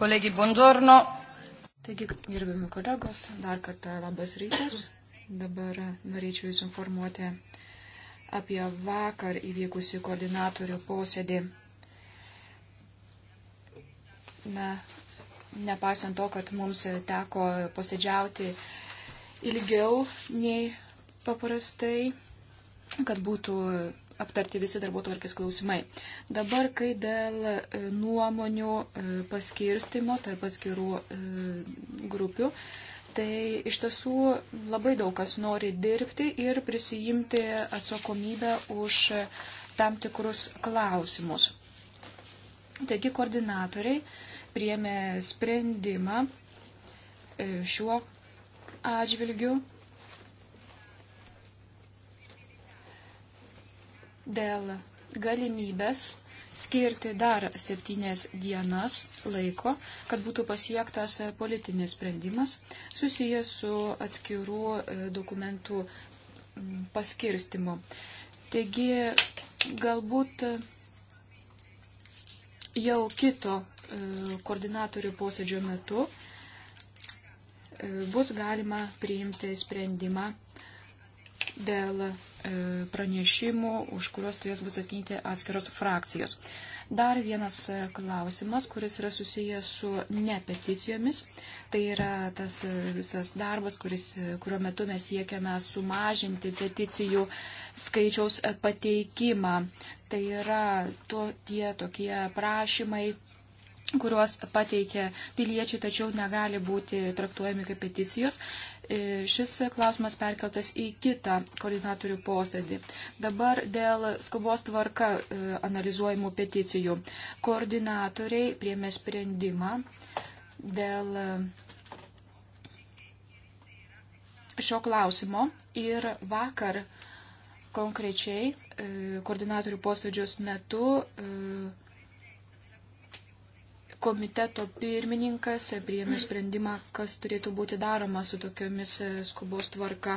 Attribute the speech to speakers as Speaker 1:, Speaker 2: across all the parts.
Speaker 1: Kolegi, buongiorno. Taigi, gerbiami kolegos, dar kartą labas rytas. Dabar norėčiau Jūs informuoti apie vakar įvykusi koordinatorių posėdį. Na, nepaisant to, kad mums teko posėdžiauti ilgiau nei paprastai, kad būtų aptarti visi darbo tvarkės klausimai. Dabar, kai dėl e, nuomonių e, paskirstimo tarp atskirų e, grupių, tai iš tiesų labai daug kas nori dirbti ir prisijimti atsakomybę už tam tikrus klausimus. Taigi koordinatoriai priėmė sprendimą šiuo atžvilgiu dėl galimybės skirti dar septynės dienas laiko, kad būtų pasiektas politinis sprendimas susijęs su atskirų e, dokumentų paskirstimu. Taigi galbūt jau kito e, koordinatorių posėdžio metu e, bus galima priimti sprendimą dėl e, pranešimų, už kuriuos turės bus atkinti atskiros frakcijos. Dar vienas e, klausimas, kuris yra susijęs su ne peticijomis, tai yra tas e, visas darbas, kuris, kurio metu mes siekiame sumažinti peticijų skaičiaus pateikimą. Tai yra to, tie tokie prašymai kuriuos pateikia piliečiai, tačiau negali būti traktuojami kaip peticijos. E, šis klausimas perkeltas į kitą koordinatorių posėdį. Dabar dėl skubos tvarka e, analizuojamų peticijų. Koordinatoriai priemė sprendimą dėl e, šio klausimo ir vakar konkrečiai koordinatorių posėdžios metu komiteto pirmininkas priėmė sprendimą, kas turėtų būti daroma su tokiomis e, skubos tvarka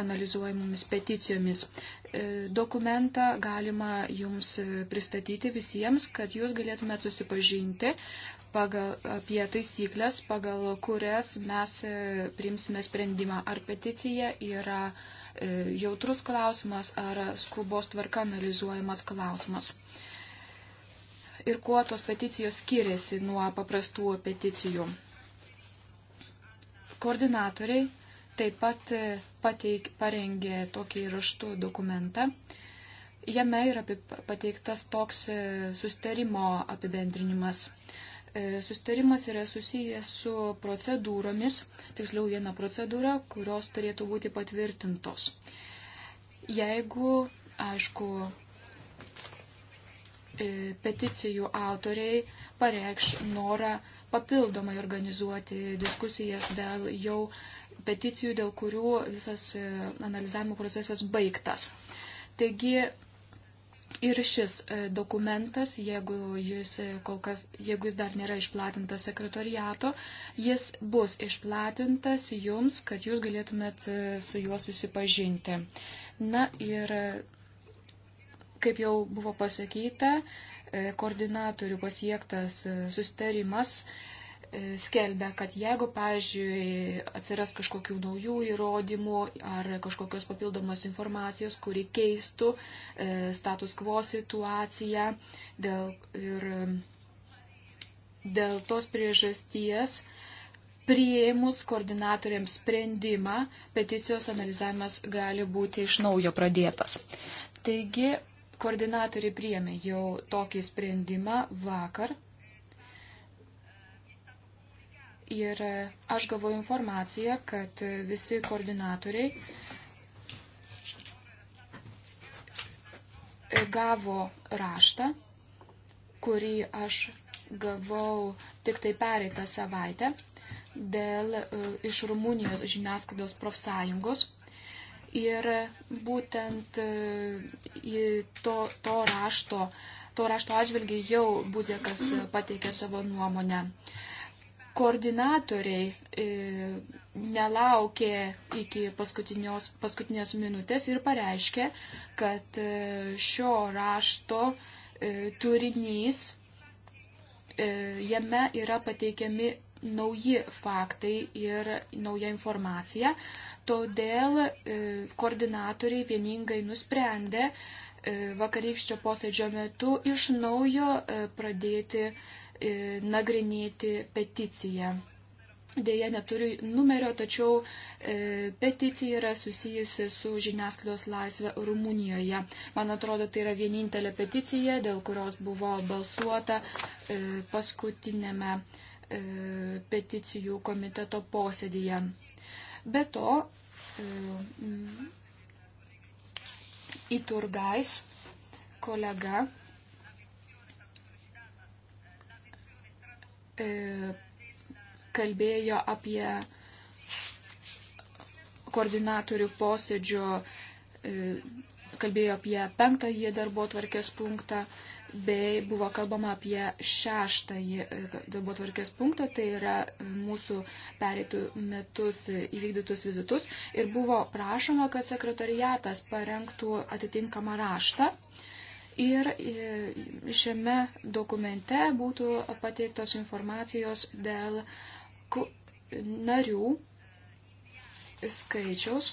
Speaker 1: analizuojamomis peticijomis. E, dokumentą galima jums e, pristatyti visiems, kad jūs galėtumėte susipažinti pagal, apie taisyklės, pagal kurias mes priimsime sprendimą, ar peticija yra jautrus klausimas ar skubos tvarka analizuojamas klausimas ir kuo tos peticijos skiriasi nuo paprastų peticijų. Koordinatoriai taip pat e, pateik, parengė tokį raštų dokumentą. Jame yra pateiktas toks e, sustarimo apibendrinimas. E, sustarimas yra susijęs su procedūromis, tiksliau viena procedūra, kurios turėtų būti patvirtintos. Jeigu, aišku, E, peticijų autoriai pareikš norą papildomai organizuoti diskusijas dėl jau peticijų, dėl kurių visas e, analizavimo procesas baigtas. Taigi ir šis e, dokumentas, jeigu jis, kol kas, jeigu jis dar nėra išplatintas sekretoriato, jis bus išplatintas jums, kad jūs galėtumėt su juo susipažinti. Na ir Kaip jau buvo pasakyta, e, koordinatorių pasiektas e, sustarimas e, skelbia, kad jeigu, pavyzdžiui, atsiras kažkokių naujų įrodymų ar kažkokios papildomos informacijos, kuri keistų status quo situaciją dėl, ir dėl tos priežasties prieimus koordinatoriams sprendimą, peticijos analizavimas gali būti iš naujo pradėtas. Taigi, Koordinatoriai priėmė jau tokį sprendimą vakar. Ir aš gavau informaciją, kad visi koordinatoriai gavo raštą, kurį aš gavau tik tai pereitą savaitę dėl e, iš Rumunijos žiniasklaidos profsąjungos. Ir būtent e, to, to rašto. To rašto atžvilgiai jau Buzekas pateikė savo nuomonę. Koordinatoriai e, nelaukė iki paskutinės minutės ir pareiškė, kad e, šio rašto e, turinys e, jame yra pateikiami nauji faktai ir nauja informacija, Todėl e, koordinatoriai vieningai nusprendė e, vakarykščio posėdžio metu iš naujo e, pradėti nagrinėti peticiją. Deja, neturiu numerio, tačiau e, peticija yra susijusi su žiniasklaidos laisvė Rumunijoje. Man atrodo, tai yra vienintelė peticija, dėl kurios buvo balsuota e, paskutinėme e, peticijų komiteto posėdėje. Be to, e, mm, Iturgais kolega e, kalbėjo apie koordinatorių posėdžio, e, kalbėjo apie penktąjį darbo tvarkės punktą bei buvo kalbama apie šeštąjį e, darbo tvarkės punktą, tai yra e, mūsų pereitų metus įvykdytus vizitus ir buvo prašoma, kad sekretariatas parengtų atitinkamą raštą. Ir e, šiame dokumente būtų pateiktos informacijos dėl narių skaičiaus,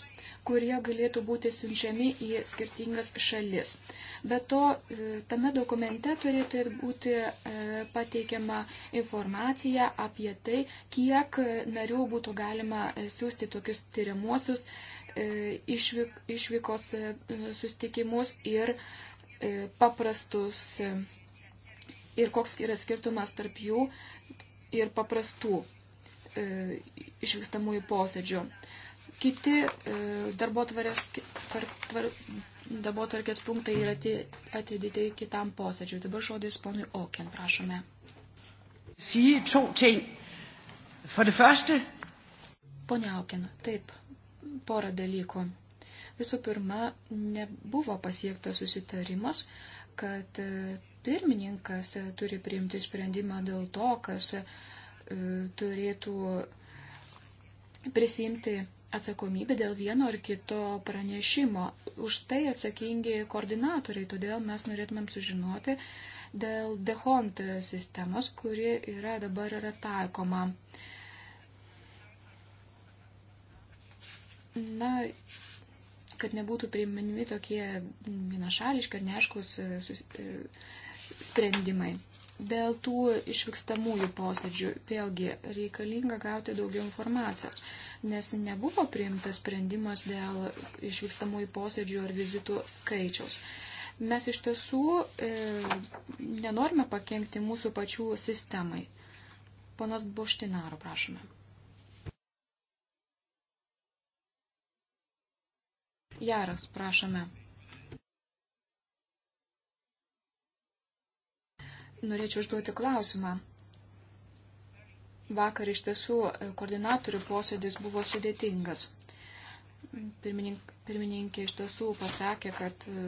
Speaker 1: kurie galėtų būti siunčiami į skirtingas šalis. Be to, e, tame dokumente turėtų būti e, pateikiama informacija apie tai, kiek narių būtų galima e, siūsti tokius tyrimuosius išvykos sustikimus ir paprastus ir koks yra skirtumas tarp jų ir paprastų išvykstamųjų posėdžių. Kiti darbo tvarkės darbo punktai yra atidėti kitam posėdžiui. Dabar žodis ponui Oken, prašome.
Speaker 2: Sige to ting. For det
Speaker 1: første. Pone Auken, taip, porą dalykų. Visų pirma, nebuvo pasiektas susitarimas, kad e, pirmininkas e, turi priimti sprendimą dėl to, kas e, turėtų prisimti atsakomybė dėl vieno ar kito pranešimo. Už tai atsakingi koordinatoriai, todėl mes norėtumėm sužinoti dėl dehont sistemos, kuri yra dabar yra taikoma. Na, kad nebūtų priiminimi tokie vienašališki ir neaiškus e, e, sprendimai. Dėl tų išvykstamųjų posėdžių vėlgi reikalinga gauti daugiau informacijos, nes nebuvo priimtas sprendimas dėl išvykstamųjų posėdžių ar vizitų skaičiaus. Mes iš tiesų e, nenorime pakengti mūsų pačių sistemai. Ponas Boštinaro, prašome. Jaras, prašome. norėčiau užduoti klausimą. Vakar iš tiesų e, koordinatorių posėdis buvo sudėtingas. Pirmininkė, pirmininkė iš tiesų pasakė, kad e,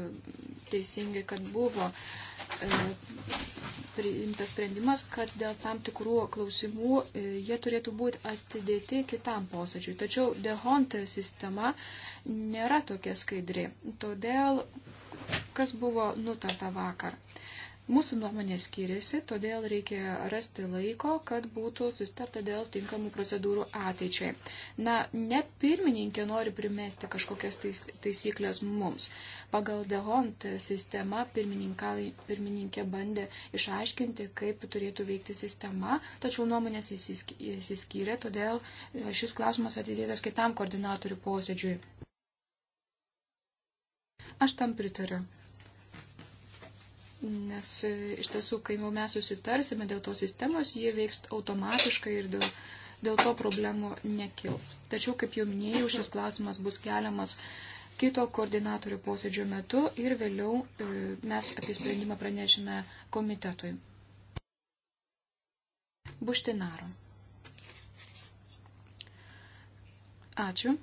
Speaker 1: teisingai, kad buvo e, priimtas sprendimas, kad dėl tam tikrų klausimų jie turėtų būti atidėti kitam posėdžiui. Tačiau dehont sistema nėra tokia skaidri. Todėl, kas buvo nutarta vakar? Mūsų nuomonė skiriasi, todėl reikia rasti laiko, kad būtų sustarta dėl tinkamų procedūrų ateičiai. Na, ne pirmininkė nori primesti kažkokias tais, taisyklės mums. Pagal Dehont sistemą pirmininkė bandė išaiškinti, kaip turėtų veikti sistema, tačiau nuomonės įsiskyrė, todėl šis klausimas atidėtas kitam koordinatorių posėdžiui. Aš tam pritariu. Nes e, iš tiesų, kai jau mes susitarsime dėl tos sistemos, jie veiks automatiškai ir dėl, dėl to problemų nekils. Tačiau, kaip jau minėjau, šis klausimas bus keliamas kito koordinatorių posėdžio metu ir vėliau e, mes apie sprendimą pranešime komitetui. Buštinaro. Ačiū.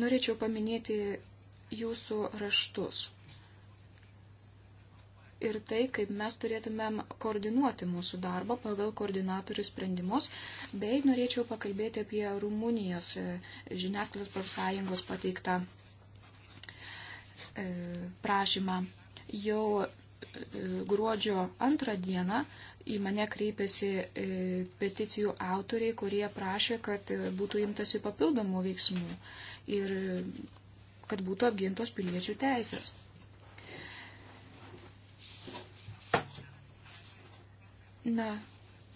Speaker 1: Norėčiau paminėti jūsų raštus ir tai, kaip mes turėtumėm koordinuoti mūsų darbą pagal koordinatorių sprendimus, bei norėčiau pakalbėti apie Rumunijos e, žiniasklaidos profsąjungos pateiktą e, prašymą. Jau e, gruodžio antrą dieną į mane kreipėsi peticijų autoriai, kurie prašė, kad būtų imtasi papildomų veiksmų ir kad būtų apgintos piliečių teisės. Na,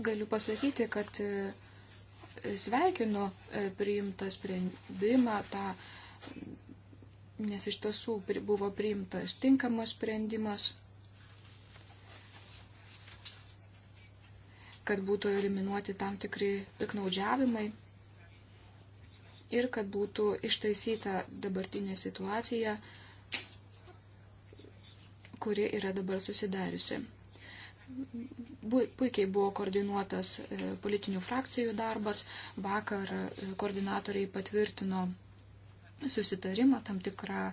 Speaker 1: galiu pasakyti, kad e, sveikinu e, priimtą sprendimą, tą, nes iš tiesų buvo priimtas tinkamas sprendimas, kad būtų eliminuoti tam tikri piknaudžiavimai ir kad būtų ištaisyta dabartinė situacija, kuri yra dabar susidariusi. Puikiai buvo koordinuotas e, politinių frakcijų darbas. Vakar e, koordinatoriai patvirtino susitarimą, tam tikrą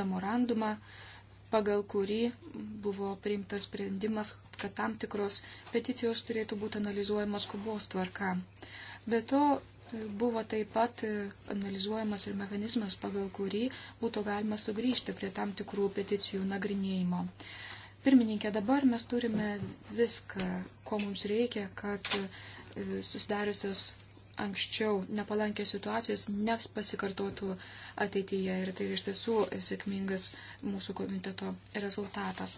Speaker 1: memorandumą, pagal kurį buvo priimtas sprendimas, kad tam tikros peticijos turėtų būti analizuojamos skubos tvarka. Be to, Buvo taip pat e, analizuojamas ir mechanizmas, pagal kurį būtų galima sugrįžti prie tam tikrų peticijų nagrinėjimo. Pirmininkė, dabar mes turime viską, ko mums reikia, kad e, susidariusios anksčiau nepalankios situacijos nepasikartotų ateityje ir tai iš tiesų sėkmingas mūsų komiteto rezultatas.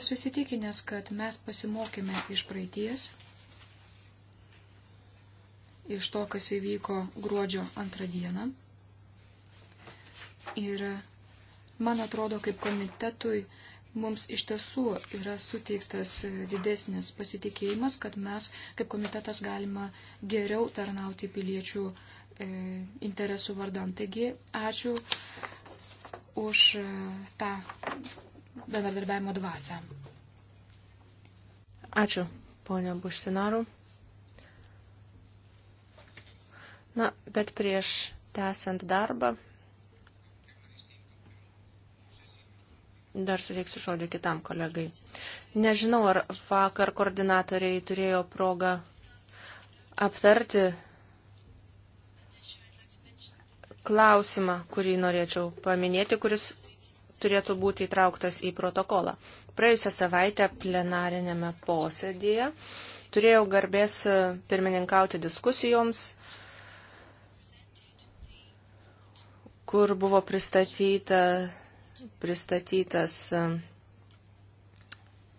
Speaker 1: Esu įsitikinęs, kad mes pasimokime iš praeities iš to, kas įvyko gruodžio antrą dieną. Ir man atrodo, kaip komitetui mums iš tiesų yra suteiktas didesnis pasitikėjimas, kad mes kaip komitetas galima geriau tarnauti piliečių e, interesų vardan. Taigi, ačiū už e, tą bendradarbiavimo dvasę.
Speaker 2: Ačiū, ponia Buštinaru. Na, bet prieš tęsiant darbą, dar suteiksiu žodį kitam kolegai. Nežinau, ar vakar koordinatoriai turėjo progą aptarti klausimą, kurį norėčiau paminėti, kuris turėtų būti įtrauktas į protokolą. Praėjusią savaitę plenarinėme posėdėje turėjau garbės pirmininkauti diskusijoms kur buvo pristatyta, pristatytas um,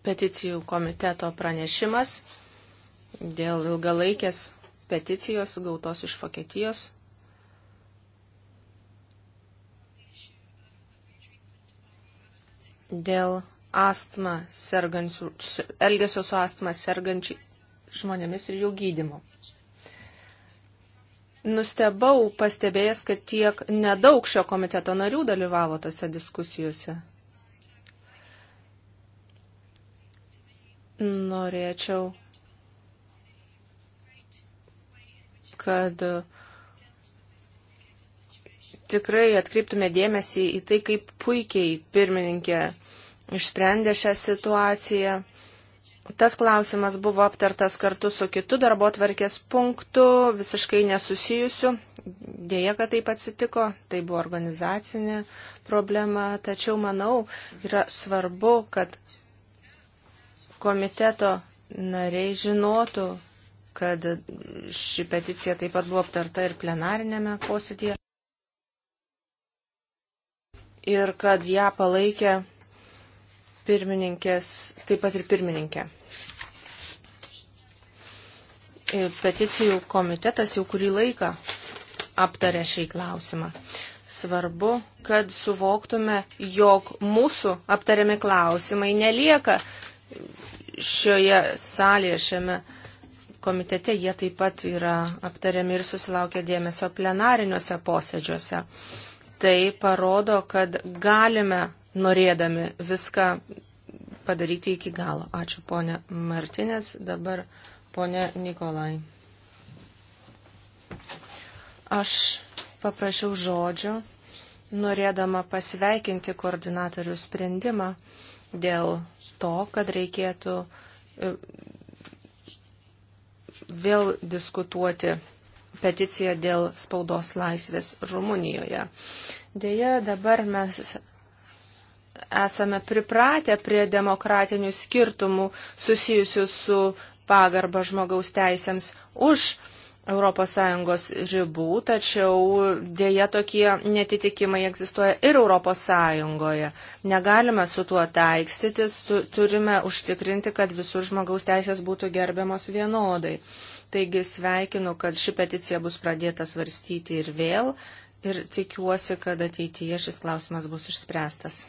Speaker 2: peticijų komiteto pranešimas dėl ilgalaikės peticijos gautos iš Vokietijos. Dėl astma sergančių, elgesio su astma sergančiai žmonėmis ir jų gydimo nustebau pastebėjęs, kad tiek nedaug šio komiteto narių dalyvavo tose diskusijose. Norėčiau, kad tikrai atkreiptume dėmesį į tai, kaip puikiai pirmininkė išsprendė šią situaciją. Tas klausimas buvo aptartas kartu su kitu darbo tvarkės punktu, visiškai nesusijusiu. Dėja, kad taip atsitiko, tai buvo organizacinė problema, tačiau manau yra svarbu, kad komiteto nariai žinotų, kad ši peticija taip pat buvo aptarta ir plenarinėme posėdėje ir kad ją palaikė pirmininkės, taip pat ir pirmininkė. E, peticijų komitetas jau kurį laiką aptarė šį klausimą. Svarbu, kad suvoktume, jog mūsų aptariami klausimai nelieka šioje salėje, šiame komitete jie taip pat yra aptariami ir susilaukia dėmesio plenariniuose posėdžiuose. Tai parodo, kad galime norėdami viską padaryti iki galo. Ačiū ponė Martinės, dabar ponė Nikolai. Aš paprašiau žodžio, norėdama pasveikinti koordinatorių sprendimą dėl to, kad reikėtų e, vėl diskutuoti peticiją dėl spaudos laisvės Rumunijoje. Deja, dabar mes esame pripratę prie demokratinių skirtumų susijusių su pagarba žmogaus teisėms už ES ribų, tačiau dėja tokie netitikimai egzistuoja ir ES. Negalime su tuo taikstytis, turime užtikrinti, kad visur žmogaus teisės būtų gerbiamos vienodai. Taigi sveikinu, kad ši peticija bus pradėta svarstyti ir vėl ir tikiuosi, kad ateityje šis klausimas bus išspręstas.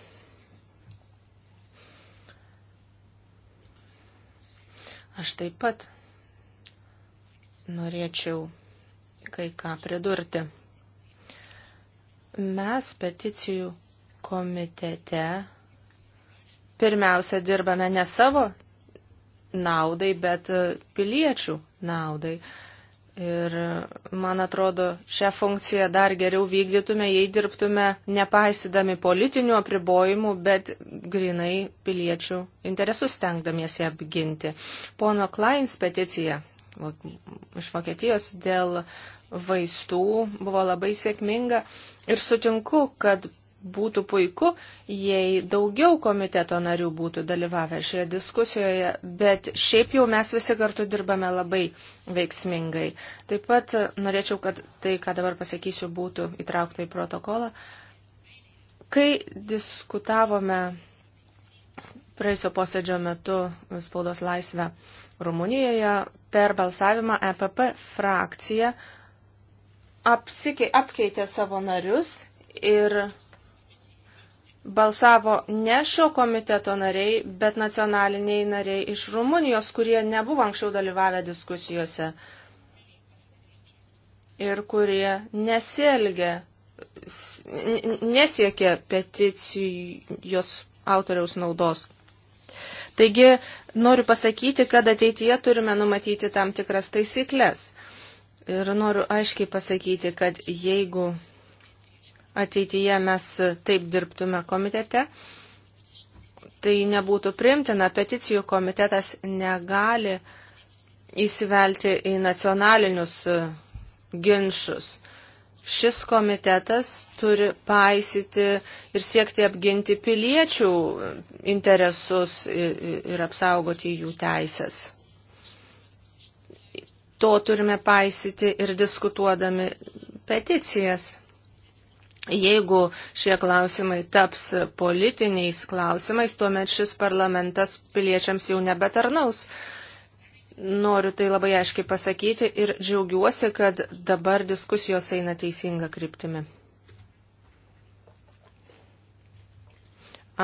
Speaker 2: Aš taip pat norėčiau kai ką pridurti. Mes peticijų komitete pirmiausia dirbame ne savo naudai, bet piliečių naudai. Ir man atrodo, šią funkciją dar geriau vykdytume, jei dirbtume nepaisydami politinių apribojimų, bet grinai piliečių interesus tenkdamiesi apginti. Pono Kleins peticija iš Vokietijos dėl vaistų buvo labai sėkminga ir sutinku, kad būtų puiku, jei daugiau komiteto narių būtų dalyvavę šioje diskusijoje, bet šiaip jau mes visi kartu dirbame labai veiksmingai. Taip pat norėčiau, kad tai, ką dabar pasakysiu, būtų įtraukta į protokolą. Kai diskutavome praėjusio posėdžio metu spaudos laisvę Rumunijoje, per balsavimą EPP frakcija apsikei, apkeitė savo narius ir balsavo ne šio komiteto nariai, bet nacionaliniai nariai iš Rumunijos, kurie nebuvo anksčiau dalyvavę diskusijose ir kurie nesielgia, nesiekia peticijos autoriaus naudos. Taigi noriu pasakyti, kad ateityje turime numatyti tam tikras taisyklės. Ir noriu aiškiai pasakyti, kad jeigu ateityje mes taip dirbtume komitete. Tai nebūtų primtina, peticijų komitetas negali įsivelti į nacionalinius e, ginčius. Šis komitetas turi paisyti ir siekti apginti piliečių interesus ir apsaugoti jų teisės. To turime paisyti ir diskutuodami peticijas. Jeigu šie klausimai taps politiniais klausimais, tuomet šis parlamentas piliečiams jau nebetarnaus. Noriu tai labai aiškiai pasakyti ir džiaugiuosi, kad dabar diskusijos eina teisinga kryptimi.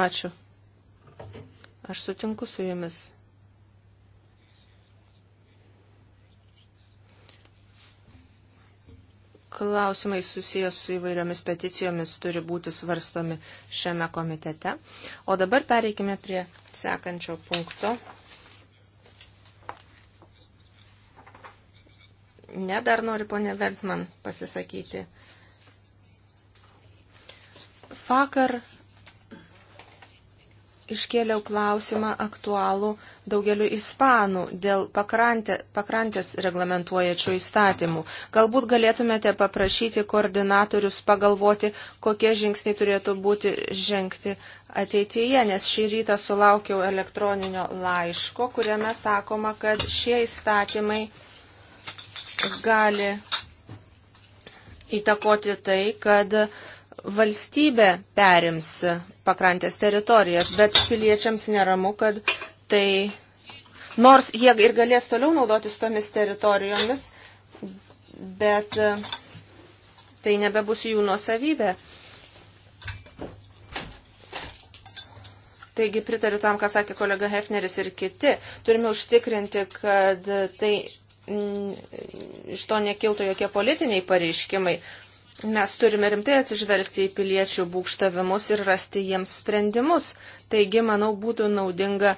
Speaker 2: Ačiū. Aš sutinku su jumis. Klausimai susijęs su įvairiomis peticijomis turi būti svarstomi šiame komitete. O dabar pereikime prie sekančio punkto. Ne, dar nori ponė Vertman pasisakyti. Fakar iškėliau klausimą aktualų daugeliu ispanų dėl pakrantė, pakrantės reglamentuojačių įstatymų. Galbūt galėtumėte paprašyti koordinatorius pagalvoti, kokie žingsniai turėtų būti žengti ateityje, nes šį rytą sulaukiau elektroninio laiško, kuriame sakoma, kad šie įstatymai gali įtakoti tai, kad uh, valstybė perims pakrantės teritorijas, bet piliečiams neramu, kad tai, nors jie ir galės toliau naudotis tomis teritorijomis, bet e, tai nebebus jų nuosavybė. Taigi pritariu tam, ką sakė kolega Hefneris ir kiti. Turime užtikrinti, kad tai iš to nekiltų jokie politiniai pareiškimai, Mes turime rimtai atsižvelgti į piliečių būkštavimus ir rasti jiems sprendimus. Taigi, manau, būtų naudinga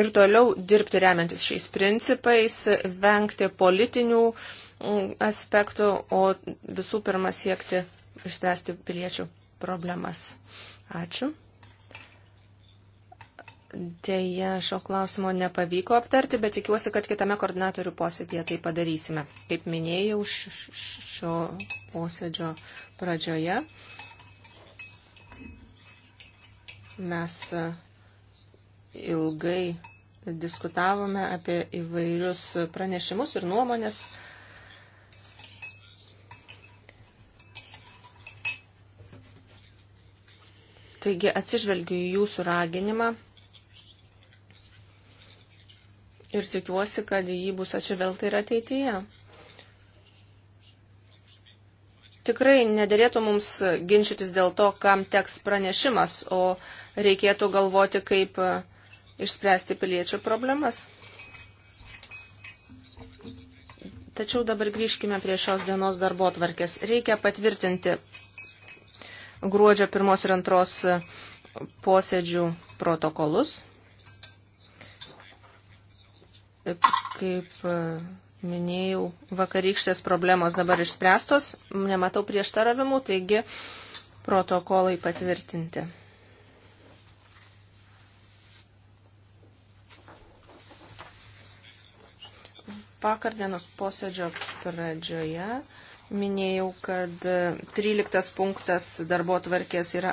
Speaker 2: ir toliau dirbti remiantis šiais principais, vengti politinių mm, aspektų, o visų pirma siekti išspręsti piliečių problemas. Ačiū. Deja, šio klausimo nepavyko aptarti, bet tikiuosi, kad kitame koordinatorių posėdėje tai padarysime. Kaip minėjau, šio posėdžio pradžioje mes e, ilgai diskutavome apie įvairius pranešimus ir nuomonės. Taigi atsižvelgiu į jūsų raginimą ir tikiuosi, kad jį bus atsivelta ir ateityje. Tikrai nedėlėtų mums ginčytis dėl to, kam teks pranešimas, o reikėtų galvoti, kaip išspręsti piliečių problemas. Tačiau dabar grįžkime prie šios dienos darbo tvarkės. Reikia patvirtinti gruodžio pirmos ir antros posėdžių protokolus. Kaip e, minėjau, vakarykštės problemos dabar išspręstos, nematau prieštaravimų, taigi protokolai patvirtinti. Vakar dienos posėdžio pradžioje minėjau, kad 13 punktas darbo tvarkės yra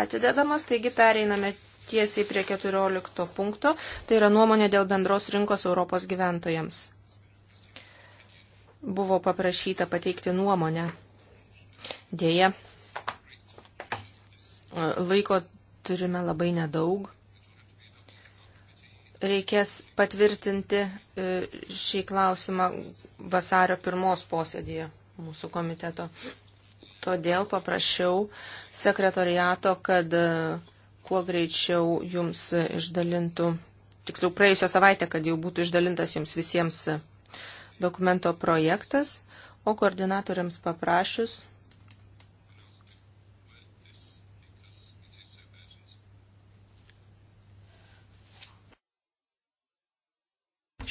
Speaker 2: atidedamas, taigi pereiname tiesiai prie 14 punkto, tai yra nuomonė dėl bendros rinkos Europos gyventojams. Buvo paprašyta pateikti nuomonę. Dėja, laiko turime labai nedaug. Reikės patvirtinti e, šį klausimą vasario pirmos posėdėje mūsų komiteto. Todėl paprašiau sekretoriato, kad e, kuo greičiau jums išdalintų, tiksliau praėjusią savaitę, kad jau būtų išdalintas jums visiems dokumento projektas, o koordinatoriams paprašius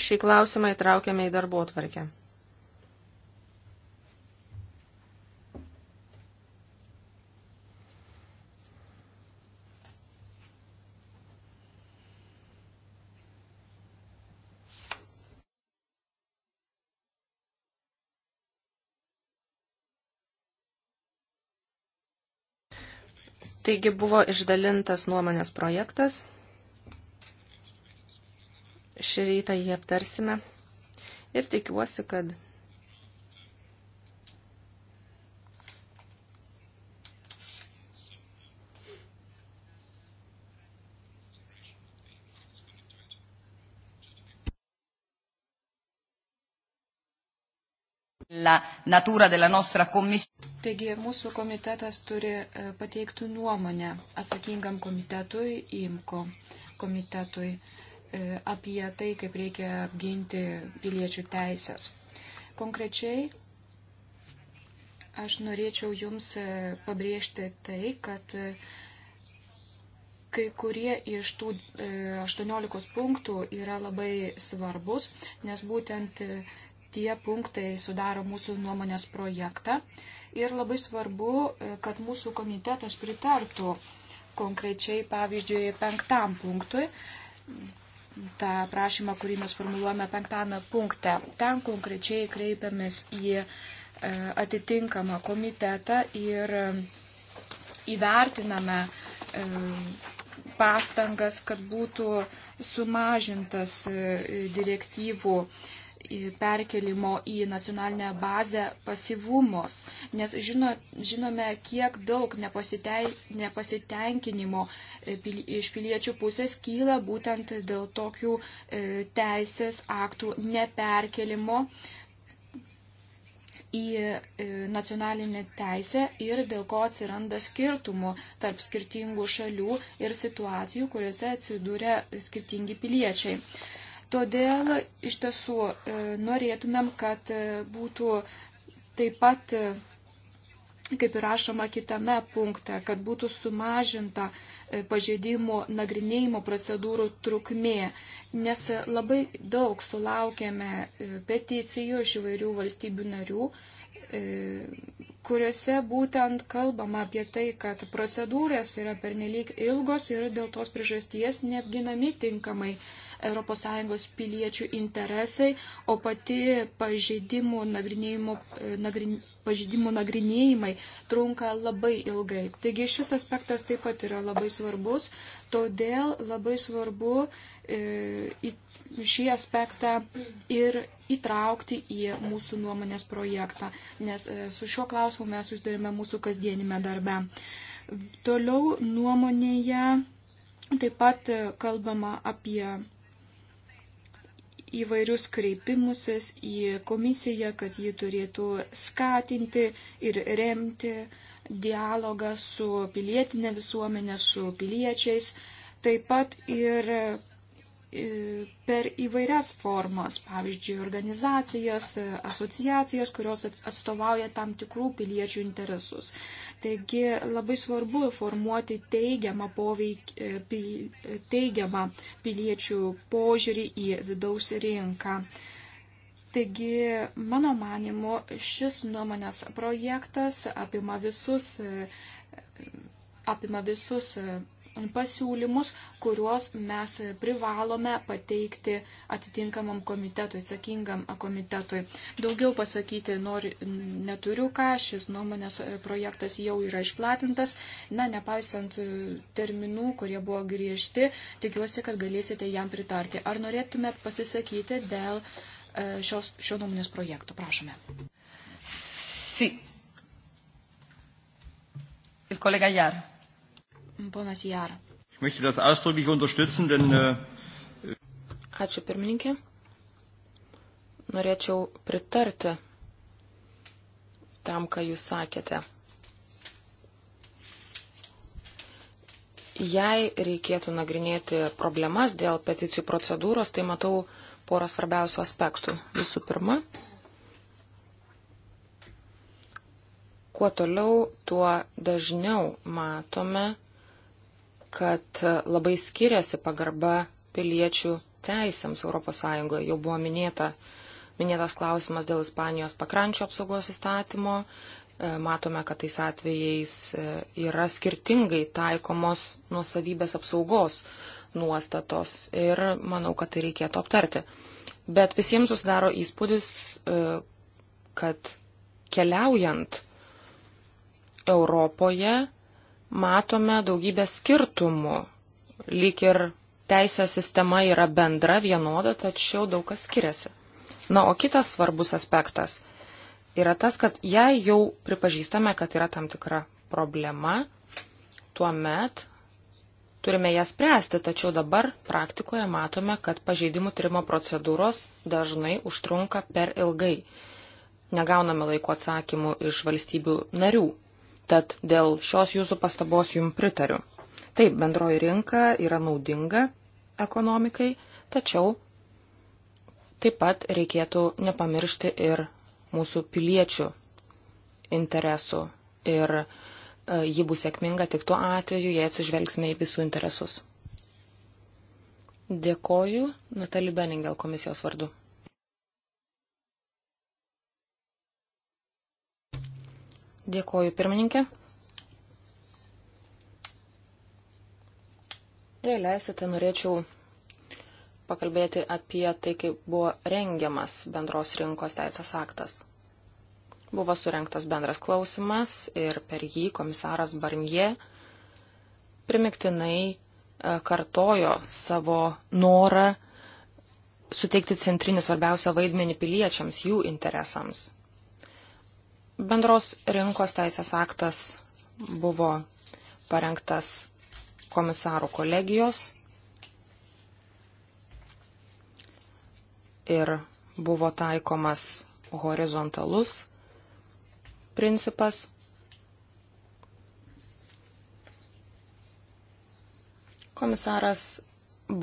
Speaker 2: šį klausimą įtraukėme į darbo atvarkę. Taigi buvo išdalintas nuomonės projektas. Šį rytą jį aptarsime ir tikiuosi, kad
Speaker 1: la natura della nostra commissione. Taigi mūsų komitetas turi e, pateikti nuomonę atsakingam komitetui, IMKO komitetui, e, apie tai, kaip reikia apginti piliečių teisės. Konkrečiai aš norėčiau Jums e, pabrėžti tai, kad kai kurie iš tų 18 punktų yra labai svarbus, nes būtent tie punktai sudaro mūsų nuomonės projektą ir labai svarbu, e, kad mūsų komitetas pritartų konkrečiai, pavyzdžiui, penktam punktui, tą prašymą, kurį mes formuluojame penktame punkte. Ten konkrečiai kreipiamės į e, atitinkamą komitetą ir e, įvertiname pastangas, kad būtų sumažintas direktyvų perkelimo į nacionalinę bazę pasivumus, nes žino, žinome, kiek daug nepasitei, nepasitenkinimo e, iš piliečių pusės kyla būtent dėl tokių e, teisės aktų neperkelimo į e, nacionalinę teisę ir dėl ko atsiranda skirtumų tarp skirtingų šalių ir situacijų, kuriuose atsidūrė skirtingi piliečiai. Todėl iš tiesų e, norėtumėm, kad e, būtų taip pat, e, kaip ir rašoma kitame punkte, kad būtų sumažinta pažeidimų nagrinėjimo procedūrų trukmė, nes labai daug sulaukėme peticijų iš įvairių valstybių narių kuriuose būtent kalbama apie tai, kad procedūros yra pernelyg ilgos ir dėl tos priežasties neapginami tinkamai ES piliečių interesai, o pati pažeidimų, e, nagrin, pažeidimų nagrinėjimai trunka labai ilgai. Taigi šis aspektas taip pat yra labai svarbus, todėl labai svarbu e, šį aspektą ir įtraukti į mūsų nuomonės projektą, nes e, su šiuo klausimu mes susidurime mūsų kasdienime darbe. Toliau nuomonėje taip pat kalbama apie įvairius kreipimusis į komisiją, kad ji turėtų skatinti ir remti dialogą su pilietinė visuomenė, su piliečiais, taip pat ir per įvairias formas, pavyzdžiui, organizacijas, asociacijas, kurios atstovauja tam tikrų piliečių interesus. Taigi labai svarbu formuoti teigiamą, poveik, e, e, teigiamą piliečių požiūrį į vidaus rinką. Taigi, mano manimu, šis nuomonės projektas apima visus, e, apima visus pasiūlymus, kuriuos mes privalome pateikti atitinkamam komitetui, atsakingam komitetui. Daugiau pasakyti nori, neturiu ką, šis nuomonės projektas jau yra išplatintas. Na, nepaisant terminų, kurie buvo griežti, tikiuosi, kad galėsite jam pritarti. Ar norėtumėt pasisakyti dėl e, šios, šio nuomonės projekto? Prašome. Sí. Il collega Iar. Ponas Jar.
Speaker 3: Äh,
Speaker 1: Ačiū pirmininkė. Norėčiau
Speaker 3: pritarti tam, ką jūs sakėte. Jei reikėtų nagrinėti problemas dėl peticijų procedūros, tai matau porą svarbiausių aspektų. Visų pirma, kuo toliau, tuo dažniau matome kad labai skiriasi pagarba piliečių teisėms ES. Jau buvo minėta, minėtas klausimas dėl Ispanijos pakrančio apsaugos įstatymo. E, matome, kad tais atvejais e, yra skirtingai taikomos nuosavybės apsaugos nuostatos ir manau, kad tai reikėtų aptarti. Bet visiems susidaro įspūdis, e, kad keliaujant Europoje matome daugybę skirtumų. Lyg ir teisės sistema yra bendra, vienoda, tačiau daug kas skiriasi. Na, o kitas svarbus aspektas yra tas, kad jei jau pripažįstame, kad yra tam tikra problema, tuomet turime ją spręsti, tačiau dabar praktikoje matome, kad pažeidimų tyrimo procedūros dažnai užtrunka per ilgai. Negauname laiko atsakymų iš valstybių narių. Tad dėl šios jūsų pastabos jum pritariu. Taip, bendroji rinka yra naudinga ekonomikai, tačiau taip pat reikėtų nepamiršti ir mūsų piliečių interesų. Ir e, ji bus sėkminga tik tuo atveju, jei atsižvelgsime į visų interesus. Dėkoju Natali Beningel komisijos vardu. Dėkoju, pirmininkė. Jei leisite, norėčiau pakalbėti apie tai, kaip buvo rengiamas bendros rinkos teisės aktas. Buvo surinktas bendras klausimas ir per jį komisaras Barnie primiktinai e, kartojo savo norą suteikti centrinį svarbiausią vaidmenį piliečiams, jų interesams. Bendros rinkos teisės aktas buvo parengtas komisarų kolegijos ir buvo taikomas horizontalus principas. Komisaras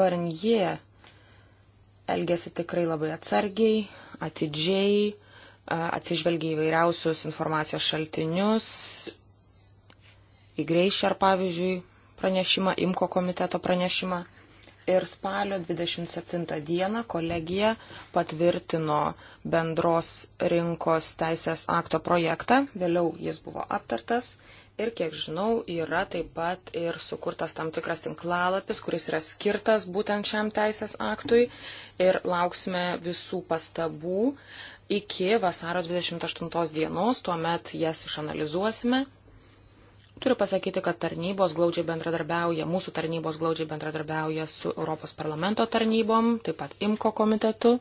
Speaker 3: Barnie elgėsi tikrai labai atsargiai, atidžiai atsižvelgia įvairiausius informacijos šaltinius, į Greišer, pavyzdžiui, pranešimą, IMKO komiteto pranešimą. Ir spalio 27 dieną kolegija patvirtino bendros rinkos teisės akto projektą, vėliau jis buvo aptartas ir, kiek žinau, yra taip pat ir sukurtas tam tikras tinklalapis, kuris yra skirtas būtent šiam teisės aktui ir lauksime visų pastabų. Uh, iki vasaro 28 dienos, tuomet jas išanalizuosime. Turiu pasakyti, kad tarnybos glaudžiai bendradarbiauja, mūsų tarnybos glaudžiai bendradarbiauja su Europos parlamento tarnybom, taip pat IMKO komitetu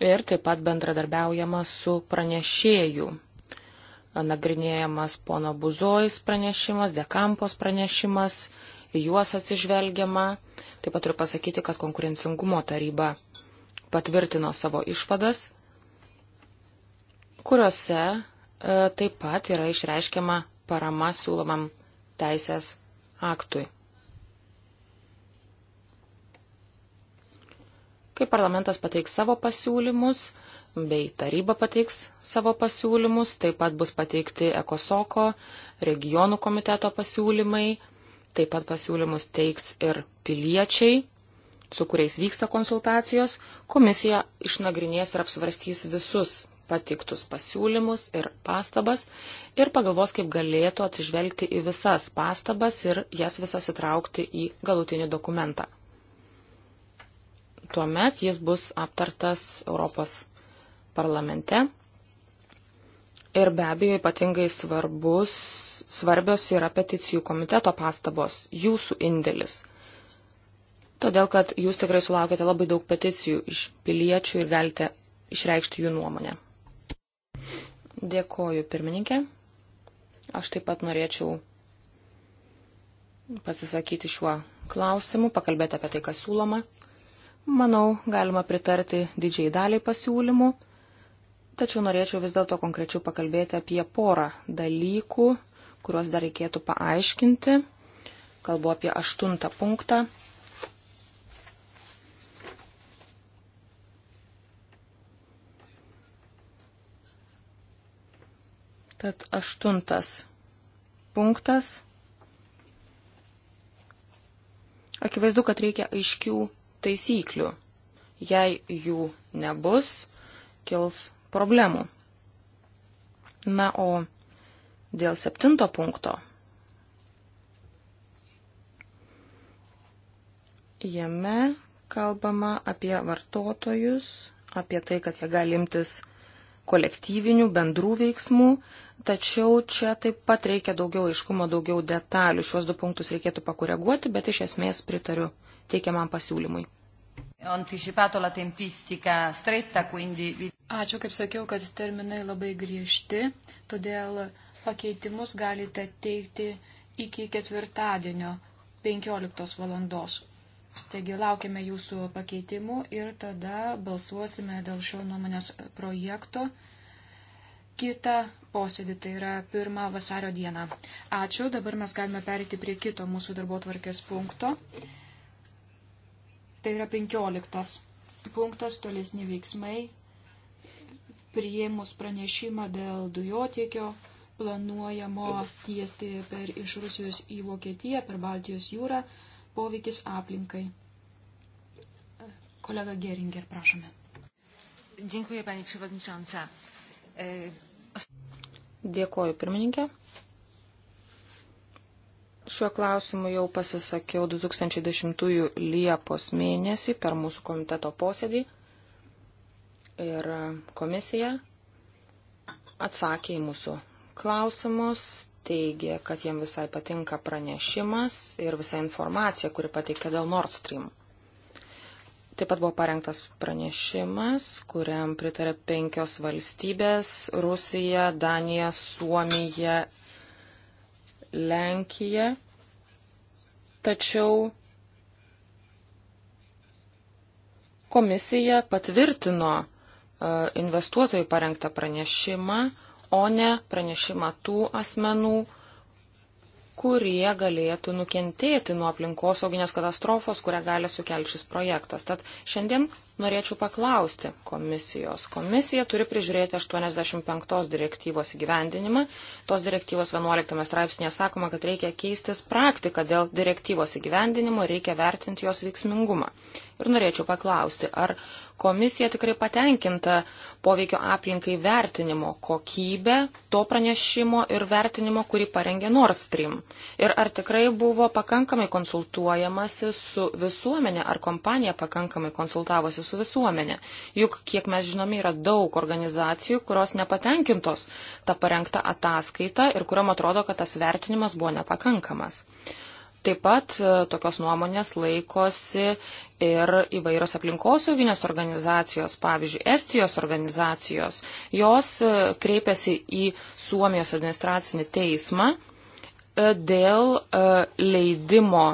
Speaker 3: ir taip pat bendradarbiaujama su pranešėjų. Nagrinėjamas pono Buzojs pranešimas, Dekampos pranešimas, juos atsižvelgiama. Taip pat turiu pasakyti, kad konkurencingumo taryba patvirtino savo išvadas, kuriuose e, taip pat yra išreiškiama parama siūlomam teisės aktui. Kai parlamentas pateiks savo pasiūlymus, bei taryba pateiks savo pasiūlymus, taip pat bus pateikti Ekosoko, regionų komiteto pasiūlymai, taip pat pasiūlymus teiks ir piliečiai su kuriais vyksta konsultacijos, komisija išnagrinės ir apsvarstys visus patiktus pasiūlymus ir pastabas ir pagalvos, kaip galėtų atsižvelgti į visas pastabas ir jas visas įtraukti į galutinį dokumentą. Tuomet jis bus aptartas Europos parlamente ir be abejo ypatingai svarbus, svarbios yra peticijų komiteto pastabos, jūsų indėlis – todėl kad jūs tikrai sulaukite labai daug peticijų iš piliečių ir galite išreikšti jų nuomonę. Dėkoju, pirmininkė. Aš taip pat norėčiau pasisakyti šiuo klausimu, pakalbėti apie tai, kas siūloma. Manau, galima pritarti didžiai daliai pasiūlymų, tačiau norėčiau vis dėlto konkrečiau pakalbėti apie porą dalykų, kuriuos dar reikėtų paaiškinti. Kalbu apie aštuntą punktą Tad aštuntas punktas. Akivaizdu, kad reikia aiškių taisyklių. Jei jų nebus, kils problemų. Na, o dėl septinto punkto. Jame kalbama apie vartotojus, apie tai, kad jie gali imtis kolektyvinių bendrų veiksmų, tačiau čia taip pat reikia daugiau aiškumo, daugiau detalių. Šios du punktus reikėtų pakoreguoti, bet iš esmės pritariu teikiamam pasiūlymui.
Speaker 1: Ačiū, kaip sakiau, kad terminai labai griežti, todėl pakeitimus galite teikti iki ketvirtadienio 15 valandos. Taigi laukiame jūsų pakeitimų ir tada balsuosime dėl šio nuomonės projekto kitą posėdį, tai yra pirmą vasario dieną. Ačiū, dabar mes galime perėti prie kito mūsų darbo tvarkės punkto. Tai yra penkioliktas punktas tolesni veiksmai priėmus pranešimą dėl dujotiekio planuojamo tiesti per iš Rusijos į Vokietiją per Baltijos jūrą poveikis aplinkai. Kolega Geringer, prašome.
Speaker 2: Dziękuję, pani przewodnicząca. E,
Speaker 3: Dėkoju, pirmininkė. Šiuo klausimu jau pasisakiau 2010 Liepos mėnesį per mūsų komiteto posėdį ir komisija atsakė į mūsų klausimus teigia, kad jiem visai patinka pranešimas ir visa informacija, kuri pateikta dėl Nord Stream. Taip pat buvo parengtas pranešimas, kuriam pritarė penkios valstybės - Rusija, Danija, Suomija, Lenkija. Tačiau komisija patvirtino e, investuotojų parengtą pranešimą o ne pranešimą tų asmenų, kurie galėtų nukentėti nuo aplinkosauginės katastrofos, kurią gali sukelti šis projektas. Tad šiandien norėčiau paklausti komisijos. Komisija turi prižiūrėti 85 direktyvos įgyvendinimą. Tos direktyvos 11 straipsnėje sakoma, kad reikia keistis praktiką dėl direktyvos įgyvendinimo ir reikia vertinti jos veiksmingumą. Ir norėčiau paklausti, ar komisija tikrai patenkinta poveikio aplinkai vertinimo kokybę to pranešimo ir vertinimo, kurį parengė Nord Stream. Ir ar tikrai buvo pakankamai konsultuojamasi su visuomenė, ar kompanija pakankamai konsultavosi su visuomenė. Juk, kiek mes žinome, yra daug organizacijų, kurios nepatenkintos tą parengtą ataskaitą ir kuriam atrodo, kad tas vertinimas buvo nepakankamas. Taip pat e, tokios nuomonės laikosi ir įvairios aplinkosauginės organizacijos, pavyzdžiui, Estijos organizacijos. Jos e, kreipiasi į Suomijos administracinį teismą e, dėl leidimo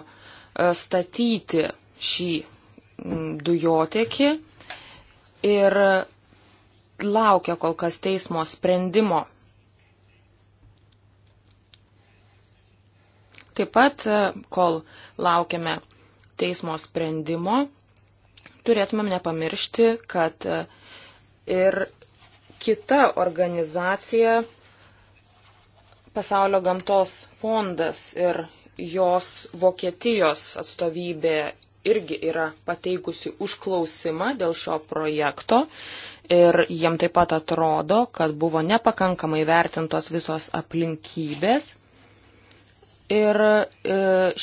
Speaker 3: statyti šį dujotiekį ir laukia kol kas teismo sprendimo Taip pat, e, kol laukiame teismo sprendimo, turėtumėm nepamiršti, kad e, ir kita organizacija, Pasaulio gamtos fondas ir jos Vokietijos atstovybė irgi yra pateikusi užklausimą dėl šio projekto ir jiem taip pat atrodo, kad buvo nepakankamai vertintos visos aplinkybės ir e,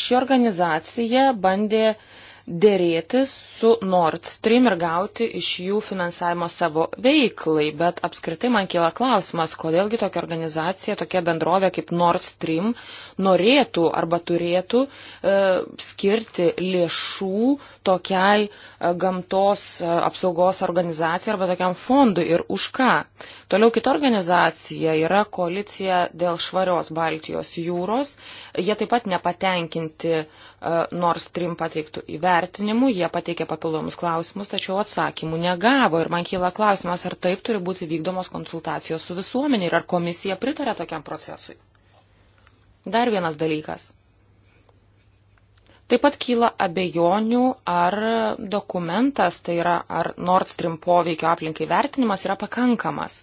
Speaker 3: ši organizacija bandė dėrėtis su Nord Stream ir gauti iš jų finansavimo savo veiklai, bet apskritai man kyla klausimas, kodėlgi tokia organizacija, tokia bendrovė kaip Nord Stream norėtų arba turėtų e, skirti lėšų tokiai e, gamtos e, apsaugos organizacijai arba tokiam fondui ir už ką. Toliau kita organizacija yra koalicija dėl švarios Baltijos jūros. Jie taip pat nepatenkinti e, Nord Stream pateiktų įvertinimų, jie pateikė papildomus klausimus, tačiau atsakymų negavo. Ir man kyla klausimas, ar taip turi būti vykdomos konsultacijos su visuomenė ir ar komisija pritarė tokiam procesui. Dar vienas dalykas. Taip pat kyla abejonių, ar dokumentas, tai yra ar Nord Stream poveikio aplinkai vertinimas yra pakankamas.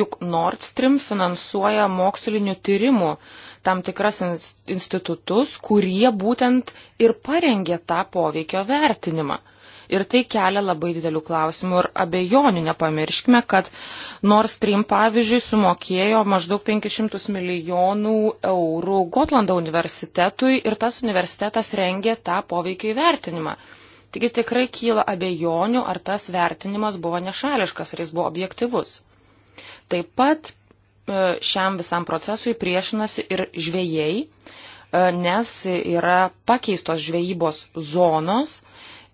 Speaker 3: Juk Nord Stream finansuoja mokslinių tyrimų tam tikras institutus, kurie būtent ir parengė tą poveikio vertinimą. Ir tai kelia labai didelių klausimų ir abejonių. Nepamirškime, kad Nord Stream, pavyzdžiui, sumokėjo maždaug 500 milijonų eurų Gotlando universitetui ir tas universitetas rengė tą poveikio įvertinimą. Taigi tikrai kyla abejonių, ar tas vertinimas buvo nešališkas, ar jis buvo objektivus. Taip pat e, šiam visam procesui priešinasi ir žvėjai, e, nes yra pakeistos žvejybos zonos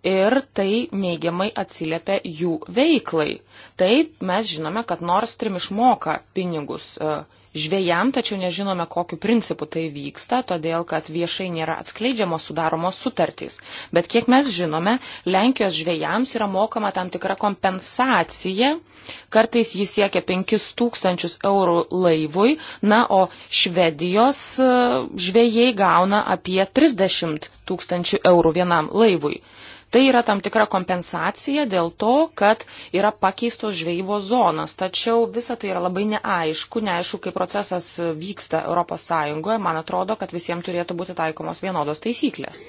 Speaker 3: ir tai neigiamai atsiliepia jų veiklai. Taip, mes žinome, kad Nord Stream išmoka pinigus e, žvėjam, tačiau nežinome, kokiu principu tai vyksta, todėl kad viešai nėra atskleidžiamos sudaromos sutartys. Bet kiek mes žinome, Lenkijos žvėjams yra mokama tam tikra kompensacija, kartais jis siekia 5000 eurų laivui, na, o Švedijos e, žvėjai gauna apie 30 tūkstančių eurų vienam laivui. Tai yra tam tikra kompensacija dėl to, kad yra pakeistos žvejybos zonas. Tačiau visa tai yra labai neaišku, neaišku, kaip procesas vyksta ES. Man atrodo, kad visiems turėtų būti taikomos vienodos taisyklės.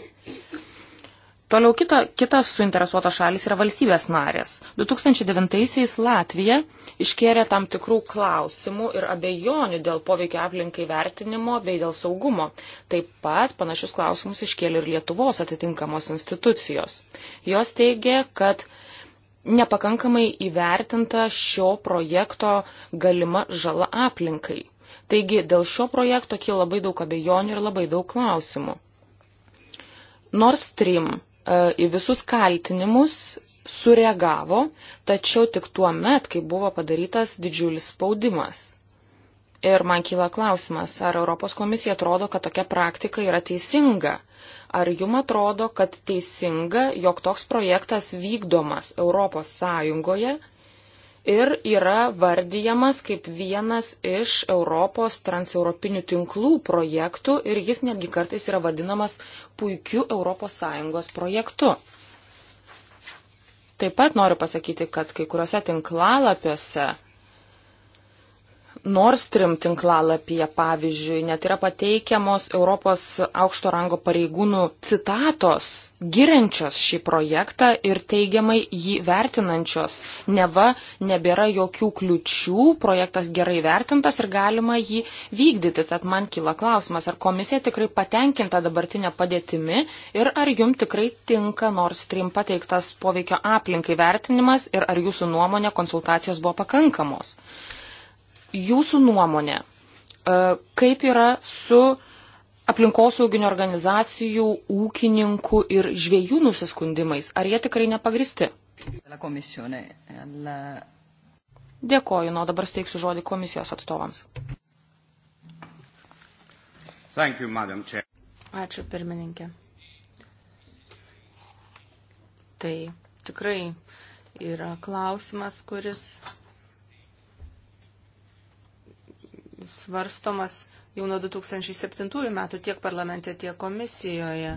Speaker 3: Toliau kita, kitas suinteresuotas šalis yra valstybės narės. 2009-aisiais Latvija iškėrė tam tikrų klausimų ir abejonių dėl poveikio aplinkai vertinimo bei dėl saugumo. Taip pat panašius klausimus iškėlė ir Lietuvos atitinkamos institucijos. Jos teigė, kad nepakankamai įvertinta šio projekto galima žala aplinkai. Taigi dėl šio projekto kyla labai daug abejonių ir labai daug klausimų. Nord Stream E, į visus kaltinimus sureagavo, tačiau tik tuo met, kai buvo padarytas didžiulis spaudimas. Ir man kyla klausimas, ar Europos komisija atrodo, kad tokia praktika yra teisinga? Ar jum atrodo, kad teisinga, jog toks projektas vykdomas Europos Sąjungoje ir yra vardijamas kaip vienas iš Europos transeuropinių tinklų projektų ir jis netgi kartais yra vadinamas puikiu ES projektu. Taip pat noriu pasakyti, kad kai kuriuose tinklalapiuose Nord Stream tinklalapyje, pavyzdžiui, net yra pateikiamos Europos aukšto rango pareigūnų citatos, giriančios šį projektą ir teigiamai jį vertinančios. Neva nebėra jokių kliučių, projektas gerai vertintas ir galima jį vykdyti. Tad man kyla klausimas, ar komisija tikrai patenkinta dabartinė padėtimi ir ar jum tikrai tinka Nord Stream pateiktas poveikio aplinkai vertinimas ir ar jūsų nuomonė konsultacijos buvo pakankamos jūsų nuomonė, e, kaip yra su aplinkosauginių organizacijų, ūkininkų ir žviejų nusiskundimais? Ar jie tikrai nepagristi?
Speaker 1: Eh,
Speaker 3: Dėkoju, nuo dabar steiksiu žodį komisijos atstovams. Thank you, Ačiū, pirmininkė.
Speaker 2: Tai tikrai yra klausimas, kuris svarstomas jau nuo 2007 metų tiek parlamente, tiek komisijoje,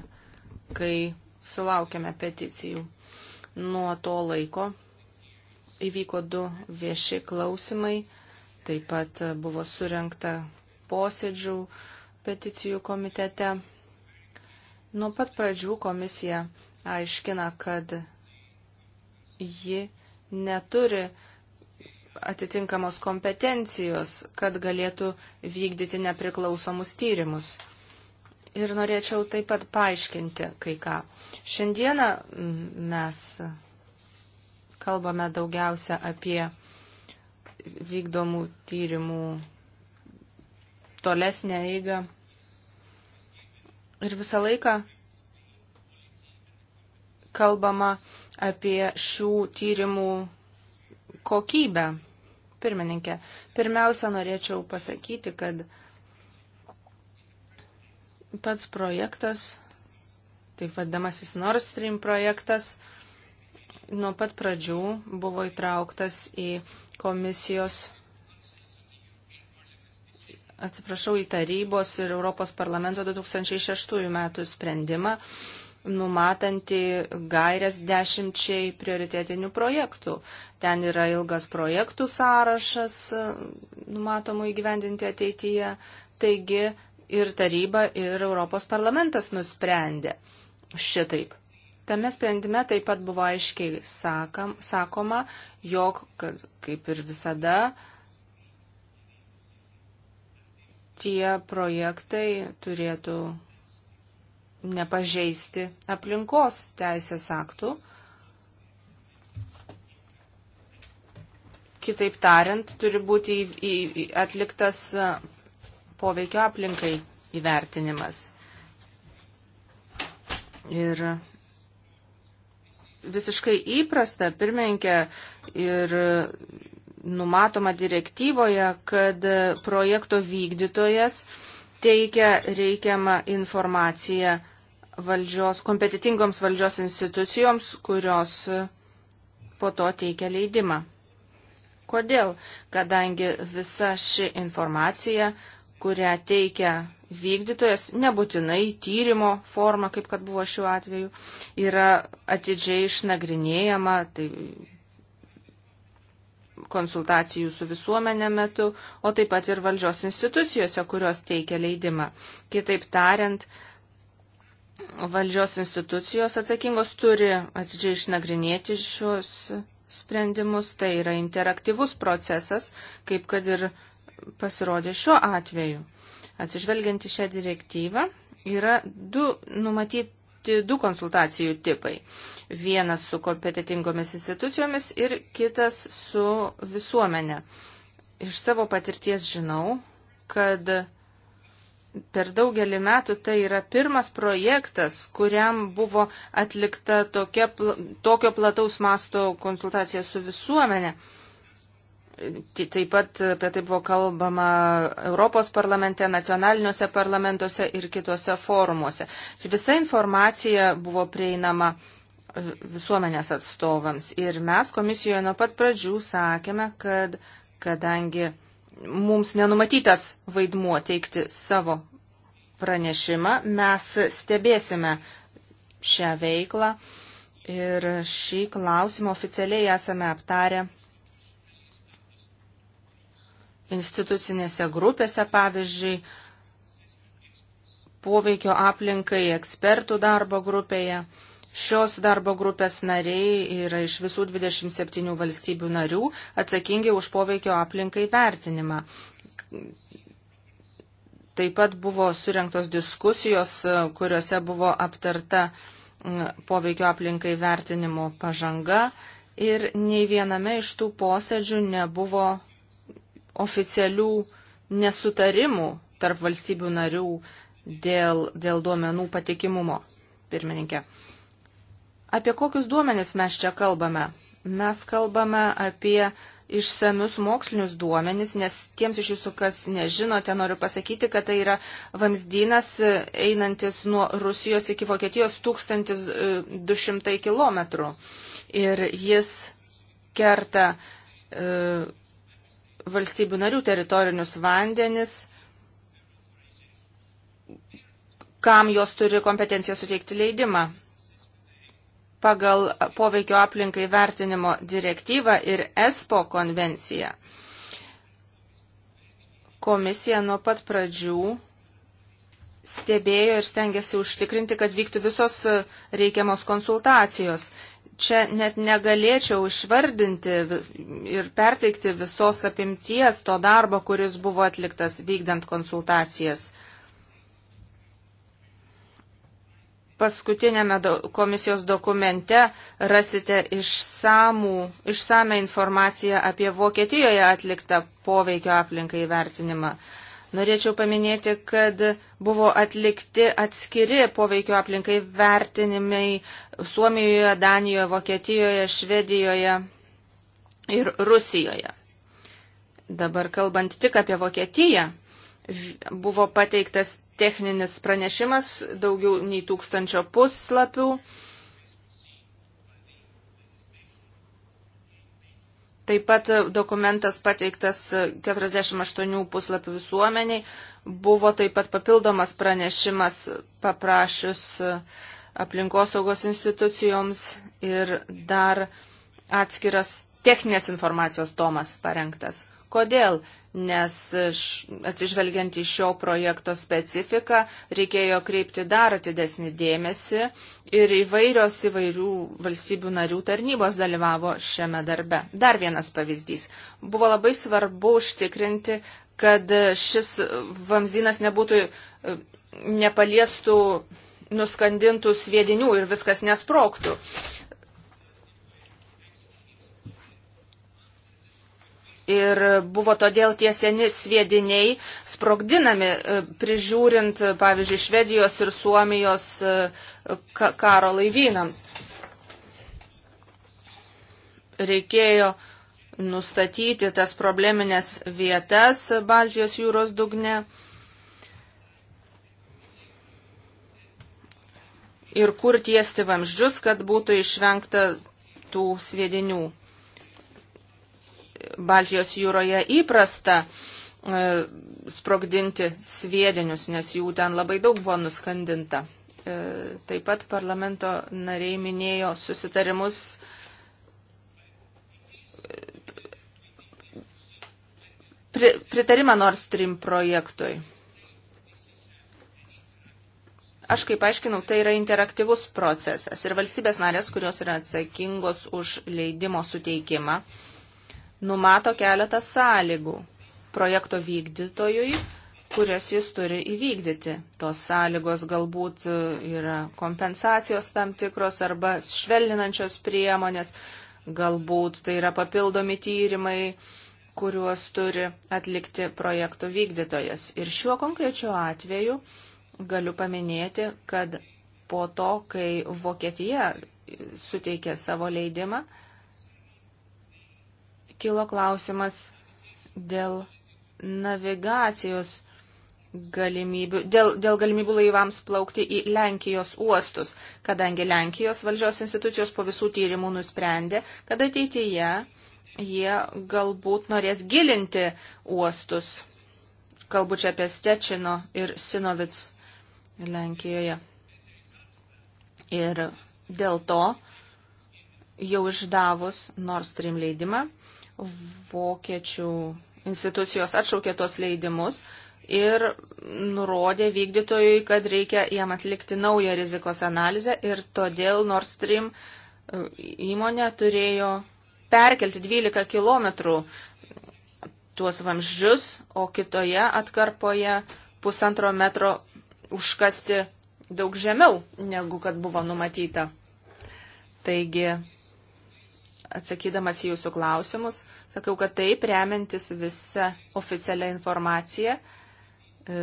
Speaker 2: kai sulaukėme peticijų. Nuo to laiko įvyko du vieši klausimai, taip pat buvo surinkta posėdžių peticijų komitete. Nuo pat pradžių komisija aiškina, kad ji neturi atitinkamos kompetencijos, kad galėtų vykdyti nepriklausomus tyrimus. Ir norėčiau taip pat paaiškinti kai ką. Šiandieną mes kalbame daugiausia apie vykdomų tyrimų tolesnę eigą. Ir visą laiką kalbama apie šių tyrimų kokybę pirmininkė. Pirmiausia, norėčiau pasakyti, kad pats projektas, taip vadamasis Nord Stream projektas, nuo pat pradžių buvo įtrauktas į komisijos, atsiprašau, į tarybos ir Europos parlamento 2006 metų sprendimą numatanti gairias dešimčiai prioritetinių projektų. Ten yra ilgas projektų sąrašas e, numatomų įgyvendinti ateityje. Taigi ir taryba, ir Europos parlamentas nusprendė šitaip. Tame sprendime taip pat buvo aiškiai sakam, sakoma, jog, kad, kaip ir visada, tie projektai turėtų nepažeisti aplinkos teisės aktų. Kitaip tariant, turi būti į, į, atliktas poveikio aplinkai įvertinimas. Ir visiškai įprasta pirmininkė ir numatoma direktyvoje, kad projekto vykdytojas teikia reikiamą informaciją valdžios, kompetitingoms valdžios institucijoms, kurios po to teikia leidimą. Kodėl? Kadangi visa ši informacija, kurią teikia vykdytojas, nebūtinai tyrimo forma, kaip kad buvo šiuo atveju, yra atidžiai išnagrinėjama, tai konsultacijų su visuomenė metu, o taip pat ir valdžios institucijose, kurios teikia leidimą. Kitaip tariant, valdžios institucijos atsakingos turi atsidžiai išnagrinėti šios sprendimus. Tai yra interaktyvus procesas, kaip kad ir pasirodė šiuo atveju. Atsižvelgiant į šią direktyvą, yra du numatyti du konsultacijų tipai. Vienas su kompetitingomis institucijomis ir kitas su visuomenė. Iš savo patirties žinau, kad per daugelį metų tai yra pirmas projektas, kuriam buvo atlikta tokia, tokio plataus masto konsultacija su visuomenė. Taip pat apie tai buvo kalbama Europos parlamente, nacionaliniuose parlamentuose ir kitose forumuose. Visa informacija buvo prieinama e, visuomenės atstovams. Ir mes komisijoje nuo pat pradžių sakėme, kad kadangi mums nenumatytas vaidmuo teikti savo pranešimą. Mes stebėsime šią veiklą ir šį klausimą oficialiai esame aptarę institucinėse grupėse, pavyzdžiui, poveikio aplinkai ekspertų darbo grupėje. Šios darbo grupės nariai yra iš visų 27 valstybių narių atsakingi už poveikio aplinkai vertinimą. Taip pat buvo surinktos diskusijos, kuriuose buvo aptarta poveikio aplinkai vertinimo pažanga ir nei viename iš tų posėdžių nebuvo oficialių nesutarimų tarp valstybių narių dėl, dėl duomenų patikimumo. Pirmininkė. Apie kokius duomenis mes čia kalbame? Mes kalbame apie išsamius mokslinius duomenis, nes tiems iš jūsų, kas nežinote, noriu pasakyti, kad tai yra vamzdynas e, einantis nuo Rusijos iki Vokietijos 1200 e, km. Ir jis kerta e, valstybių narių teritorinius vandenis, kam jos turi kompetenciją suteikti leidimą pagal poveikio aplinkai vertinimo direktyvą ir ESPO konvenciją. Komisija nuo pat pradžių stebėjo ir stengiasi užtikrinti, kad vyktų visos e, reikiamos konsultacijos. Čia net negalėčiau išvardinti ir perteikti visos apimties to darbo, kuris buvo atliktas vykdant konsultacijas. paskutinėme komisijos dokumente rasite išsamų, išsame informaciją apie Vokietijoje atliktą poveikio aplinkai vertinimą. Norėčiau paminėti, kad buvo atlikti atskiri poveikio aplinkai vertinimai Suomijoje, Danijoje, Vokietijoje, Švedijoje ir Rusijoje. Dabar kalbant tik apie Vokietiją, buvo pateiktas techninis pranešimas, daugiau nei tūkstančio puslapių. Taip pat dokumentas pateiktas 48 puslapių visuomeniai. Buvo taip pat papildomas pranešimas paprašius aplinkosaugos institucijoms ir dar atskiras techninės informacijos tomas parengtas. Kodėl? nes atsižvelgiant į šio projekto specifiką reikėjo kreipti dar atidesnį dėmesį ir įvairios įvairių valstybių narių tarnybos dalyvavo šiame darbe. Dar vienas pavyzdys. Buvo labai svarbu užtikrinti, kad šis vamzdynas nebūtų e, nepaliestų nuskandintų sviedinių ir viskas nesproktų. Ir buvo todėl tie seni sviediniai sprogdinami, e, prižiūrint, e, pavyzdžiui, Švedijos ir Suomijos e, karo laivynams. Reikėjo nustatyti tas probleminės vietas Baltijos jūros dugne. Ir kur tiesti vamzdžius, kad būtų išvengta tų sviedinių. Baltijos jūroje įprasta e, sprogdinti sviedinius, nes jų ten labai daug buvo nuskandinta. E, taip pat parlamento nariai minėjo susitarimus pritarimą Nord Stream projektui. Aš kaip aiškinau, tai yra interaktyvus procesas ir valstybės narės, kurios yra atsakingos už leidimo suteikimą, numato keletą sąlygų projekto vykdytojui, kurias jis turi įvykdyti. Tos sąlygos galbūt e, yra kompensacijos tam tikros arba švelninančios priemonės, galbūt tai yra papildomi tyrimai, kuriuos turi atlikti projektų vykdytojas. Ir šiuo konkrečiu atveju galiu paminėti, kad po to, kai Vokietija suteikė savo leidimą, kilo klausimas dėl navigacijos galimybių, dėl, dėl galimybių laivams plaukti į Lenkijos uostus, kadangi Lenkijos valdžios institucijos po visų tyrimų nusprendė, kad ateityje jie galbūt norės gilinti uostus. Kalbu čia apie Stečino ir Sinovic Lenkijoje. Ir dėl to jau išdavus Nord Stream leidimą, vokiečių institucijos atšaukė tuos leidimus ir nurodė vykdytojui, kad reikia jam atlikti naują rizikos analizę ir todėl Nord Stream e, įmonė turėjo perkelti 12 km tuos vamzdžius, o kitoje atkarpoje pusantro metro užkasti daug žemiau, negu kad buvo numatyta. Taigi, atsakydamas į jūsų klausimus, Sakiau, kad taip, remiantis visą oficialią informaciją, e,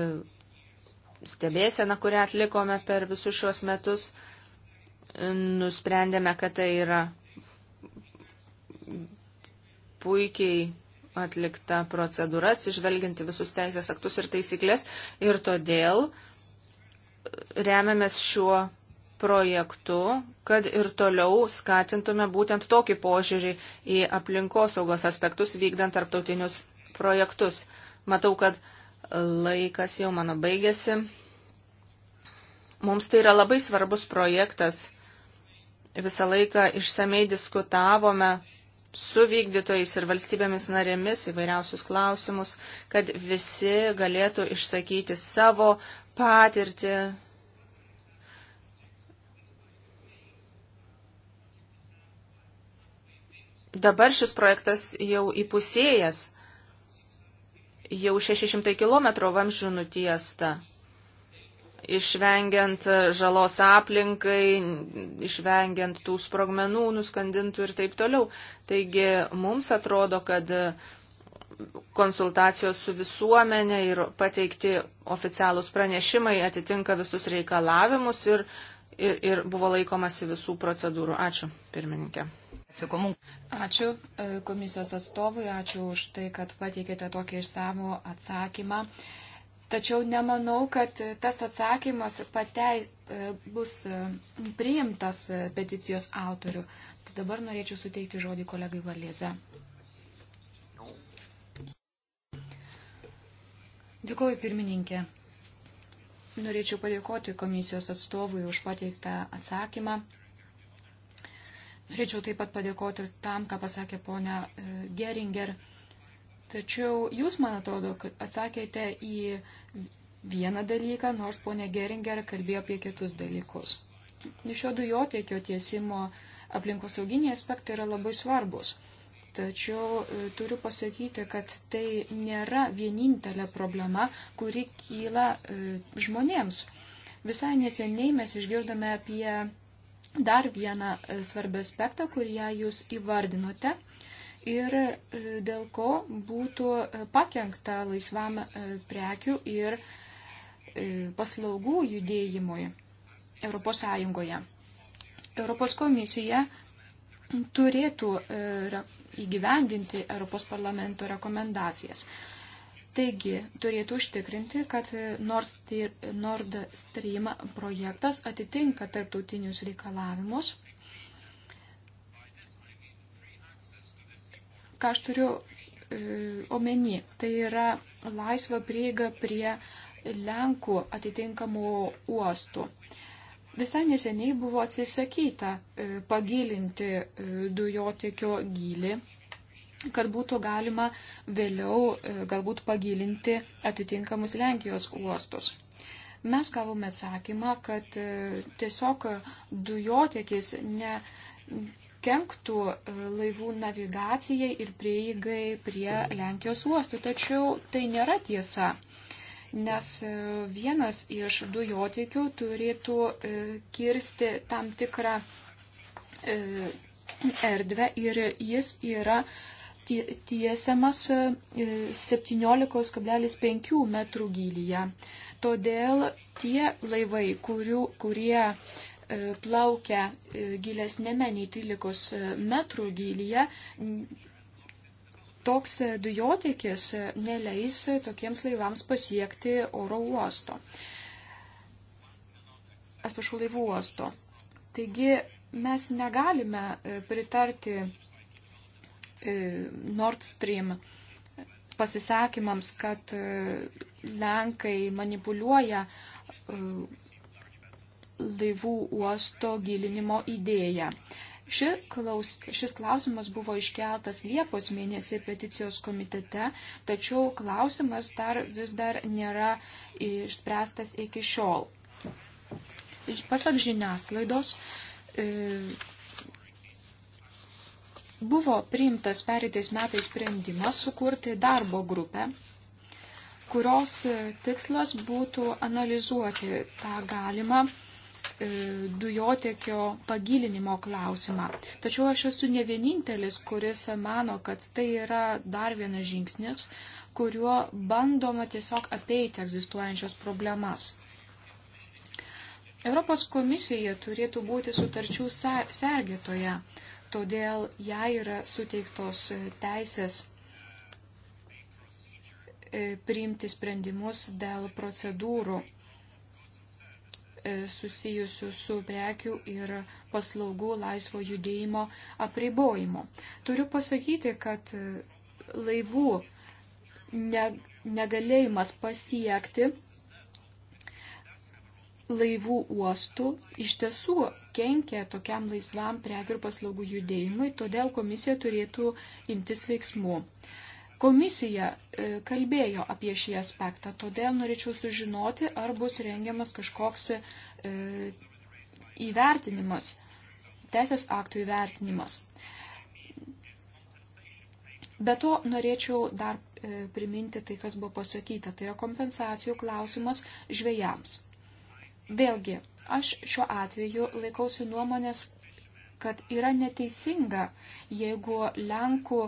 Speaker 2: stebėseną, kurią atlikome per visus šios metus, e, nusprendėme, kad tai yra puikiai atlikta procedūra, atsižvelginti visus teisės aktus ir taisyklės ir todėl e, remiamės šiuo projektu, kad ir toliau skatintume būtent tokį požiūrį į aplinkosaugos aspektus vykdant tarptautinius projektus. Matau, kad laikas jau mano baigėsi. Mums tai yra labai svarbus projektas. Visą laiką išsamei diskutavome su vykdytojais ir valstybėmis narėmis įvairiausius klausimus, kad visi galėtų išsakyti savo patirtį Dabar šis projektas jau įpusėjęs, jau 600 km vamzdžių nutiesta, išvengiant žalos aplinkai, išvengiant tų sprogmenų, nuskandintų ir taip toliau. Taigi mums atrodo, kad konsultacijos su visuomenė ir pateikti oficialūs pranešimai atitinka visus reikalavimus ir, ir, ir buvo laikomasi visų procedūrų. Ačiū, pirmininkė.
Speaker 1: Ačiū e, komisijos atstovui, ačiū už tai, kad pateikėte tokį išsamų atsakymą. Tačiau nemanau, kad tas atsakymas patei e, bus e, priimtas peticijos autorių. Tai dabar norėčiau suteikti žodį kolegai Valėze. Dėkuoju pirmininkė. Norėčiau padėkoti komisijos atstovui už pateiktą atsakymą. Norėčiau taip pat padėkoti ir tam, ką pasakė ponia e, Geringer. Tačiau jūs, man atrodo, atsakėte į vieną dalyką, nors ponia Geringer kalbėjo apie kitus dalykus. Iš jo dujotiekio tiesimo aplinkosauginiai aspektai yra labai svarbus. Tačiau e, turiu pasakyti, kad tai nėra vienintelė problema, kuri kyla e, žmonėms. Visai neseniai mes išgirdome apie dar vieną e, svarbę aspektą, kurį jūs įvardinote ir e, dėl ko būtų e, pakengta laisvam prekių ir paslaugų judėjimui Europos Sąjungoje. Europos komisija turėtų įgyvendinti Europos parlamento rekomendacijas. Taigi, turėtų užtikrinti, kad Nord Stream projektas atitinka tarptautinius reikalavimus. Ką aš turiu e, omeny, tai yra laisva prieiga prie Lenkų atitinkamų uostų. Visai neseniai buvo atsisakyta e, pagilinti e, dujotiekio gylį kad būtų galima vėliau e, galbūt pagilinti atitinkamus Lenkijos uostus. Mes gavome atsakymą, kad e, tiesiog dujotiekis ne kenktų e, laivų navigacijai ir prieigai prie Lenkijos uostų, tačiau tai nėra tiesa, nes vienas iš dujotiekių turėtų kirsti tam tikrą erdvę ir jis yra tiesiamas 17,5 e, metrų gylyje. Todėl tie laivai, kurių, kurie e, plaukia e, gilesnėme nei 13 metrų gylyje, toks dujotiekis neleis tokiems laivams pasiekti oro uosto. Atsiprašau, laivų uosto. Taigi mes negalime pritarti E, Nord Stream pasisekimams, kad e, Lenkai manipuliuoja e, laivų uosto gilinimo idėją. Ši klaus, šis klausimas buvo iškeltas Liepos mėnesį peticijos komitete, tačiau klausimas dar vis dar nėra išspręstas iki šiol. Pasak žiniasklaidos, Buvo priimtas pereitais metais sprendimas sukurti darbo grupę, kurios e, tikslas būtų analizuoti tą galimą e, dujotiekio pagilinimo klausimą. Tačiau aš esu ne vienintelis, kuris mano, kad tai yra dar vienas žingsnis, kuriuo bandoma tiesiog apeiti egzistuojančias problemas. Europos komisija turėtų būti sutarčių sergėtoje, todėl jai yra suteiktos teisės e, priimti sprendimus dėl procedūrų e, susijusių su prekių ir paslaugų laisvo judėjimo apribojimu. Turiu pasakyti, kad e, laivų negalėjimas pasiekti laivų uostų iš tiesų kenkia tokiam laisvam prekių ir paslaugų judėjimui, todėl komisija turėtų imtis veiksmų. Komisija e, kalbėjo apie šį aspektą, todėl norėčiau sužinoti, ar bus rengiamas kažkoks e, įvertinimas, teisės aktų įvertinimas. Be to norėčiau dar e, priminti tai, kas buvo pasakyta, tai yra kompensacijų klausimas žvėjams. Vėlgi, aš šiuo atveju laikausi nuomonės, kad yra neteisinga, jeigu Lenkų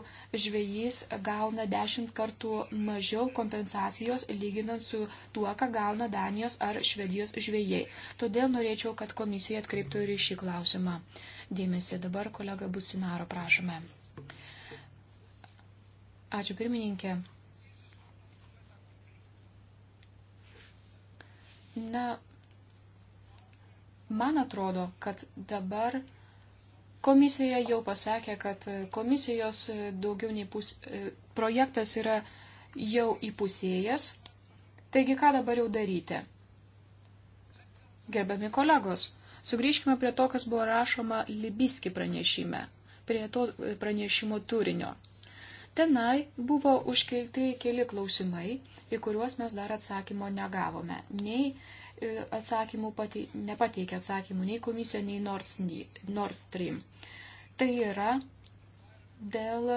Speaker 1: žvėjys gauna dešimt kartų mažiau kompensacijos lyginant su tuo, ką gauna Danijos ar Švedijos žvėjai. Todėl norėčiau, kad komisija atkreiptų ir į šį klausimą. Dėmesį dabar kolega Businaro prašome. Ačiū pirmininkė. Na, Man atrodo, kad dabar komisija jau pasakė, kad komisijos daugiau nei pus, e, projektas yra jau įpusėjęs. Taigi, ką dabar jau daryti? Gerbiami kolegos, sugrįžkime prie to, kas buvo rašoma Libiski pranešime, prie to e, pranešimo turinio. Tenai buvo užkelti keli klausimai, į kuriuos mes dar atsakymo negavome. Nei E, atsakymų patei, nepateikė atsakymų nei komisija, nei Nord Stream. Tai yra dėl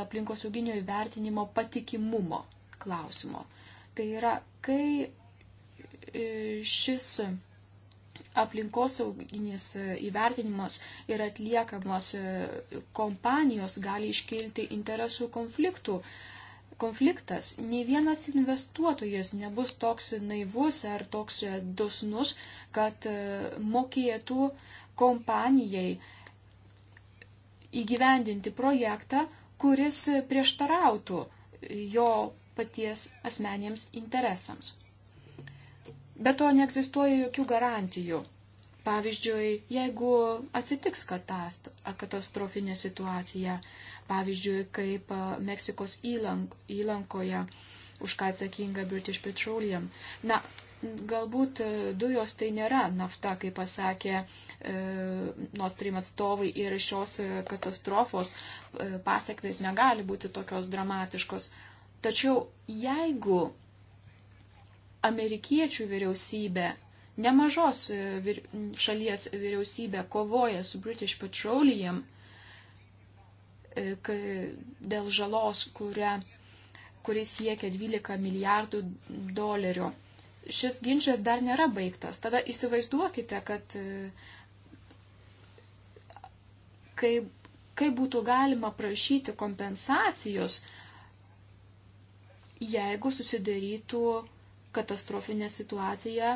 Speaker 1: aplinkosauginio įvertinimo patikimumo klausimo. Tai yra, kai e, šis aplinkosauginis įvertinimas yra atliekamas e, kompanijos, gali iškilti interesų konfliktų konfliktas. Nei vienas investuotojas nebus toks naivus ar toks dosnus, kad e, mokėtų kompanijai įgyvendinti projektą, kuris prieštarautų jo paties asmenėms interesams. Be to neegzistuoja jokių garantijų Pavyzdžiui, jeigu atsitiks katastrofinė situacija, pavyzdžiui, kaip e, Meksikos įlank, įlankoje, už ką atsakinga British Petroleum. Na, galbūt e, dujos tai nėra nafta, kaip pasakė e, Nord Stream atstovai ir šios e, katastrofos e, pasiekvės negali būti tokios dramatiškos. Tačiau jeigu amerikiečių vyriausybė Nemažos e, vir, šalies vyriausybė kovoja su British Petroleum e, dėl žalos, kurią, kuris siekia 12 milijardų dolerių. Šis ginčas dar nėra baigtas. Tada įsivaizduokite, kad kaip, e, kaip būtų galima prašyti kompensacijos, jeigu susidarytų katastrofinė situacija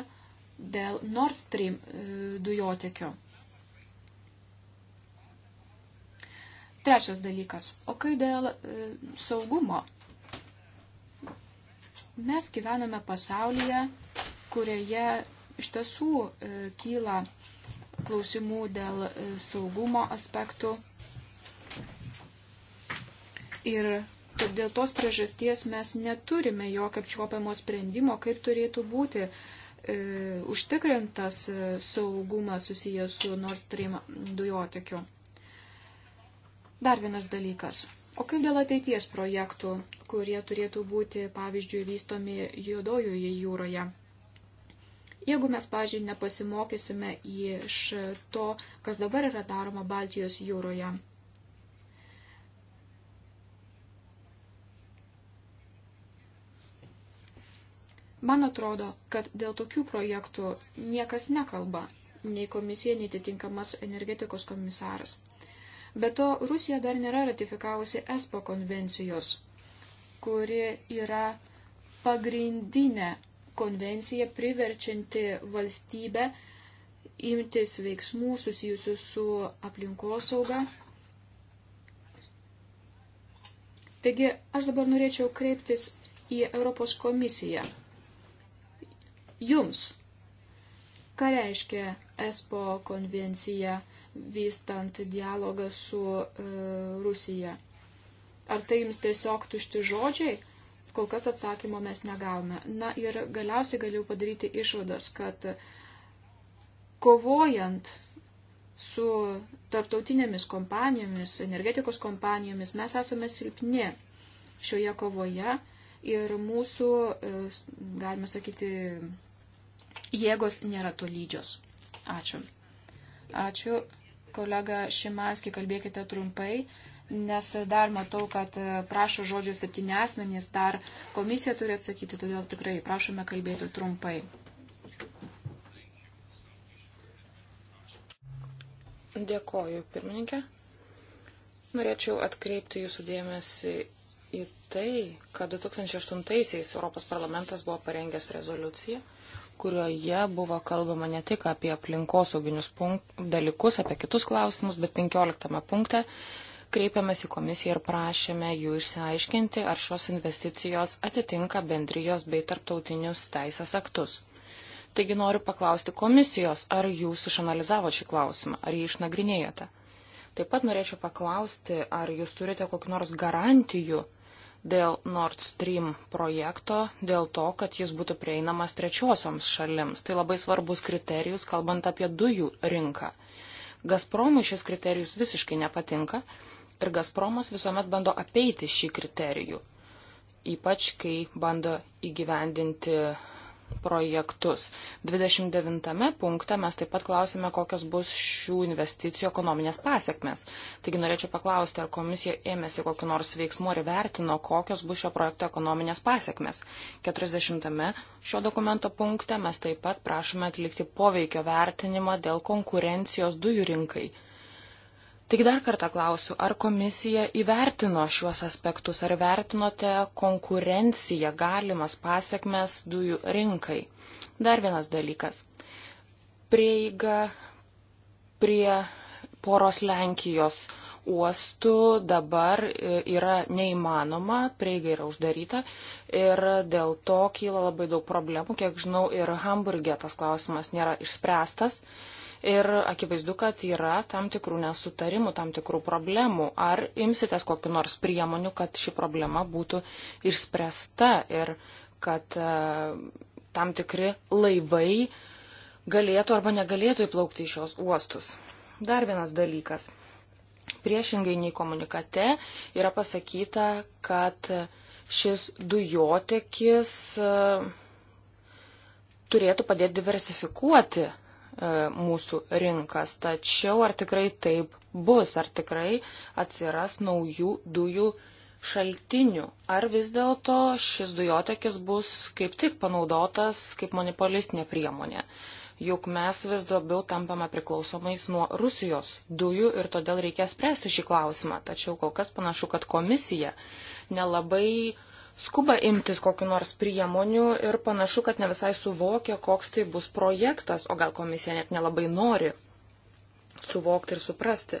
Speaker 1: dėl Nord Stream e, dujotekio. Trečias dalykas. O kai dėl e, saugumo? Mes gyvename pasaulyje, kurioje iš tiesų e, kyla klausimų dėl saugumo aspektų. Ir dėl tos priežasties mes neturime jokio apčiuopiamo sprendimo, kaip turėtų būti uh, E, užtikrintas e, saugumas susijęs su Nord Stream dujotekiu. Dar vienas dalykas. O kaip dėl ateities projektų, kurie turėtų būti, pavyzdžiui, vystomi juodojoje jūroje? Jeigu mes, pažiūrėjau, nepasimokysime iš to, kas dabar yra daroma Baltijos jūroje, Man atrodo, kad dėl tokių projektų niekas nekalba, nei komisija, nei atitinkamas energetikos komisaras. Be to, Rusija dar nėra ratifikavusi ESPO konvencijos, kuri yra pagrindinė konvencija priverčianti valstybę imtis veiksmų susijusių su aplinkosauga. Taigi, aš dabar norėčiau kreiptis į Europos komisiją jums. Ką reiškia ESPO konvencija vystant dialogą su e, Rusija? Ar tai jums tiesiog tušti žodžiai? Kol kas atsakymo mes negavome. Na ir galiausiai galiu padaryti išvadas, kad kovojant su tarptautinėmis kompanijomis, energetikos kompanijomis, mes esame silpni šioje kovoje ir mūsų, e, galima sakyti, jėgos nėra tolydžios. Ačiū. Ačiū, kolega Šimanski, kalbėkite trumpai, nes dar matau, kad prašo žodžio septyni asmenys, dar komisija turi atsakyti, todėl tikrai prašome kalbėti trumpai.
Speaker 3: Dėkoju, pirmininkė. Norėčiau atkreipti jūsų dėmesį į tai, kad 2008-aisiais Europos parlamentas buvo parengęs rezoliuciją, kurioje buvo kalbama ne tik apie aplinkosauginius dalykus, apie kitus klausimus, bet 15 punkte kreipėmės į komisiją ir prašėme jų išsiaiškinti, ar šios investicijos atitinka bendrijos bei tarptautinius teisės aktus. Taigi noriu paklausti komisijos, ar jūs išanalizavo šį klausimą, ar jį išnagrinėjote. Taip pat norėčiau paklausti, ar jūs turite kokiu nors garantijų, dėl Nord Stream projekto, dėl to, kad jis būtų prieinamas trečiosioms šalims. Tai labai svarbus kriterijus, kalbant apie dujų rinką. Gazpromui šis kriterijus visiškai nepatinka ir Gazpromas visuomet bando apeiti šį kriterijų, ypač kai bando įgyvendinti projektus. 29 punkte mes taip pat klausime, kokios bus šių investicijų ekonominės pasiekmes. Taigi norėčiau paklausti, ar komisija ėmėsi kokiu nors veiksmu ir vertino, kokios bus šio projekto ekonominės pasiekmes. 40 šio dokumento punkte mes taip pat prašome atlikti poveikio vertinimą dėl konkurencijos dujų rinkai. Tik dar kartą klausiu, ar komisija įvertino šiuos aspektus, ar vertinote konkurenciją, galimas pasiekmes dujų rinkai? Dar vienas dalykas. Prieiga prie poros Lenkijos uostų dabar e, yra neįmanoma, prieiga yra uždaryta ir dėl to kyla labai daug problemų. Kiek žinau, ir Hamburgė tas klausimas nėra išspręstas. Uh, ir akivaizdu, kad yra tam tikrų nesutarimų, tam tikrų problemų. Ar imsitės kokiu nors priemonių, kad ši problema būtų išspręsta ir kad e, tam tikri laivai galėtų arba negalėtų įplaukti į šios uostus? Dar vienas dalykas. Priešingai nei komunikate yra pasakyta, kad šis dujotekis e, turėtų padėti diversifikuoti E, mūsų rinkas. Tačiau ar tikrai taip bus, ar tikrai atsiras naujų dujų šaltinių, ar vis dėlto šis dujotekis bus kaip tik panaudotas kaip monopolistinė priemonė. Juk mes vis labiau tampame priklausomais nuo Rusijos dujų ir todėl reikia spręsti šį klausimą. Tačiau kol kas panašu, kad komisija nelabai uh, skuba imtis kokiu nors priemonių ir panašu, kad ne visai suvokia, koks tai bus projektas, o gal komisija net nelabai nori suvokti ir suprasti,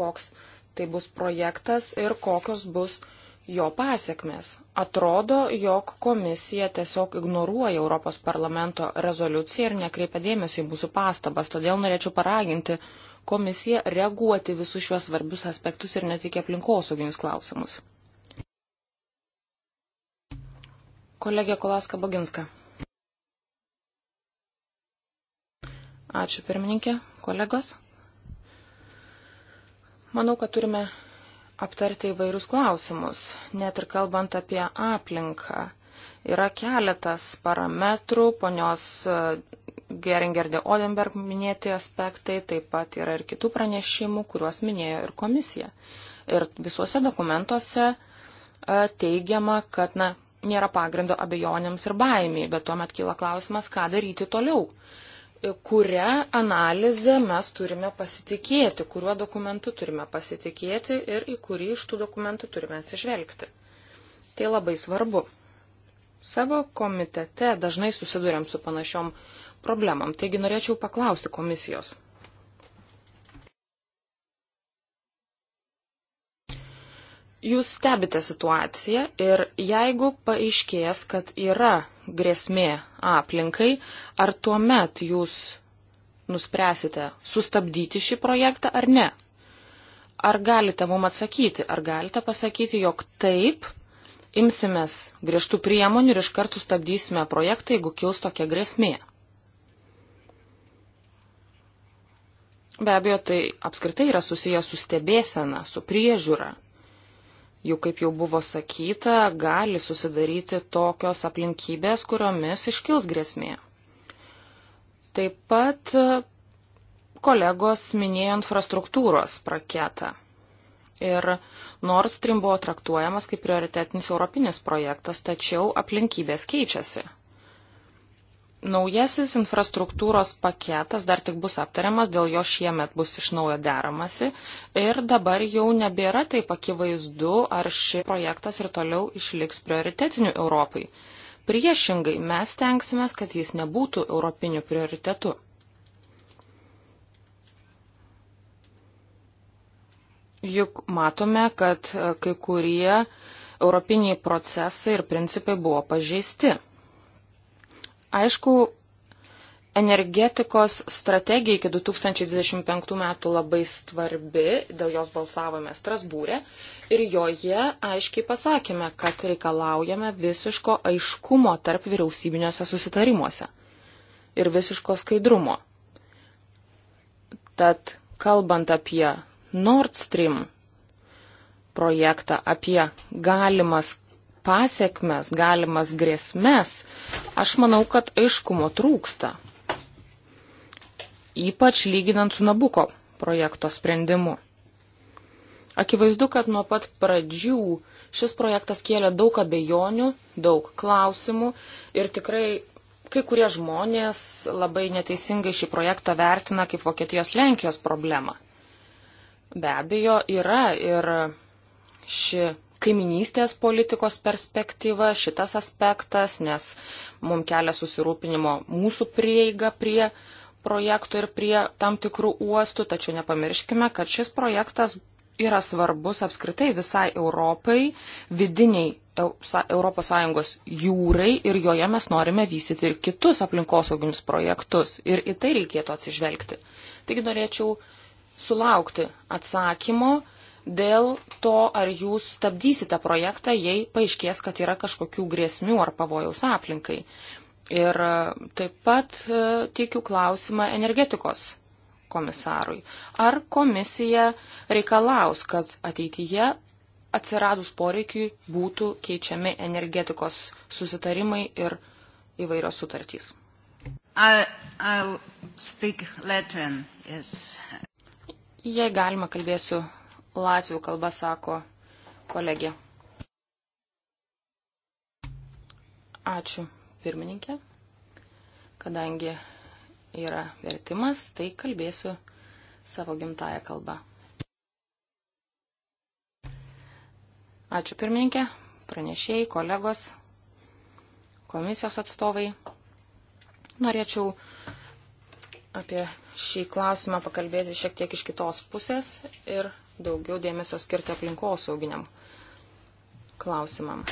Speaker 3: koks tai bus projektas ir kokios bus jo pasiekmes. Atrodo, jog komisija tiesiog ignoruoja Europos parlamento rezoliuciją ir nekreipia dėmesio į mūsų pastabas, todėl norėčiau paraginti komisiją reaguoti visus šiuos svarbius aspektus ir netikė aplinkosauginius klausimus. Kolegė Kolaska Baginska. Ačiū pirmininkė, kolegos. Manau, kad turime aptarti įvairius klausimus, net ir kalbant apie aplinką. Yra keletas parametrų, ponios e, Geringerdė Odenberg minėti aspektai, taip pat yra ir kitų pranešimų, kuriuos minėjo ir komisija. Ir visuose dokumentuose e, teigiama, kad na, nėra pagrindo abejonėms ir baimiai, bet tuomet kyla klausimas, ką daryti toliau kurią analizę mes turime pasitikėti, kuriuo dokumentu turime pasitikėti ir į kurį iš tų dokumentų turime atsižvelgti. Tai labai svarbu. Savo komitete dažnai susidurėm su panašiom problemam, taigi norėčiau paklausti komisijos, jūs stebite situaciją ir jeigu paaiškės, kad yra grėsmė aplinkai, ar tuo met jūs nuspręsite sustabdyti šį projektą ar ne? Ar galite mum atsakyti, ar galite pasakyti, jog taip, imsimės griežtų priemonių ir iškart sustabdysime projektą, jeigu kils tokia grėsmė? Be abejo, tai apskritai yra susijęs su stebėsena, su priežiūra, juk kaip jau buvo sakyta, gali susidaryti tokios aplinkybės, kuriomis iškils grėsmė. Taip pat e, kolegos minėjo infrastruktūros praketą. Ir Nord Stream buvo traktuojamas kaip prioritetinis europinis projektas, tačiau aplinkybės keičiasi. Naujasis infrastruktūros paketas dar tik bus aptariamas, dėl jo šiemet bus iš naujo deramasi ir dabar jau nebėra taip akivaizdu, ar šis projektas ir toliau išliks prioritetiniu Europai. Priešingai, mes tenksime, kad jis nebūtų europiniu prioritetu. Juk matome, kad e, kai kurie europiniai procesai ir principai buvo pažeisti. Aišku, energetikos strategija iki 2025 metų labai svarbi, dėl jos balsavome Strasbūrė ir joje aiškiai pasakėme, kad reikalaujame visiško aiškumo tarp vyriausybiniuose susitarimuose ir visiško skaidrumo. Tad kalbant apie Nord Stream projektą, apie galimas pasiekmes, galimas grėsmes, aš manau, kad aiškumo trūksta. Ypač lyginant su Nabuko projekto sprendimu. Akivaizdu, kad nuo pat pradžių šis projektas kėlė daug abejonių, daug klausimų ir tikrai kai kurie žmonės labai neteisingai šį projektą vertina kaip Vokietijos-Lenkijos problemą. Be abejo, yra ir ši kaiminystės politikos perspektyva, šitas aspektas, nes mums kelia susirūpinimo mūsų prieiga prie projektų ir prie tam tikrų uostų, tačiau nepamirškime, kad šis projektas yra svarbus apskritai visai Europai, vidiniai ES jūrai ir joje mes norime vystyti ir kitus aplinkosauginius projektus ir į tai reikėtų atsižvelgti. Taigi norėčiau sulaukti atsakymo dėl to, ar jūs stabdysite projektą, jei paaiškės, kad yra kažkokių grėsmių ar pavojaus aplinkai. Ir e, taip pat e, teikiu klausimą energetikos komisarui. Ar komisija reikalaus, kad ateityje atsiradus poreikiui būtų keičiami energetikos susitarimai ir įvairios sutartys? I'll, I'll Jei galima, kalbėsiu latvių kalba sako kolegė. Ačiū pirmininkė. Kadangi yra vertimas, tai kalbėsiu savo gimtają kalbą. Ačiū pirmininkė, pranešėjai, kolegos, komisijos atstovai. Norėčiau apie šį klausimą pakalbėti šiek tiek iš kitos pusės ir daugiau dėmesio skirti aplinkosauginiam klausimam.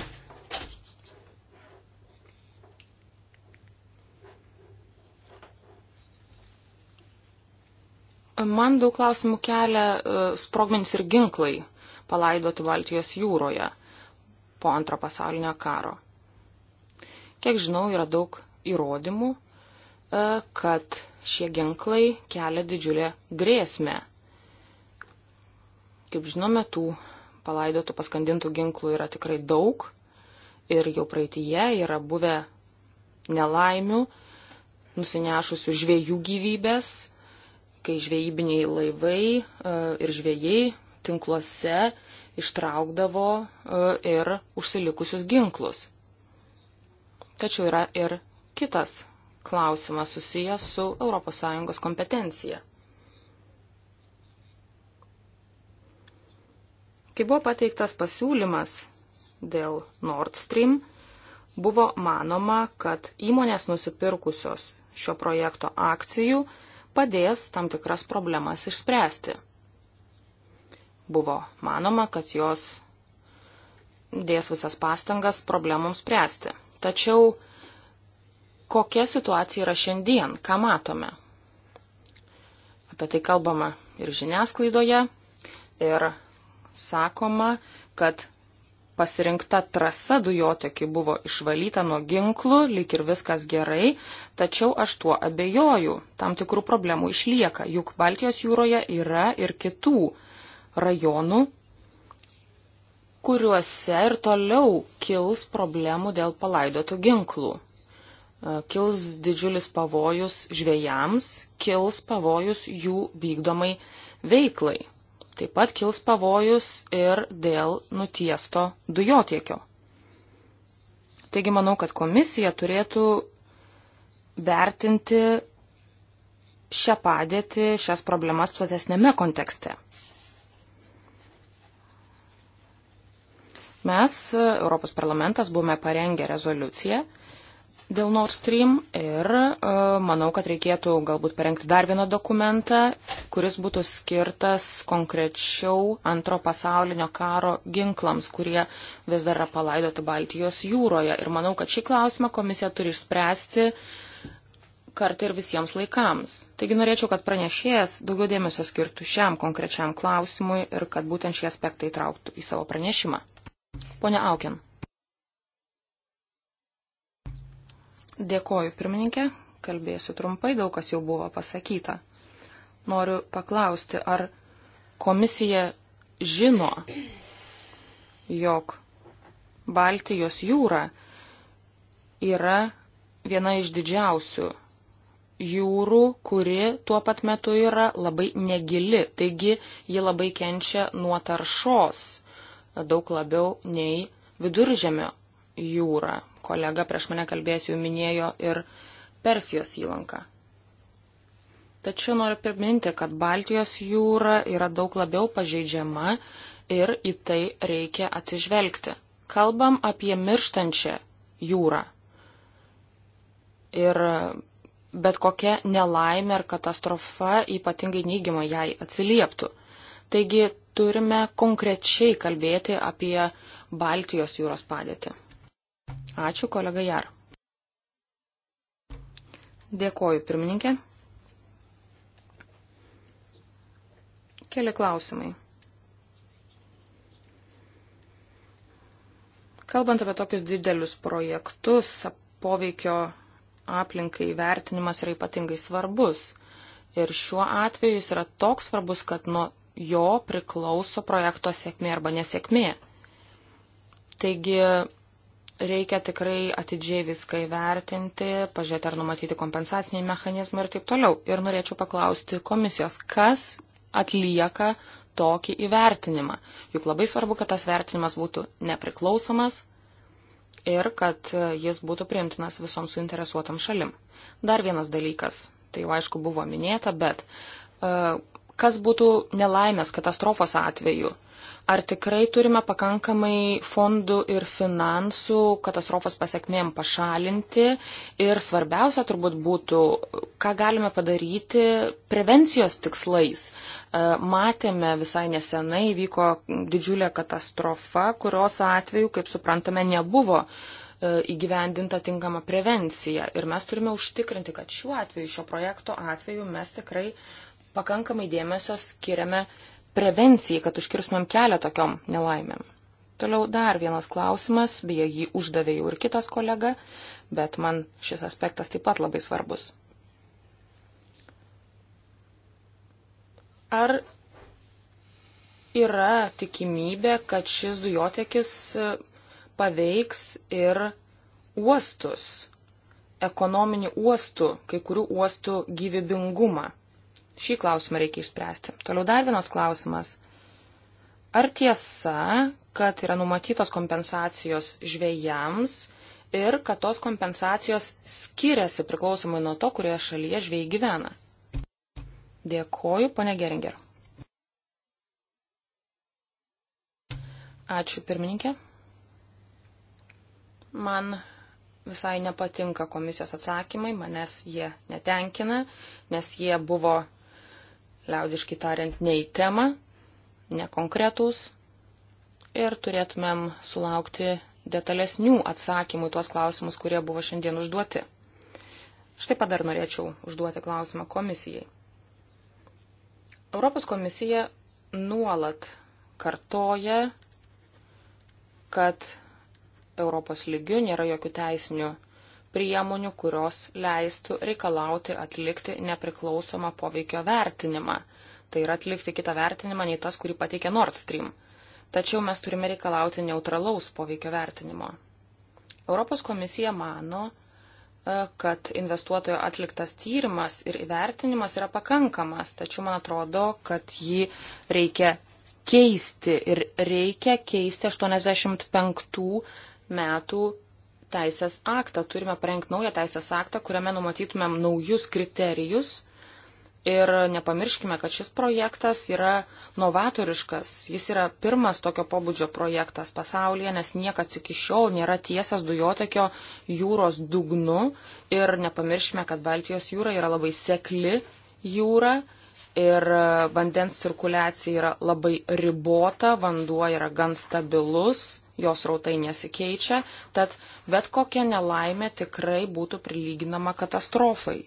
Speaker 3: Man daug klausimų kelia e, sprogmenys ir ginklai palaidoti Baltijos jūroje po antro pasaulinio karo. Kiek žinau, yra daug įrodymų, e, kad šie ginklai kelia didžiulę grėsmę Kaip žinome, tų palaidotų paskandintų ginklų yra tikrai daug ir jau praeitie yra buvę nelaimių, nusinešusių žviejų gyvybės, kai žvejybiniai laivai e, ir žvėjai tinkluose ištraukdavo e, ir užsilikusius ginklus. Tačiau yra ir kitas klausimas susijęs su ES kompetencija. Kai buvo pateiktas pasiūlymas dėl Nord Stream, buvo manoma, kad įmonės nusipirkusios šio projekto akcijų padės tam tikras problemas išspręsti. Buvo manoma, kad jos dės visas pastangas problemams spręsti. Tačiau kokia situacija yra šiandien, ką matome? Apie tai kalbama ir žiniasklaidoje, ir sakoma, kad pasirinkta trasa dujotekį buvo išvalyta nuo ginklų, lyg ir viskas gerai, tačiau aš tuo abejoju. Tam tikrų problemų išlieka, juk Baltijos jūroje yra ir kitų rajonų, kuriuose ir toliau kils problemų dėl palaidotų ginklų. E, kils didžiulis pavojus žvėjams, kils pavojus jų vykdomai veiklai. Taip pat kils pavojus ir dėl nutiesto dujotiekio. Taigi manau, kad komisija turėtų vertinti šią padėtį, šias problemas platesnėme kontekste. Mes, Europos parlamentas, buvome parengę rezoliuciją dėl Nord Stream ir e, manau, kad reikėtų galbūt parengti dar vieną dokumentą, kuris būtų skirtas konkrečiau antro pasaulinio karo ginklams, kurie vis dar yra palaidoti Baltijos jūroje. Ir manau, kad šį klausimą komisija turi išspręsti kartą ir visiems laikams. Taigi norėčiau, kad pranešėjas daugiau dėmesio skirtų šiam konkrečiam klausimui ir kad būtent šie aspektai trauktų į savo pranešimą. Pone Aukin. Dėkoju, pirmininkė. Kalbėsiu trumpai, daug kas jau buvo pasakyta. Noriu paklausti, ar komisija žino, jog Baltijos jūra yra viena iš didžiausių jūrų, kuri tuo pat metu yra labai negili, taigi ji labai kenčia nuo taršos daug labiau nei viduržemio jūra kolega prieš mane kalbėjęs jau minėjo ir Persijos įlanką. Tačiau noriu priminti, kad Baltijos jūra yra daug labiau pažeidžiama ir į tai reikia atsižvelgti. Kalbam apie mirštančią jūrą. Ir bet kokia nelaimė ar katastrofa ypatingai neigiamai jai atsilieptų. Taigi turime konkrečiai kalbėti apie Baltijos jūros padėtį. Ačiū, kolega Jar. Dėkoju, pirmininkė. Keli klausimai. Kalbant apie tokius didelius projektus, poveikio aplinkai vertinimas yra ypatingai svarbus. Ir šiuo atveju jis yra toks svarbus, kad nuo jo priklauso projekto sėkmė arba nesėkmė. Taigi reikia tikrai atidžiai viską įvertinti, pažiūrėti ar numatyti kompensaciniai mechanizmai ir taip toliau. Ir norėčiau paklausti komisijos, kas atlieka tokį įvertinimą. Juk labai svarbu, kad tas vertinimas būtų nepriklausomas ir kad jis būtų priimtinas visoms suinteresuotam šalim. Dar vienas dalykas, tai jau aišku buvo minėta, bet e, kas būtų nelaimės katastrofos atveju? Uh, Ar tikrai turime pakankamai fondų ir finansų katastrofos pasiekmėm pašalinti? Ir svarbiausia turbūt būtų, ką galime padaryti prevencijos tikslais. E, matėme visai nesenai vyko didžiulė katastrofa, kurios atveju, kaip suprantame, nebuvo e, įgyvendinta tinkama prevencija. Ir mes turime užtikrinti, kad šiuo atveju, šio projekto atveju mes tikrai pakankamai dėmesio skiriame prevencijai, kad užkirstumėm kelią tokiom nelaimėm. Toliau dar vienas klausimas, beje, jį uždavė jau ir kitas kolega, bet man šis aspektas taip pat labai svarbus. Ar yra tikimybė, kad šis dujotekis e, paveiks ir uostus, ekonominį uostų, kai kurių uostų gyvybingumą? Šį klausimą reikia išspręsti. Toliau dar vienas klausimas. Ar tiesa, kad yra numatytos kompensacijos žvėjams ir kad tos kompensacijos skiriasi priklausomai nuo to, kurioje šalyje žvėjai gyvena? Dėkoju, ponė Geringer. Ačiū, pirmininkė. Man visai nepatinka komisijos atsakymai, manęs jie netenkina, nes jie buvo liaudiškai tariant, ne į temą, nekonkretūs ir turėtumėm sulaukti detalesnių atsakymų į tuos klausimus, kurie buvo šiandien užduoti. Štai padar norėčiau užduoti klausimą komisijai. Europos komisija nuolat kartoja, kad Europos lygių nėra jokių teisinių priemonių, kurios leistų reikalauti atlikti nepriklausomą poveikio vertinimą. Tai yra atlikti kitą vertinimą nei tas, kurį pateikė Nord Stream. Tačiau mes turime reikalauti neutralaus poveikio vertinimo. Europos komisija mano, e, kad investuotojo atliktas tyrimas ir įvertinimas yra pakankamas, tačiau man atrodo, kad jį reikia keisti ir reikia keisti 85 metų teisės aktą, turime parengti naują teisės aktą, kuriame numatytumėm naujus kriterijus. Ir nepamirškime, kad šis projektas yra novatoriškas, jis yra pirmas tokio pobūdžio projektas pasaulyje, nes niekas iki šiol nėra tiesas dujotekio jūros dugnu. Ir nepamirškime, kad Baltijos jūra yra labai sekli jūra ir vandens cirkuliacija yra labai ribota, vanduo yra gan stabilus jos rautai nesikeičia, tad bet kokia nelaimė tikrai būtų prilyginama katastrofai.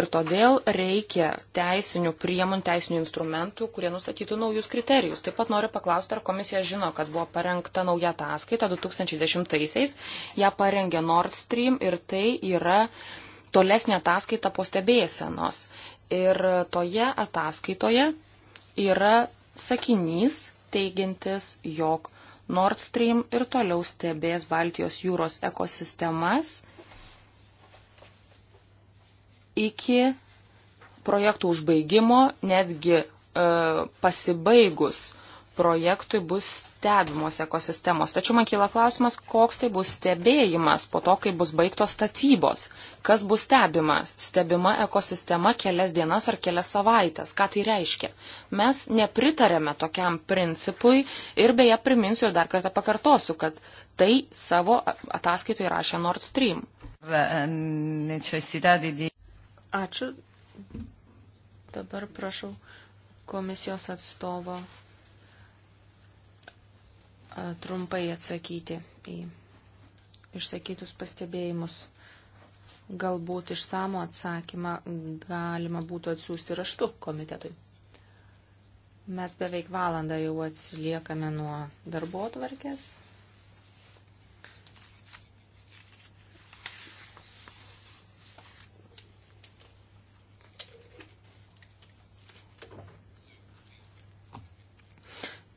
Speaker 3: Ir todėl reikia teisinių priemonių, teisinių instrumentų, kurie nustatytų naujus kriterijus. Taip pat noriu paklausti, ar komisija žino, kad buvo parengta nauja ataskaita 2010-aisiais, ją parengė Nord Stream ir tai yra tolesnė ataskaita po stebėsenos. Ir toje ataskaitoje yra sakinys teigintis, jog Nord Stream ir toliau stebės Baltijos jūros ekosistemas iki projektų užbaigimo, netgi e, pasibaigus projektui bus stebimos ekosistemos. Tačiau man kyla klausimas, koks tai bus stebėjimas po to, kai bus baigtos statybos. Kas bus stebima? Stebima ekosistema kelias dienas ar kelias savaitės. Ką tai reiškia? Mes nepritarėme tokiam principui ir beje priminsiu ir dar kartą pakartosiu, kad tai savo ataskaitoje rašė Nord Stream.
Speaker 1: Ehm,
Speaker 3: Ačiū. Dabar prašau komisijos atstovo
Speaker 2: trumpai atsakyti į išsakytus pastebėjimus. Galbūt išsamo atsakymą galima būtų atsiųsti raštu komitetui. Mes beveik valandą jau atsiliekame nuo darbo tvarkės.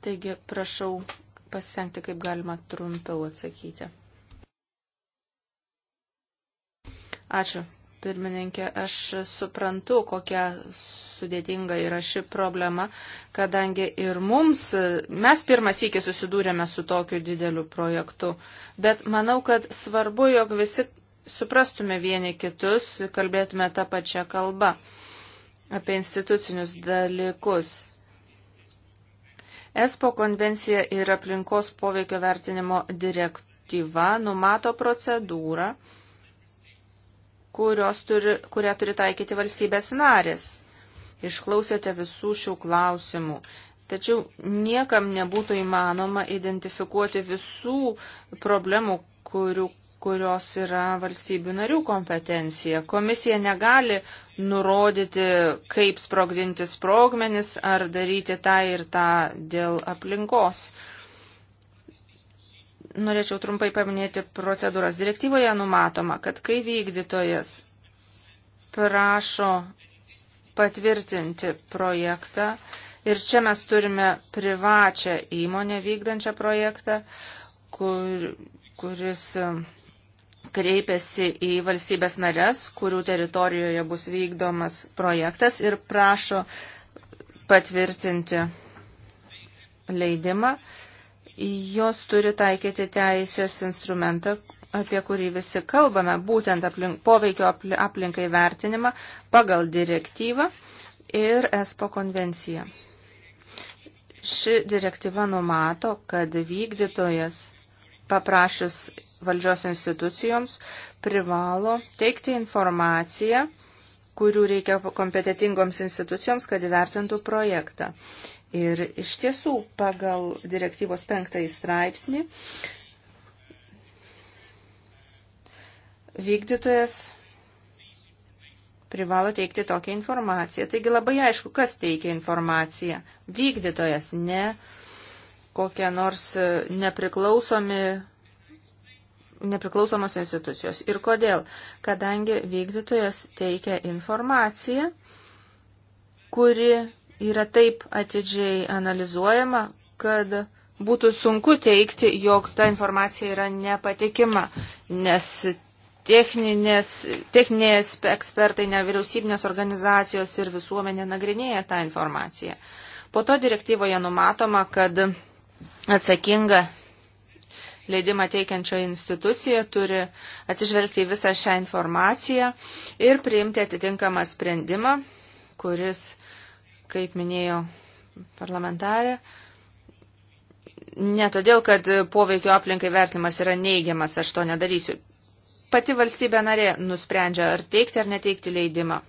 Speaker 2: Taigi prašau pasistengti kaip galima trumpiau atsakyti. Ačiū pirmininkė, aš suprantu, kokia sudėtinga yra ši problema, kadangi ir mums, mes pirmas iki susidūrėme su tokiu dideliu projektu, bet manau, kad svarbu, jog visi suprastume vieni kitus, kalbėtume tą pačią kalbą apie institucinius dalykus. ESPO konvencija ir aplinkos poveikio vertinimo direktyva numato procedūrą, turi, kurią turi taikyti valstybės narės. Išklausėte visų šių klausimų. Tačiau niekam nebūtų įmanoma identifikuoti visų problemų, kurių, kurios yra valstybių narių kompetencija. Komisija negali nurodyti, kaip sprogdinti sprogmenis ar daryti tą ir tą dėl aplinkos. Norėčiau trumpai paminėti procedūras. Direktyvoje numatoma, kad kai vykdytojas prašo patvirtinti projektą, ir čia mes turime privačią įmonę vykdančią projektą, kur, kuris kreipiasi į valstybės narės, kurių teritorijoje bus vykdomas projektas ir prašo patvirtinti leidimą. Jos turi taikyti teisės instrumentą, apie kurį visi kalbame, būtent aplink, poveikio aplinkai vertinimą pagal direktyvą ir ESPO konvenciją. Ši direktyva numato, kad vykdytojas paprašius valdžios institucijoms privalo teikti informaciją, kurių reikia kompetitingoms institucijoms, kad įvertintų projektą. Ir iš tiesų, pagal direktyvos penktąjį straipsnį, vykdytojas privalo teikti tokią informaciją. Taigi labai aišku, kas teikia informaciją. Vykdytojas, ne kokie nors nepriklausomi nepriklausomos institucijos. Ir kodėl? Kadangi vykdytojas teikia informaciją, kuri yra taip atidžiai analizuojama, kad būtų sunku teikti, jog ta informacija yra nepatikima, nes techninės, techninės ekspertai, nevyriausybinės organizacijos ir visuomenė nagrinėja tą informaciją. Po to direktyvoje numatoma, kad atsakinga leidimą teikiančio institucija turi atsižvelgti į visą šią informaciją ir priimti atitinkamą sprendimą, kuris, kaip minėjo parlamentarė, ne todėl, kad poveikio aplinkai vertinimas yra neigiamas, aš to nedarysiu. Pati valstybė narė nusprendžia, ar teikti ar neteikti leidimą.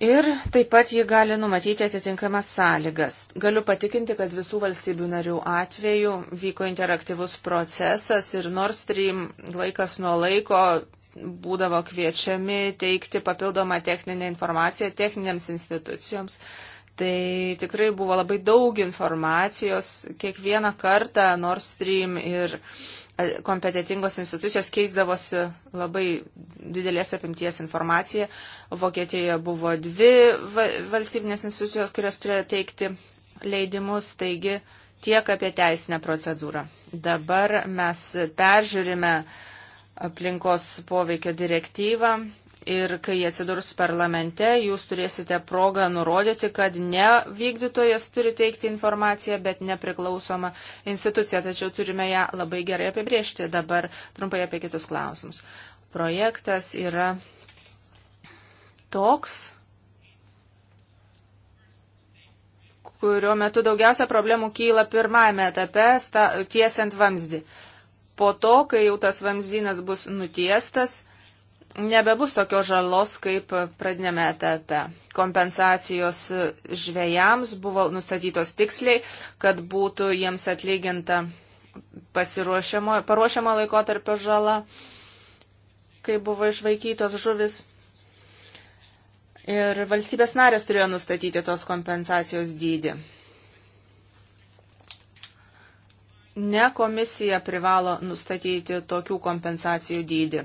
Speaker 2: Ir taip pat ji gali numatyti atitinkamas sąlygas. Galiu patikinti, kad visų valstybių narių atveju vyko interaktyvus procesas ir Nord Stream laikas nuo laiko būdavo kviečiami teikti papildomą techninę informaciją techninėms institucijoms. Tai tikrai buvo labai daug informacijos. Kiekvieną kartą Nord Stream ir uh, kompetitingos institucijos keisdavosi labai didelės apimties informaciją. Vokietijoje buvo dvi valstybinės institucijos, kurios turėjo teikti leidimus, taigi tiek apie teisinę procedūrą. Dabar mes peržiūrime aplinkos poveikio direktyvą ir kai atsidurs parlamente, jūs turėsite progą nurodyti, kad ne vykdytojas turi teikti informaciją, bet nepriklausoma institucija, tačiau turime ją labai gerai apibriežti. Dabar trumpai apie kitus klausimus. Projektas yra toks, kurio metu daugiausia problemų kyla pirmajame etape, tiesiant vamzdį. Po to, kai jau tas vamzdynas bus nutiestas, nebebus tokios žalos kaip pradinėme etape. Kompensacijos žvėjams buvo nustatytos tiksliai, kad būtų jiems atlyginta paruošiamo laikotarpio žala, kai buvo išvaikytos žuvis. Ir valstybės narės turėjo nustatyti tos kompensacijos dydį. Ne komisija privalo nustatyti tokių kompensacijų dydį.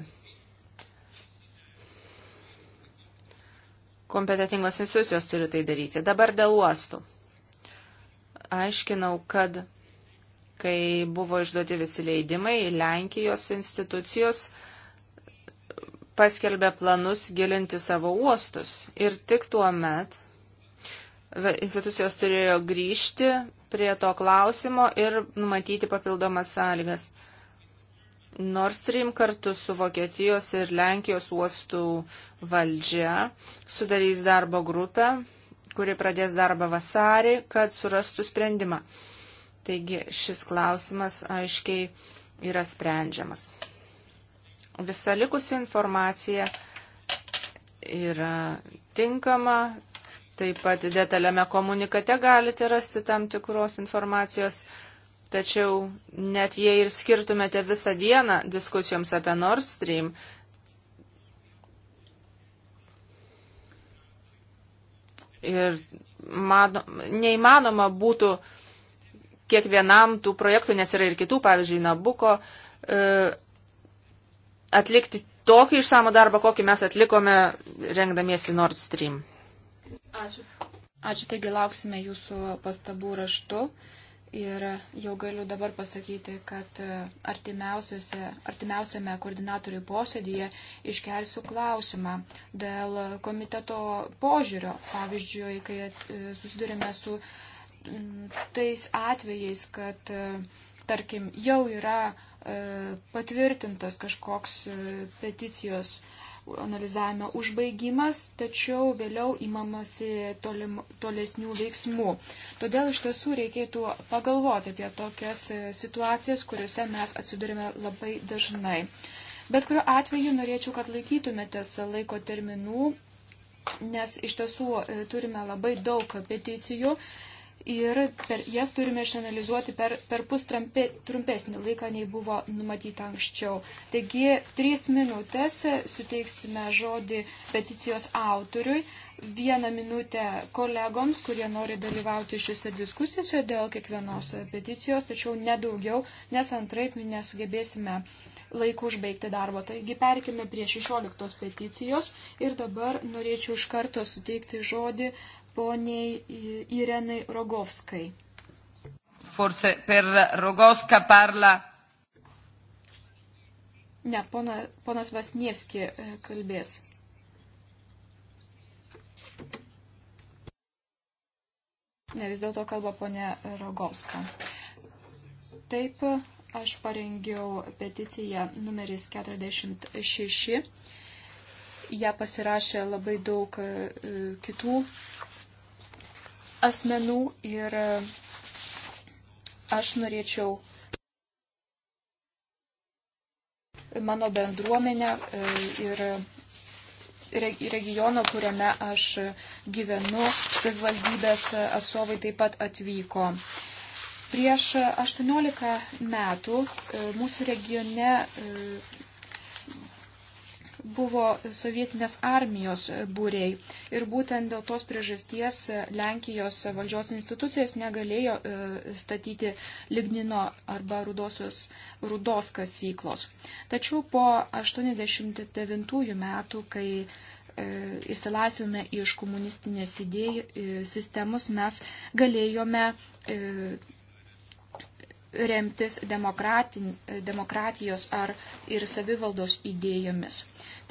Speaker 2: Kompetitingos institucijos turi tai daryti. Dabar dėl uostų. Aiškinau, kad kai buvo išduoti visi leidimai, Lenkijos institucijos paskelbė planus gilinti savo uostus. Ir tik tuo met institucijos turėjo grįžti prie to klausimo ir numatyti papildomas sąlygas. Nord Stream kartu su Vokietijos ir Lenkijos uostų valdžia sudarys darbo grupę, kuri pradės darbą vasarį, kad surastų sprendimą. Taigi šis klausimas aiškiai yra sprendžiamas. Visa likusi informacija yra tinkama, taip pat detaliame komunikate galite rasti tam tikros informacijos. Tačiau net jei ir skirtumėte visą dieną diskusijoms apie Nord Stream, ir mano, neįmanoma būtų kiekvienam tų projektų, nes yra ir kitų, pavyzdžiui, Nabuko, e, atlikti tokį išsamų darbą, kokį mes atlikome rengdamiesi Nord Stream.
Speaker 1: Ačiū. Ačiū, taigi lauksime jūsų pastabų raštu. Ir jau galiu dabar pasakyti, kad e, artimiausiame koordinatorių posėdėje iškelsiu klausimą dėl komiteto požiūrio. Pavyzdžiui, kai e, susidurime su tais atvejais, kad, e, tarkim, jau yra patvirtintas kažkoks peticijos analizavimo užbaigimas, tačiau vėliau įmamasi tolim, tolesnių veiksmų. Todėl iš tiesų reikėtų pagalvoti apie tokias e, situacijas, kuriuose mes atsidurime labai dažnai. Bet kuriuo atveju norėčiau, kad laikytumėtės laiko terminų, nes iš tiesų e, turime labai daug peticijų ir per, jas turime išanalizuoti per, per pus trumpe, trumpesnį laiką, nei buvo numatyta anksčiau. Taigi, trys minutės e, suteiksime žodį peticijos autoriui, vieną minutę kolegoms, kurie nori dalyvauti šiuose diskusijose dėl kiekvienos peticijos, tačiau nedaugiau, nes antraip nesugebėsime laiku užbaigti darbo. Taigi perkime prie 16 peticijos ir dabar norėčiau iš karto suteikti žodį uh, poniai Irenai Rogovskai. Forse per Rogovską parla. Ne, pona, ponas Vasnievski e, kalbės. Ne, vis dėlto kalba ponė Rogovska. Taip, aš parengiau peticiją numeris 46. Ja pasirašė labai daug e, kitų asmenų ir e, aš norėčiau mano bendruomenę e, ir regiono, kuriame aš gyvenu, savivaldybės atstovai taip pat atvyko. Prieš 18 metų e, mūsų regione buvo sovietinės armijos būriai. Ir būtent dėl tos priežasties Lenkijos valdžios institucijas negalėjo e, statyti lignino arba rudosios, rudos kasyklos. Tačiau po 89 metų, kai e, išsilaisvime iš komunistinės idėjų e, sistemos, mes galėjome remtis demokratijos ar ir savivaldos idėjomis.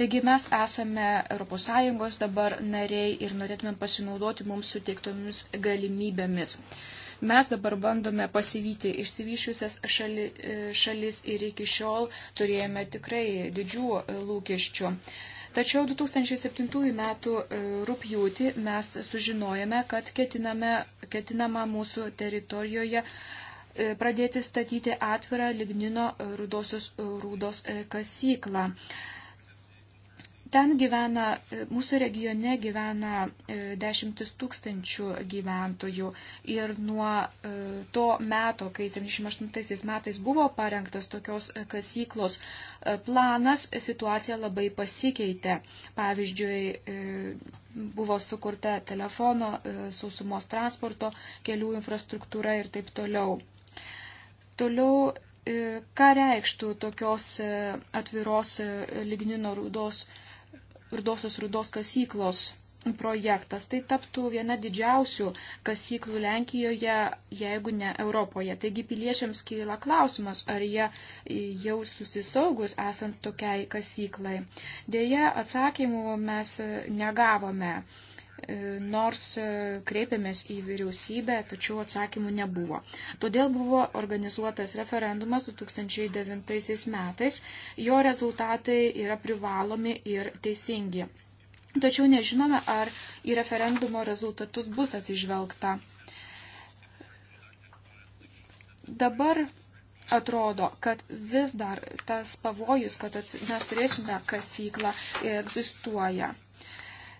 Speaker 1: Taigi mes esame ES dabar nariai ir norėtume pasinaudoti mums suteiktomis galimybėmis. Mes dabar bandome pasivyti išsivyšiusias šali, šalis ir iki šiol turėjome tikrai didžių lūkesčių. Tačiau 2007 m. rūpjūti mes sužinojame, kad ketiname, ketinama mūsų teritorijoje uh, E, pradėti statyti atvirą lignino rudosios rūdos e, kasyklą. Ten gyvena, e, mūsų regione gyvena dešimtis tūkstančių gyventojų ir nuo to meto, kai 78 metais buvo parengtas tokios kasyklos planas, situacija labai pasikeitė. Pavyzdžiui, buvo sukurta telefono, sausumos transporto, kelių infrastruktūra ir taip toliau. Toliau, e, ką reikštų tokios e, atviros e, lignino rudos, rudosios rudos kasyklos projektas. Tai taptų viena didžiausių kasyklų Lenkijoje, jeigu ne Europoje. Taigi piliečiams kyla klausimas, ar jie jau susisaugus esant tokiai kasyklai. Deja, atsakymų mes negavome. E, nors e, kreipėmės į vyriausybę, tačiau atsakymų nebuvo. Todėl buvo organizuotas referendumas 2009 metais, jo rezultatai yra privalomi ir teisingi. Tačiau nežinome, ar į referendumo rezultatus bus atsižvelgta. Dabar atrodo, kad vis dar tas pavojus, kad mes turėsime kasyklą, egzistuoja.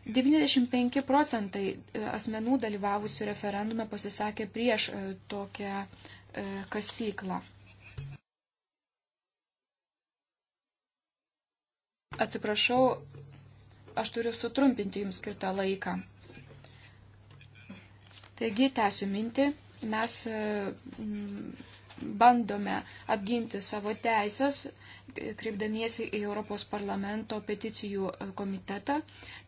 Speaker 1: 95 procentai e, asmenų dalyvavusių referendume pasisakė prieš e, tokią e, kasyklą. Atsiprašau, aš turiu sutrumpinti jums skirtą laiką. Taigi, tęsiu mintį, mes bandome apginti savo teisės kreipdamiesi į Europos parlamento peticijų e, komitetą.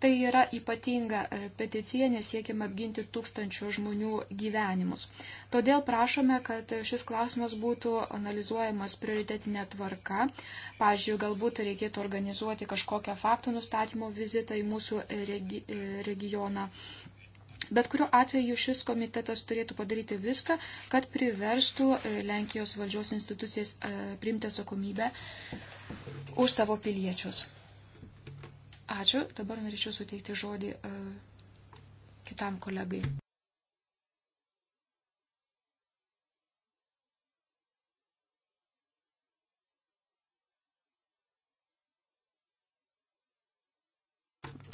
Speaker 1: Tai yra ypatinga e, peticija, nes siekime apginti tūkstančių žmonių gyvenimus. Todėl prašome, kad šis klausimas būtų analizuojamas prioritetinė tvarka. Pavyzdžiui, galbūt reikėtų organizuoti kažkokią faktų nustatymo vizitą į mūsų regi e, regioną Bet kuriuo atveju šis komitetas turėtų padaryti viską, kad priverstų e, Lenkijos valdžios institucijas e, priimti atsakomybę už savo piliečius. Ačiū. Dabar norėčiau suteikti žodį e, kitam kolegai.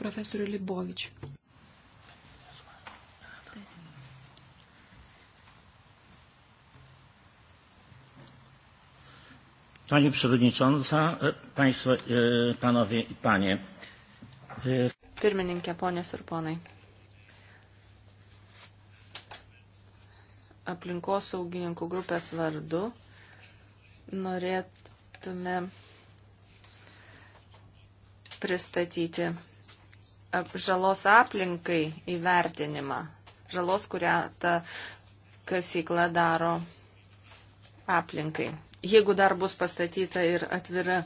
Speaker 1: Profesoriu Libovičiu.
Speaker 2: Pani Przewodnicząca, e, Państwo, e, Panowie i Panie. E, Pirmininkė, ponės ir ponai. Aplinkos saugininkų grupės vardu norėtume pristatyti žalos aplinkai įvertinimą. Žalos, kurią ta kasykla daro aplinkai jeigu dar bus pastatyta ir atvira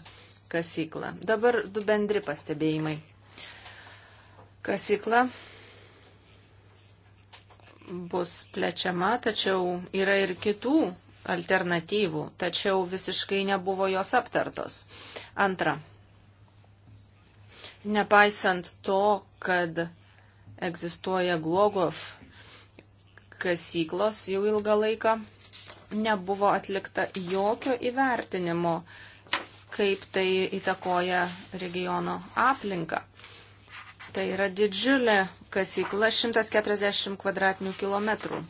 Speaker 2: kasykla. Dabar du bendri pastebėjimai. Kasykla bus plečiama, tačiau yra ir kitų alternatyvų, tačiau visiškai nebuvo jos aptartos. Antra, nepaisant to, kad egzistuoja Glogov kasyklos jau ilgą laiką, nebuvo atlikta jokio įvertinimo, kaip tai įtakoja regiono aplinką. Tai yra didžiulė kasykla 140 kvadratinių kilometrų.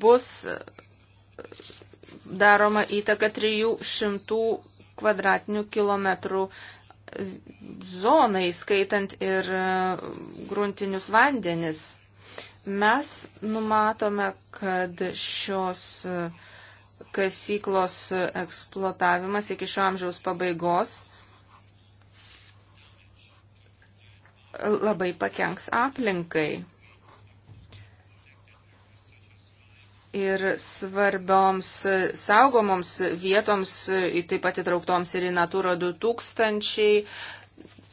Speaker 2: Bus daroma įtaka 300 kvadratinių kilometrų zonai, skaitant ir e, gruntinius vandenis. Mes numatome, kad šios e, kasyklos eksploatavimas iki šio amžiaus pabaigos labai pakenks aplinkai. ir svarbioms saugomoms vietoms, taip pat įtrauktoms ir į Natūro 2000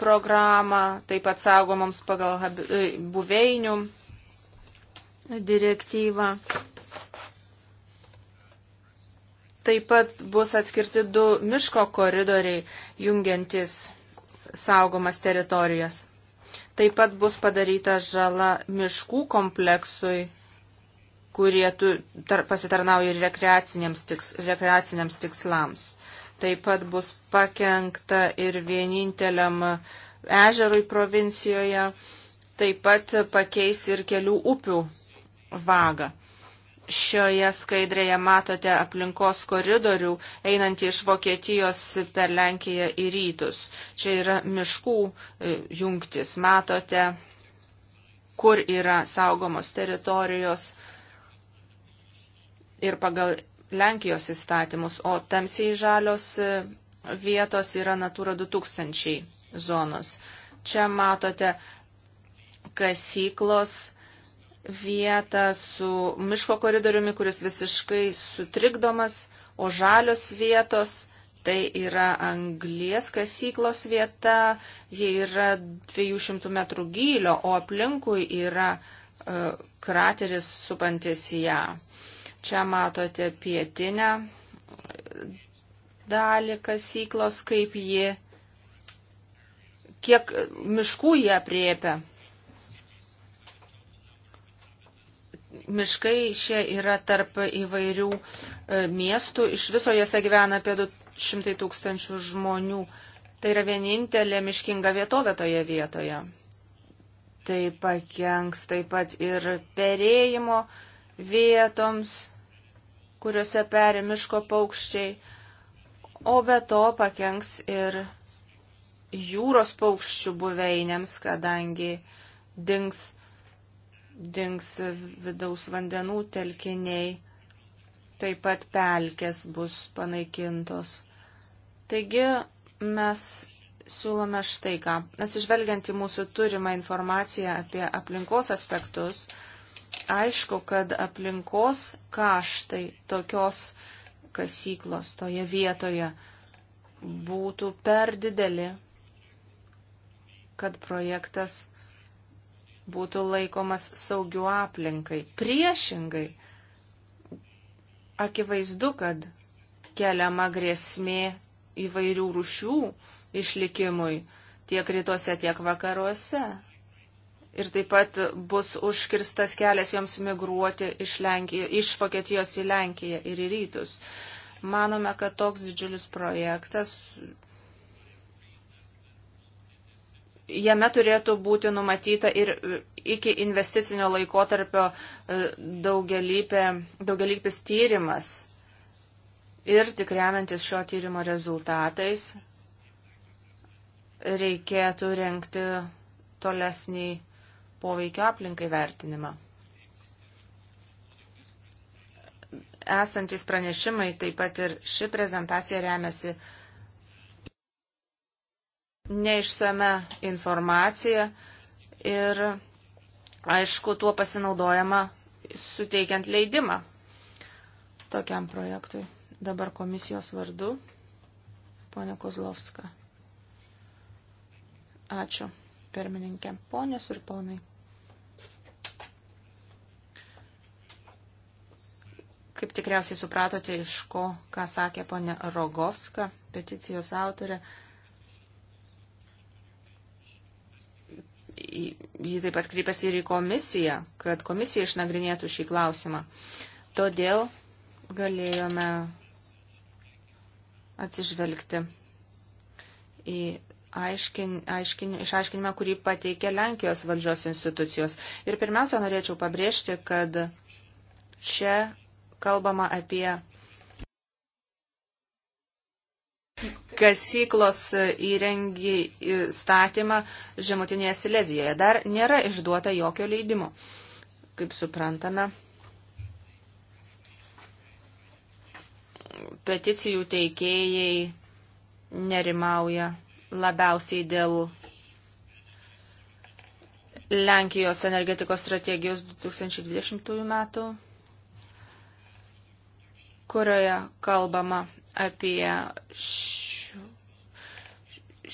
Speaker 2: programą, taip pat saugomoms pagal e, buveinių direktyvą. Taip pat bus atskirti du miško koridoriai jungiantis saugomas teritorijas. Taip pat bus padaryta žala miškų kompleksui kurie tu, tar, pasitarnauja ir rekreaciniams, tiks, rekreaciniams tikslams. Taip pat bus pakengta ir vieninteliam ežerui provincijoje, taip pat pakeis ir kelių upių vagą. Šioje skaidrėje matote aplinkos koridorių einantį iš Vokietijos per Lenkiją į rytus. Čia yra miškų e, jungtis. Matote, kur yra saugomos teritorijos ir pagal Lenkijos įstatymus, o tamsiai žalios e, vietos yra Natura 2000 zonos. Čia matote kasyklos vietą su miško koridoriumi, kuris visiškai sutrikdomas, o žalios vietos tai yra anglies kasyklos vieta, jie yra 200 metrų gylio, o aplinkui yra uh, krateris supantis ją. Ja. Čia matote pietinę dalį kasyklos, kaip ji, kiek miškų jie priepia. Miškai šie yra tarp įvairių e, miestų, iš viso jose gyvena apie 200 tūkstančių žmonių. Tai yra vienintelė miškinga vietovė toje vietoje. Tai pakenks taip pat ir perėjimo vietoms kuriuose peri miško paukščiai, o be to pakenks ir jūros paukščių buveinėms, kadangi dings, dings vidaus vandenų telkiniai, taip pat pelkės bus panaikintos. Taigi mes siūlome štai ką. Atsižvelgiant į mūsų turimą informaciją apie aplinkos aspektus, aišku, kad aplinkos kaštai tokios kasyklos toje vietoje būtų per dideli, kad projektas būtų laikomas saugiu aplinkai. Priešingai, akivaizdu, kad keliama grėsmė įvairių rušių išlikimui tiek rytuose, tiek vakaruose. Ir taip pat bus užkirstas kelias joms migruoti iš, Lenkiją, iš Vokietijos į Lenkiją ir į rytus. Manome, kad toks didžiulis projektas, jame turėtų būti numatyta ir iki investicinio laikotarpio e, daugialypis tyrimas. Ir tik remiantis šio tyrimo rezultatais reikėtų renkti tolesnį poveikio aplinkai vertinimą. Esantis pranešimai, taip pat ir ši prezentacija remiasi neišsame informacija ir aišku, tuo pasinaudojama suteikiant leidimą tokiam projektui. Dabar komisijos vardu, ponė Kozlovska. Ačiū, pirmininkė, ponės ir ponai. Kaip tikriausiai supratote iš ko, ką sakė ponė Rogovska, peticijos autorė, ji taip pat kreipėsi ir į komisiją, kad komisija išnagrinėtų šį klausimą. Todėl galėjome atsižvelgti į aiškin, aiškin, išaiškinimą, kurį pateikė Lenkijos valdžios institucijos. Ir pirmiausia, norėčiau pabrėžti, kad čia kalbama apie kasyklos įrengį statymą Žemutinėje Silezijoje. Dar nėra išduota jokio leidimo. Kaip suprantame, peticijų teikėjai nerimauja labiausiai dėl Lenkijos energetikos strategijos 2020 metų kurioje kalbama apie šių,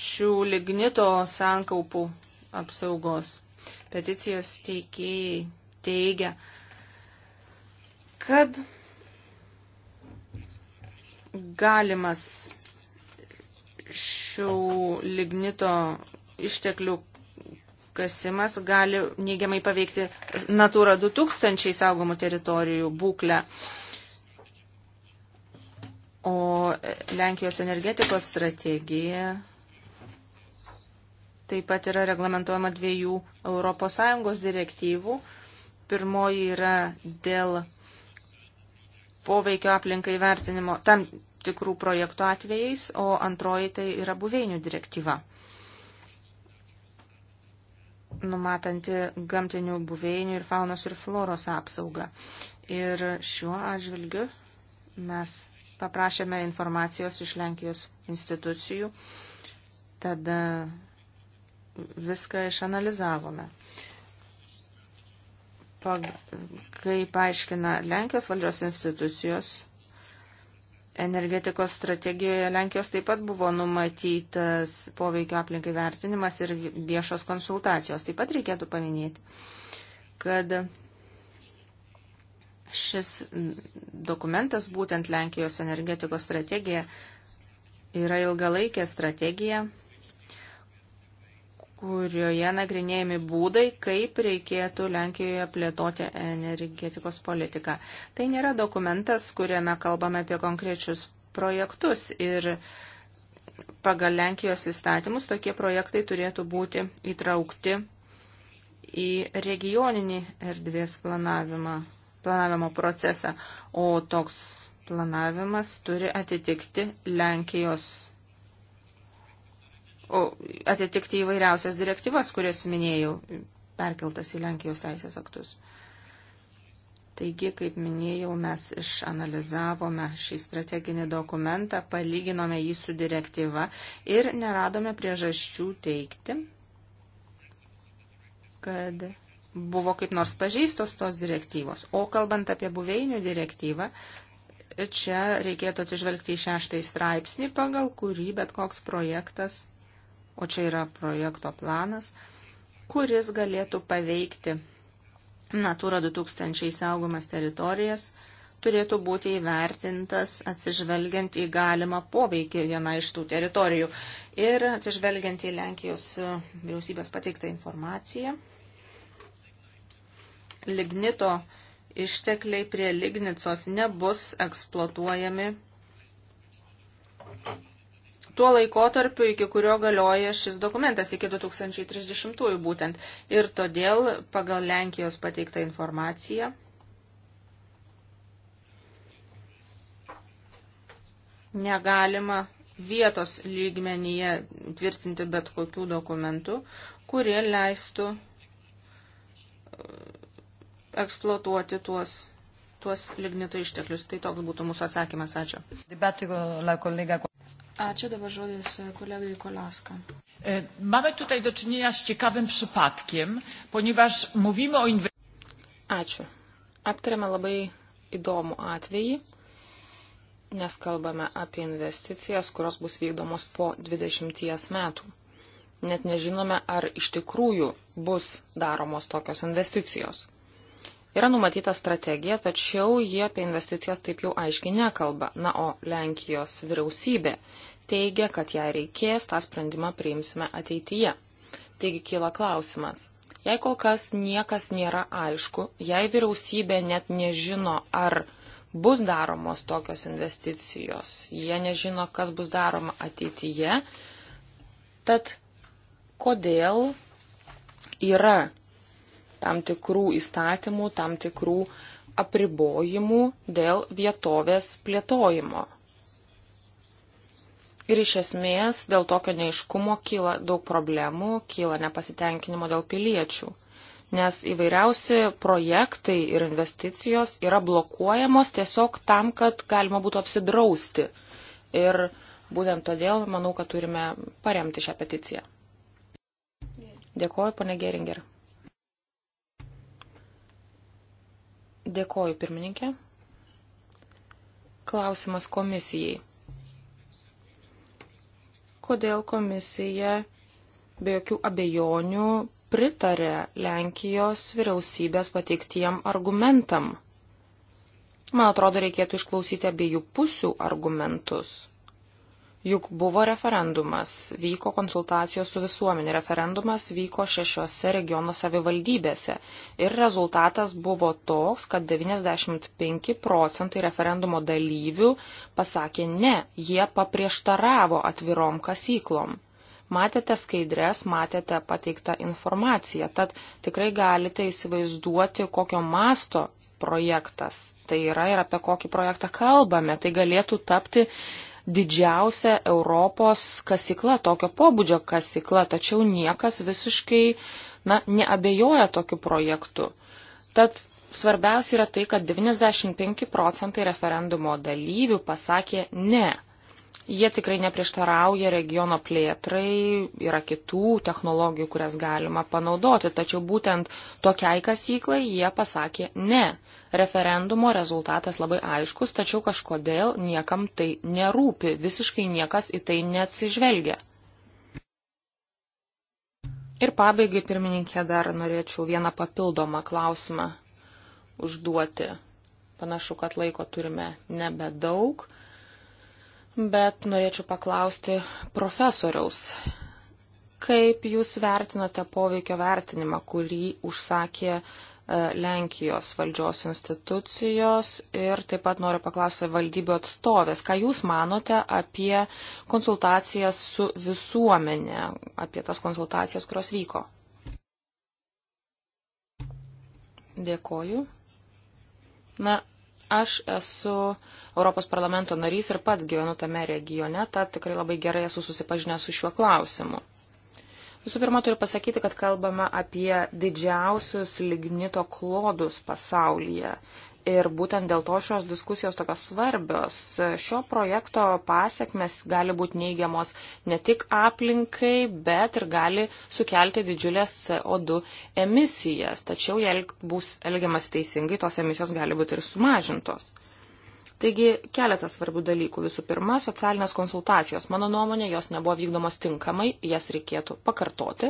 Speaker 2: šių lignito sankaupų apsaugos. Peticijos teikėjai teigia, kad galimas šių lignito išteklių kasimas gali neigiamai paveikti Natura 2000 saugomų teritorijų būklę. O Lenkijos energetikos strategija taip pat yra reglamentuojama dviejų ES direktyvų. Pirmoji yra dėl poveikio aplinkai vertinimo tam tikrų projektų atvejais, o antroji tai yra buveinių direktyva, numatanti gamtinių buveinių ir faunos ir floros apsaugą. Ir šiuo atžvilgiu mes paprašėme informacijos iš Lenkijos institucijų, tada viską išanalizavome. Pag, kaip aiškina Lenkijos valdžios institucijos, energetikos strategijoje Lenkijos taip pat buvo numatytas poveikio aplinkai vertinimas ir viešos konsultacijos. Taip pat reikėtų paminėti, kad Šis dokumentas, būtent Lenkijos energetikos strategija, yra ilgalaikė strategija, kurioje nagrinėjami būdai, kaip reikėtų Lenkijoje plėtoti energetikos politiką. Tai nėra dokumentas, kuriame kalbame apie konkrečius projektus ir pagal Lenkijos įstatymus tokie projektai turėtų būti įtraukti į regioninį erdvės planavimą planavimo procesą, o toks planavimas turi atitikti Lenkijos, o atitikti įvairiausias direktyvas, kurias minėjau, perkeltas į Lenkijos teisės aktus. Taigi, kaip minėjau, mes išanalizavome šį strateginį dokumentą, palyginome jį su direktyva ir neradome priežasčių teikti, kad buvo kaip nors pažeistos tos direktyvos. O kalbant apie buveinių direktyvą, čia reikėtų atsižvelgti į šeštąjį straipsnį, pagal kurį bet koks projektas, o čia yra projekto planas, kuris galėtų paveikti Natūra 2000 saugomas teritorijas, turėtų būti įvertintas atsižvelgiant į galimą poveikį vieną iš tų teritorijų ir atsižvelgiant į Lenkijos vyriausybės pateiktą informaciją lignito ištekliai prie lignicos nebus eksploatuojami tuo laikotarpiu, iki kurio galioja šis dokumentas, iki 2030-ųjų būtent. Ir todėl pagal Lenkijos pateiktą informaciją negalima vietos lygmenyje tvirtinti bet kokių dokumentų, kurie leistų eksploatuoti tuos, tuos lignito išteklius. Tai toks būtų mūsų atsakymas.
Speaker 3: Ačiū.
Speaker 1: Ačiū dabar žodis e, kolegai Kolaska.
Speaker 3: E, mamy tutaj do czynienia z ciekawym przypadkiem, ponieważ mówimy o Ačiū. Aptarėme labai įdomų atvejį, nes kalbame apie investicijas, kurios bus vykdomos po 20 metų net nežinome, ar iš tikrųjų bus daromos tokios investicijos. Yra numatyta strategija, tačiau jie apie investicijas taip jau aiškiai nekalba. Na, o Lenkijos vyriausybė teigia, kad jei reikės, tą sprendimą priimsime ateityje. Taigi kyla klausimas. Jei kol kas niekas nėra aišku, jei vyriausybė net nežino, ar bus daromos tokios investicijos, jie nežino, kas bus daroma ateityje, tad kodėl yra tam tikrų įstatymų, tam tikrų apribojimų dėl vietovės plėtojimo. Ir iš esmės dėl tokio neiškumo kyla daug problemų, kyla nepasitenkinimo dėl piliečių, nes įvairiausi projektai ir investicijos yra blokuojamos tiesiog tam, kad galima būtų apsidrausti. Ir būtent todėl manau, kad turime paremti šią peticiją. Dėkuoju, pane Geringer. Dėkoju, pirmininkė. Klausimas komisijai. Kodėl komisija be jokių abejonių pritarė Lenkijos vyriausybės pateiktiem argumentam? Man atrodo, reikėtų išklausyti abiejų pusių argumentus. Juk buvo referendumas, vyko konsultacijos su visuomenė, referendumas vyko šešiose regiono savivaldybėse ir rezultatas buvo toks, kad 95 procentai referendumo dalyvių pasakė ne, jie paprieštaravo atvirom kasyklom. Matėte skaidrės, matėte pateiktą informaciją, tad tikrai galite įsivaizduoti, kokio masto projektas tai yra ir apie kokį projektą kalbame. Tai galėtų tapti didžiausia Europos kasykla, tokio pobūdžio kasykla, tačiau niekas visiškai na, neabejoja tokiu projektu. Tad svarbiausia yra tai, kad 95 procentai referendumo dalyvių pasakė ne Jie tikrai neprieštarauja regiono plėtrai, yra kitų technologijų, kurias galima panaudoti, tačiau būtent tokiai kasyklai jie pasakė ne. Referendumo rezultatas labai aiškus, tačiau kažkodėl niekam tai nerūpi, visiškai niekas į tai neatsižvelgia. Ir pabaigai, pirmininkė, dar norėčiau vieną papildomą klausimą užduoti. Panašu, kad laiko turime nebedaug bet norėčiau paklausti profesoriaus, kaip jūs vertinate poveikio vertinimą, kurį užsakė e, Lenkijos valdžios institucijos ir taip pat noriu paklausti valdybių atstovės, ką Jūs manote apie konsultacijas su visuomenė, apie tas konsultacijas, kurios vyko? Dėkoju. Na, aš esu uh, Europos parlamento narys ir pats gyvenu tame regione, tad tikrai labai gerai esu susipažinęs su šiuo klausimu. Visų pirma, turiu pasakyti, kad kalbama apie didžiausius lignito klodus pasaulyje. Ir būtent dėl to šios diskusijos tokios svarbios. Šio projekto pasiekmes gali būti neigiamos ne tik aplinkai, bet ir gali sukelti didžiulės CO2 emisijas. Tačiau, jei bus elgiamas teisingai, tos emisijos gali būti ir sumažintos. Taigi keletas svarbių dalykų. Visų pirma, socialinės konsultacijos. Mano nuomonė, jos nebuvo vykdomos tinkamai, jas reikėtų pakartoti.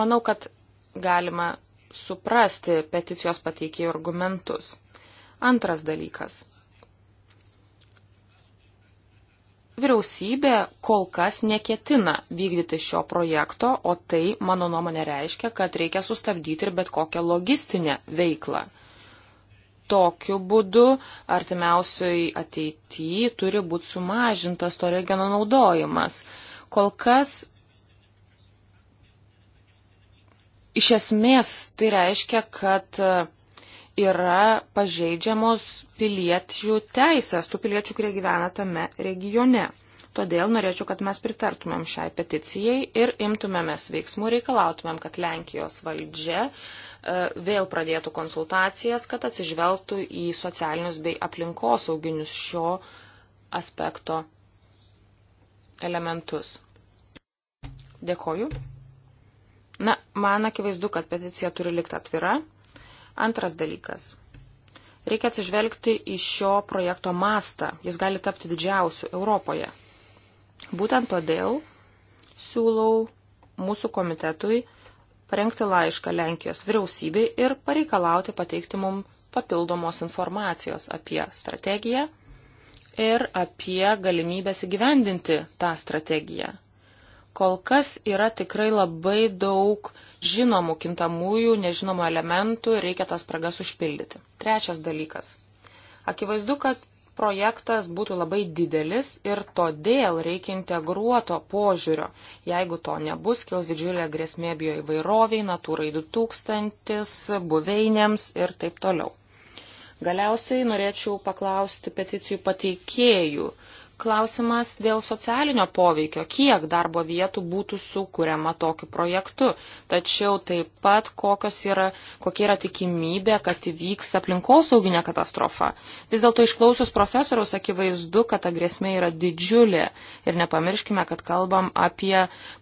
Speaker 3: Manau, kad galima suprasti peticijos pateikėjų argumentus. Antras dalykas. vyriausybė kol kas neketina vykdyti šio projekto, o tai, mano nuomonė, reiškia, kad reikia sustabdyti ir bet kokią logistinę veiklą tokiu būdu artimiausioj ateityje turi būti sumažintas to regiono naudojimas. Kol kas iš esmės tai reiškia, kad e, yra pažeidžiamos piliečių teisės, tų piliečių, kurie gyvena tame regione. Todėl norėčiau, kad mes pritartumėm šiai peticijai ir imtumėmės veiksmų, reikalautumėm, kad Lenkijos valdžia e, vėl pradėtų konsultacijas, kad atsižvelgtų į socialinius bei aplinkosauginius šio aspekto elementus. Dėkoju. Na, man akivaizdu, kad peticija turi likti atvira. Antras dalykas. Reikia atsižvelgti į šio projekto mastą. Jis gali tapti didžiausiu Europoje. Būtent todėl siūlau mūsų komitetui parengti laišką Lenkijos vyriausybei ir pareikalauti pateikti mum papildomos informacijos apie strategiją ir apie galimybės įgyvendinti tą strategiją. Kol kas yra tikrai labai daug žinomų kintamųjų, nežinomų elementų ir reikia tas spragas užpildyti. Trečias dalykas. Akivaizdu, kad projektas būtų labai didelis ir todėl reikia integruoto požiūrio. Jeigu to nebus, kils didžiulė grėsmė bioįvairoviai, natūrai 2000, buveinėms ir taip toliau. Galiausiai norėčiau paklausti peticijų pateikėjų, klausimas dėl socialinio poveikio, kiek darbo vietų būtų sukūriama tokiu projektu, tačiau taip pat yra, kokia yra tikimybė, kad įvyks aplinkosauginė katastrofa. Vis dėlto išklausus profesoriaus akivaizdu, kad ta grėsmė yra didžiulė ir nepamirškime, kad kalbam apie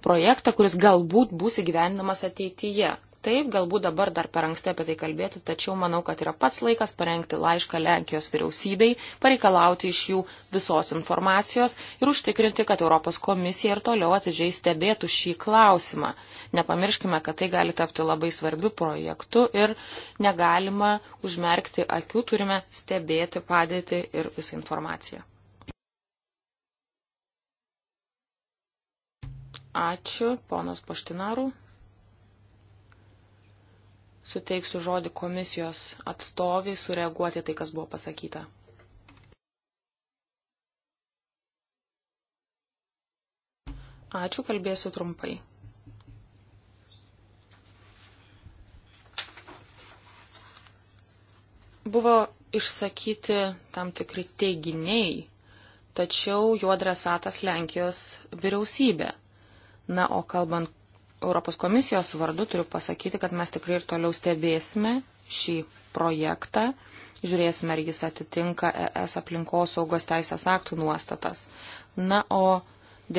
Speaker 3: projektą, kuris galbūt bus įgyvendinamas ateityje. Taip, galbūt dabar dar per anksti apie tai kalbėti, tačiau manau, kad yra pats laikas parengti laišką Lenkijos vyriausybei, pareikalauti iš jų visos informacijos ir užtikrinti, kad Europos komisija ir toliau atidžiai stebėtų šį klausimą. Nepamirškime, kad tai gali tapti labai svarbiu projektu ir negalima užmerkti akių, turime stebėti padėtį ir visą informaciją. Ačiū, ponas Paštinarų suteiksiu žodį komisijos atstoviai sureaguoti tai, kas buvo pasakyta. Ačiū, kalbėsiu trumpai. Buvo išsakyti tam tikri teiginiai, tačiau jų adresatas Lenkijos vyriausybė. Na, o kalbant Europos komisijos vardu turiu pasakyti, kad mes tikrai ir toliau stebėsime šį projektą, žiūrėsime, ar jis atitinka ES aplinkosaugos teisės aktų nuostatas. Na, o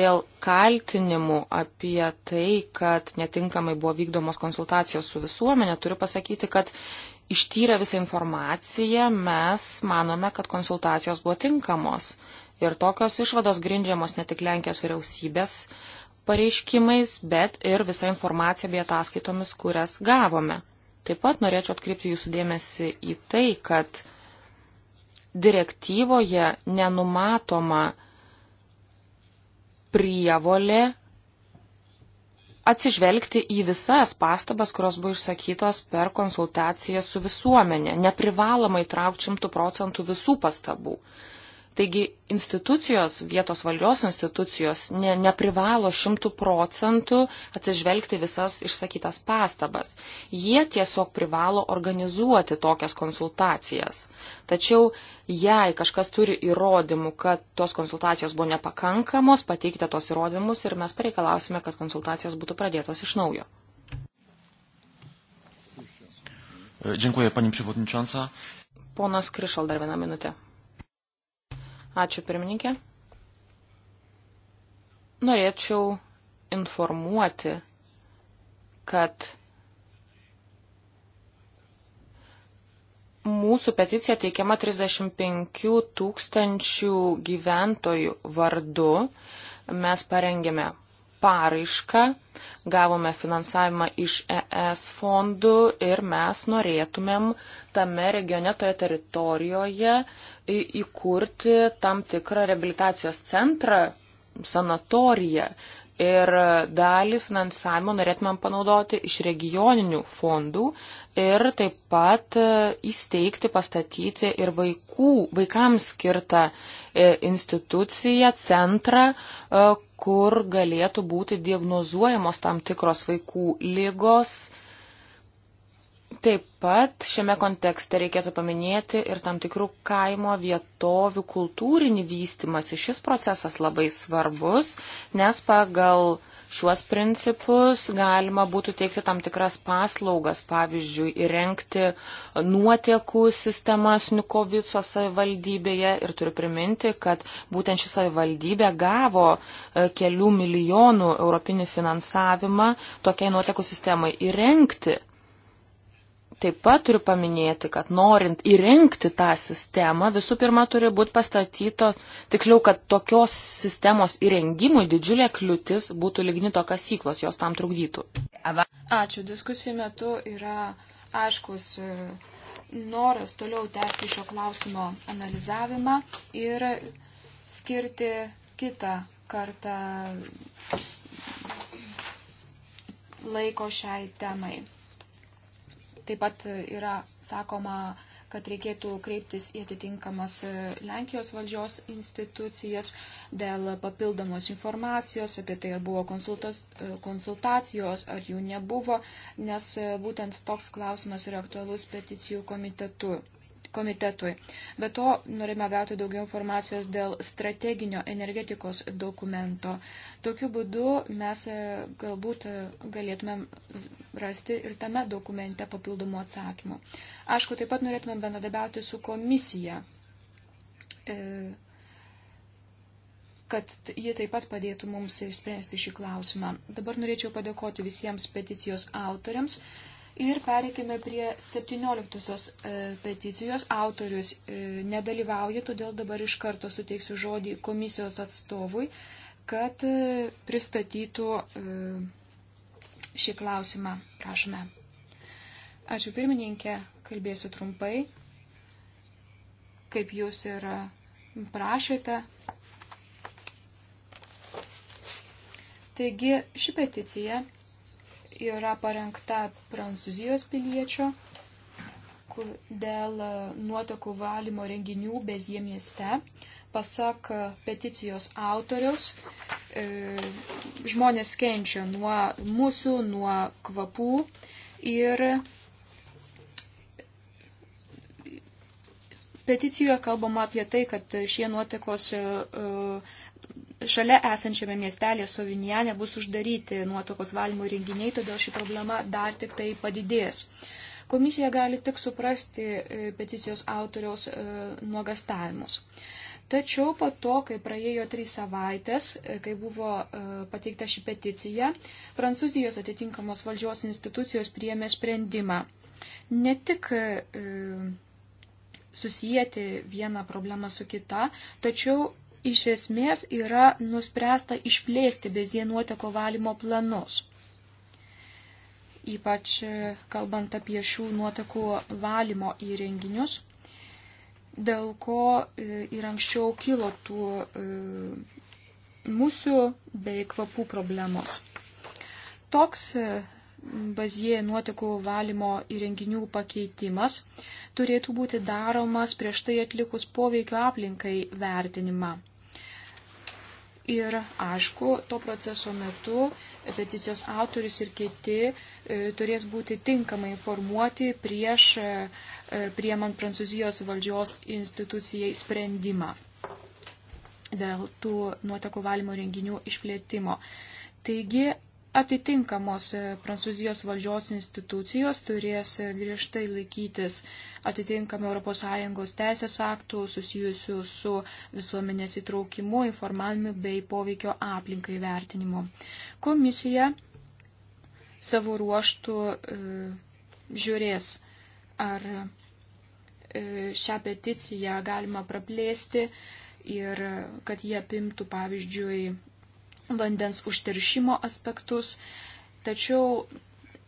Speaker 3: dėl kaltinimų apie tai, kad netinkamai buvo vykdomos konsultacijos su visuomenė, turiu pasakyti, kad ištyrę visą informaciją mes manome, kad konsultacijos buvo tinkamos. Ir tokios išvados grindžiamos ne tik Lenkijos vyriausybės pareiškimais, bet ir visą informaciją bei ataskaitomis, kurias gavome. Taip pat norėčiau atkreipti jūsų dėmesį į tai, kad direktyvoje nenumatoma prievolė atsižvelgti į visas pastabas, kurios buvo išsakytos per konsultaciją su visuomenė. Neprivaloma įtraukti šimtų procentų visų pastabų. Taigi institucijos, vietos valdžios institucijos ne, neprivalo šimtų procentų atsižvelgti visas išsakytas pastabas. Jie tiesiog privalo organizuoti tokias konsultacijas. Tačiau jei kažkas turi įrodymų, kad tos konsultacijos buvo nepakankamos, pateikite tos įrodymus ir mes pareikalausime, kad konsultacijos būtų pradėtos iš naujo. Dziękuję Pani Przewodnicząca. Ponas Kryszol, dar viena minutė. Ačiū pirmininkė. Norėčiau informuoti, kad mūsų peticija teikiama 35 tūkstančių gyventojų vardu. Mes parengėme paraišką, gavome finansavimą iš ES fondų ir mes norėtumėm tame regione, toje teritorijoje įkurti tam tikrą reabilitacijos centrą, sanatoriją. Ir dalį finansavimo norėtumėm panaudoti iš regioninių fondų ir taip pat e, įsteigti, pastatyti ir vaikų, vaikams skirtą e, instituciją, centrą, e, kur galėtų būti diagnozuojamos tam tikros vaikų lygos. Taip pat šiame kontekste reikėtų paminėti ir tam tikrų kaimo vietovių kultūrinį vystimąsi. Šis procesas labai svarbus, nes pagal šiuos principus, galima būtų teikti tam tikras paslaugas, pavyzdžiui, įrengti nuotekų sistemas Nikovico savivaldybėje ir turiu priminti, kad būtent ši savivaldybė gavo e, kelių milijonų europinį finansavimą tokiai nuotekų sistemai įrengti. Taip pat turiu paminėti, kad norint įrengti tą sistemą, visų pirma turi būti pastatyto, tiksliau, kad tokios sistemos įrengimui didžiulė kliūtis būtų lignito kasyklos, jos tam trukdytų.
Speaker 1: Ačiū, diskusijų metu yra aiškus e, noras toliau tęsti šio klausimo analizavimą ir skirti kitą kartą laiko šiai temai. Taip pat yra sakoma, kad reikėtų kreiptis į atitinkamas Lenkijos valdžios institucijas dėl papildomos informacijos, apie tai ar buvo konsultacijos, ar jų nebuvo, nes būtent toks klausimas yra aktualus peticijų komitetu komitetui. Be to, norime gauti daugiau informacijos dėl strateginio energetikos dokumento. Tokiu būdu mes e, galbūt e, galėtumėm rasti ir tame dokumente papildomų atsakymų. Aišku, taip pat norėtumėm bendradabiauti su komisija e, kad jie taip pat padėtų mums išspręsti šį klausimą. Dabar norėčiau padėkoti visiems peticijos autoriams Ir pereikime prie 17 e, peticijos. Autorius e, nedalyvauja, todėl dabar iš karto suteiksiu žodį komisijos atstovui, kad e, pristatytų šį klausimą. Prašome. Ačiū pirmininkė, kalbėsiu trumpai. Kaip jūs ir prašėte. Taigi, ši peticija yra parengta prancūzijos piliečio dėl e, nuotekų valymo renginių Bezie mieste. Pasak e, peticijos autoriaus, e, žmonės kenčia nuo musių, nuo kvapų ir peticijoje kalbama apie tai, kad šie nuotekos šalia esančiame miestelėje Sovinjane bus uždaryti nuotakos valymo renginiai, todėl ši problema dar tik tai padidės. Komisija gali tik suprasti e, peticijos autoriaus e, nuogastavimus. Tačiau po to, kai praėjo trys savaitės, e, kai buvo pateikta ši peticija, Prancūzijos atitinkamos valdžios institucijos priėmė sprendimą. Ne tik susijęti vieną problemą su kita, tačiau iš esmės yra nuspręsta išplėsti bezie nuoteko valymo planus. Ypač e, kalbant apie šių nuotekų valymo įrenginius, dėl ko e, ir anksčiau kilo tų e, mūsų bei kvapų problemos. Toks bazie nuotekų valymo įrenginių pakeitimas turėtų būti daromas prieš tai atlikus poveikio aplinkai vertinimą. Ir aišku, to proceso metu peticijos autoris ir kiti e, turės būti tinkamai informuoti prieš e, e, priemant Prancūzijos valdžios institucijai sprendimą dėl tų nuotekų valymo renginių išplėtimo. Taigi, Atitinkamos e, Prancūzijos valdžios institucijos turės e, griežtai laikytis atitinkamų ES teisės aktų susijusių su visuomenės įtraukimu, informavimu bei poveikio aplinkai vertinimu. Komisija savo ruoštų e, žiūrės, ar šią peticiją galima praplėsti ir kad jie apimtų, pavyzdžiui, vandens užteršimo aspektus. Tačiau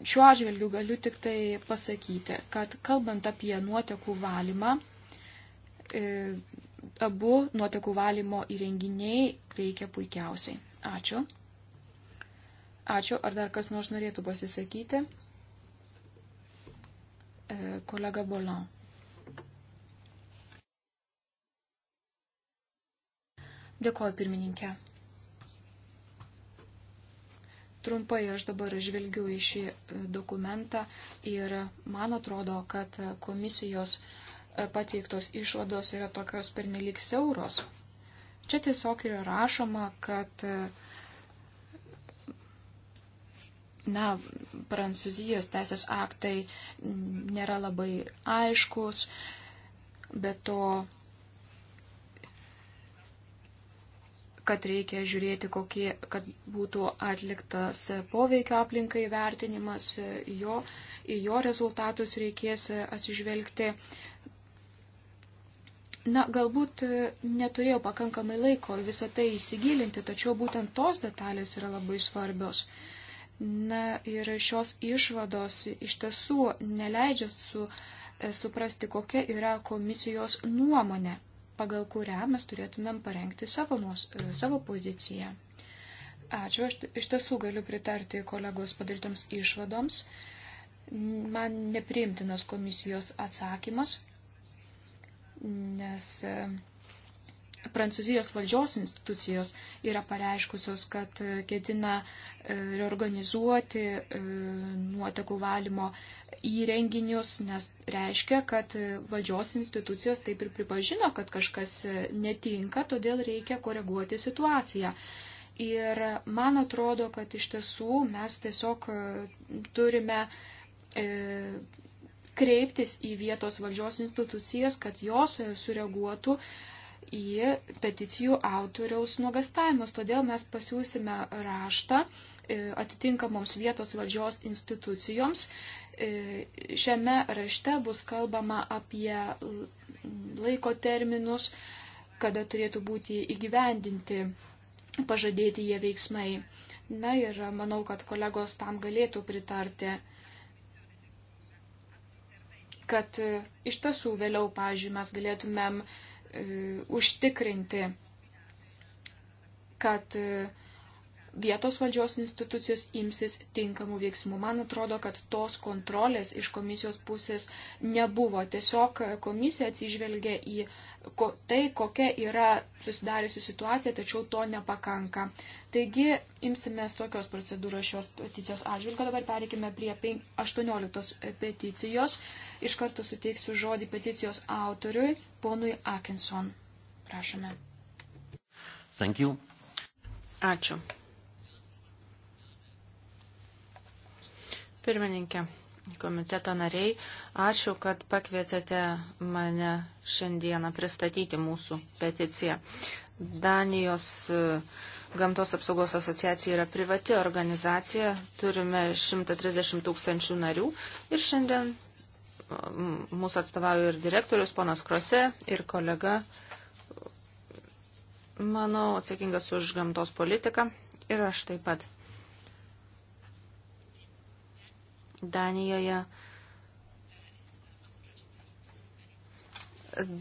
Speaker 1: šiuo atžvilgiu galiu tik tai pasakyti, kad kalbant apie nuotekų valymą, e, abu nuotekų valymo įrenginiai veikia puikiausiai. Ačiū. Ačiū. Ar dar kas nors norėtų pasisakyti? E, kolega Bolan. Dėkuoju pirmininkė. Trumpai aš dabar žvelgiu į šį e, dokumentą ir man atrodo, kad komisijos e, pateiktos išvados yra tokios pernelik siauros. Čia tiesiog yra rašoma, kad e, na, prancūzijos teisės aktai nėra labai aiškus, bet to kad reikia žiūrėti, kokie, kad būtų atliktas poveikio aplinkai vertinimas, jo, į jo rezultatus reikės atsižvelgti. Na, galbūt neturėjau pakankamai laiko visą tai įsigilinti, tačiau būtent tos detalės yra labai svarbios. Na ir šios išvados iš tiesų neleidžia su, suprasti, kokia yra komisijos nuomonė pagal kurią mes turėtumėm parengti savo, nuos, e, savo poziciją. Ačiū, aš iš tiesų galiu pritarti kolegos padarytoms išvadoms. Man nepriimtinas komisijos atsakymas, nes e, Prancūzijos valdžios institucijos yra pareiškusios, kad e, ketina e, reorganizuoti e, nuotekų valymo įrenginius, nes reiškia, kad valdžios institucijos taip ir pripažino, kad kažkas netinka, todėl reikia koreguoti situaciją. Ir man atrodo, kad iš tiesų mes tiesiog turime kreiptis į vietos valdžios institucijas, kad jos sureaguotų į peticijų autoriaus nuogastavimus. Todėl mes pasiūsime raštą e, atitinkamoms vietos valdžios institucijoms. E, šiame rašte bus kalbama apie laiko terminus, kada turėtų būti įgyvendinti pažadėti jie veiksmai. Na ir manau, kad kolegos tam galėtų pritarti kad iš tiesų vėliau, pažiūrėjau, mes galėtumėm uh, E, užtikrinti, kad uh, vietos valdžios institucijos imsis tinkamų veiksmų. Man atrodo, kad tos kontrolės iš komisijos pusės nebuvo. Tiesiog komisija atsižvelgia į ko, tai, kokia yra susidariusi situacija, tačiau to nepakanka. Taigi, imsimės tokios procedūros šios peticijos atžvilgio. Dabar pereikime prie 18 peticijos. Iš karto suteiksiu žodį peticijos autoriui, ponui Akinson. Prašome. Thank you. Ačiū.
Speaker 2: Pirmininkė, komiteto nariai, ačiū, kad pakvietėte mane šiandieną pristatyti mūsų peticiją. Danijos e, gamtos apsaugos asociacija yra privati organizacija, turime 130 tūkstančių narių ir šiandien e, mūsų atstovauja ir direktorius ponas Krose ir kolega, manau, atsakingas už gamtos politiką ir aš taip pat. Danijoje.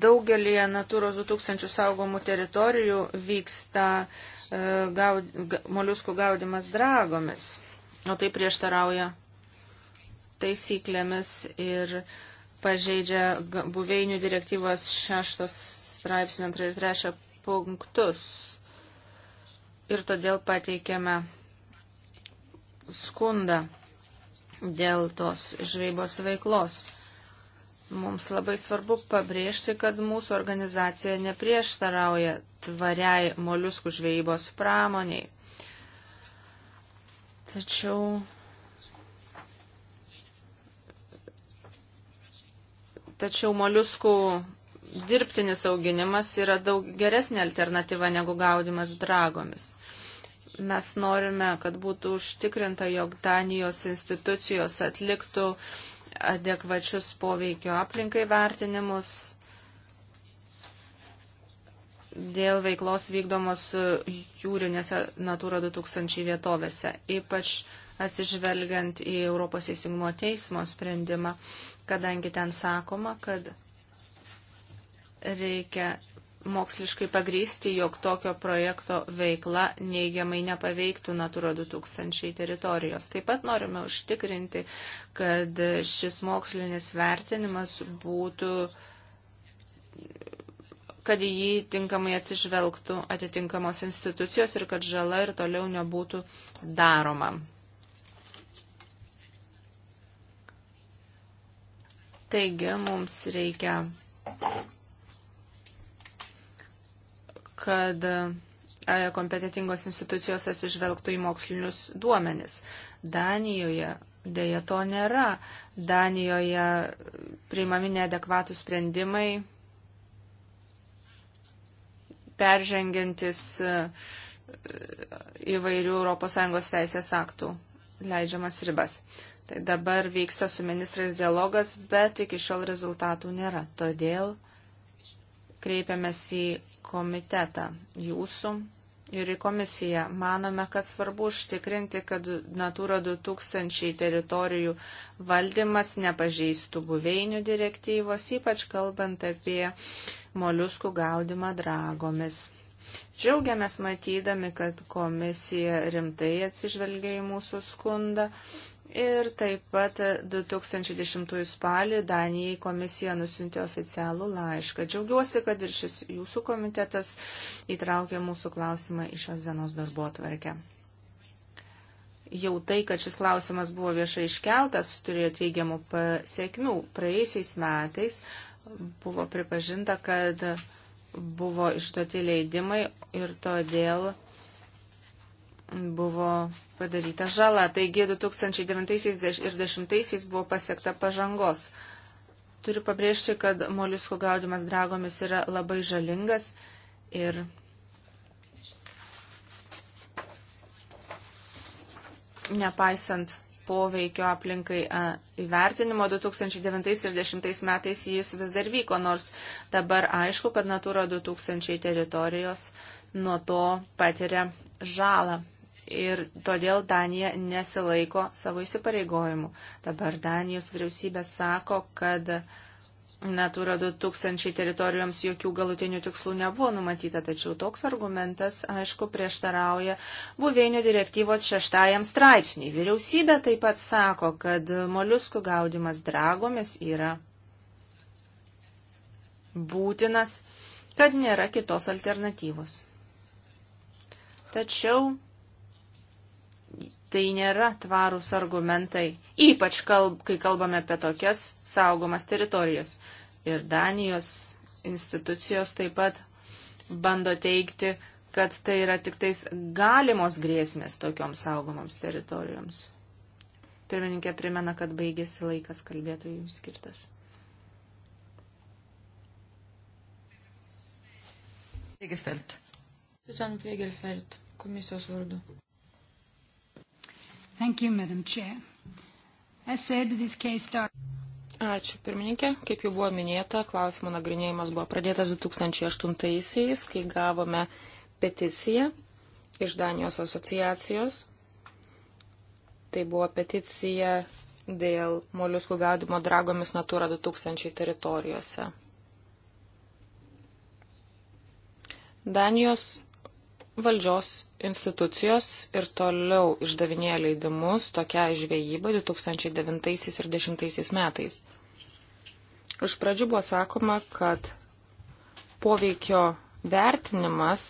Speaker 2: Daugelį Natūros 2000 saugomų teritorijų vyksta e, gaud, moliuskų gaudimas dragomis, o tai prieštarauja taisyklėmis ir pažeidžia buveinių direktyvos šeštos straipsnio 2 ir 3 punktus. Ir todėl pateikėme skundą dėl tos žvejybos veiklos. Mums labai svarbu pabrėžti, kad mūsų organizacija neprieštarauja tvariai moliuskų žvejybos pramoniai. Tačiau tačiau moliuskų dirbtinis auginimas yra daug geresnė alternatyva negu gaudimas dragomis mes norime, kad būtų užtikrinta, jog Danijos institucijos atliktų adekvačius poveikio aplinkai vertinimus dėl veiklos vykdomos jūrinėse Natura 2000 vietovėse, ypač atsižvelgiant į Europos Teisingumo teismo sprendimą, kadangi ten sakoma, kad reikia moksliškai pagrysti, jog tokio projekto veikla neigiamai nepaveiktų Natura 2000 teritorijos. Taip pat norime užtikrinti, kad šis mokslinis vertinimas būtų kad į jį tinkamai atsižvelgtų atitinkamos institucijos ir kad žala ir toliau nebūtų daroma. Taigi mums reikia kad e, kompetitingos institucijos atsižvelgtų į mokslinius duomenis. Danijoje dėja to nėra. Danijoje priimami neadekvatų sprendimai, peržengiantis e, įvairių ES teisės aktų leidžiamas ribas. Tai dabar vyksta su ministrais dialogas, bet iki šiol rezultatų nėra. Todėl kreipiamės į komitetą jūsų ir į komisiją. Manome, kad svarbu užtikrinti, kad Natura 2000 teritorijų valdymas nepažeistų buveinių direktyvos, ypač kalbant apie moliuskų gaudimą dragomis. Džiaugiamės matydami, kad komisija rimtai atsižvelgia į mūsų skundą Ir taip pat 2010 spalį Danijai komisija nusintė oficialų laišką. Džiaugiuosi, kad ir šis jūsų komitetas įtraukė mūsų klausimą į šios dienos darbo atvarkę. Jau tai, kad šis klausimas buvo viešai iškeltas, turėjo teigiamų pasiekmių. Praėjusiais metais buvo pripažinta, kad buvo išduoti leidimai ir todėl buvo padaryta žala. Taigi 2009 ir 2010 buvo pasiekta pažangos. Turiu pabrėžti, kad moliusko gaudimas dragomis yra labai žalingas ir nepaisant poveikio aplinkai įvertinimo 2009 ir 2010 metais jis vis dar vyko, nors dabar aišku, kad Natura 2000 teritorijos nuo to patiria žalą ir todėl Danija nesilaiko savo įsipareigojimų. Dabar Danijos vyriausybė sako, kad Natura 2000 teritorijoms jokių galutinių tikslų nebuvo numatyta, tačiau toks argumentas, aišku, prieštarauja buveinių direktyvos šeštajam straipsniui. Vyriausybė taip pat sako, kad moliuskų gaudimas dragomis yra būtinas, kad nėra kitos alternatyvos. Tačiau tai nėra tvarūs argumentai, ypač kalb, kai kalbame apie tokias saugomas teritorijas. Ir Danijos institucijos taip pat bando teikti, kad tai yra tik tais galimos grėsmės tokioms saugomoms teritorijoms. Pirmininkė primena, kad baigėsi laikas kalbėtojų
Speaker 1: skirtas. Flegelfeld. Susan Flegelfeld, komisijos vardu. Thank you, Madam Chair. As said, this case started.
Speaker 3: Ačiū pirmininkė. Kaip jau buvo minėta, klausimo nagrinėjimas buvo pradėtas 2008-aisiais, kai gavome peticiją iš Danijos asociacijos. Tai buvo peticija dėl moliuskų gaudimo dragomis Natura 2000 teritorijose. Danijos valdžios institucijos ir toliau išdavinėja leidimus tokia žvejyba 2009 ir 2010 metais. Iš pradžių buvo sakoma, kad poveikio vertinimas,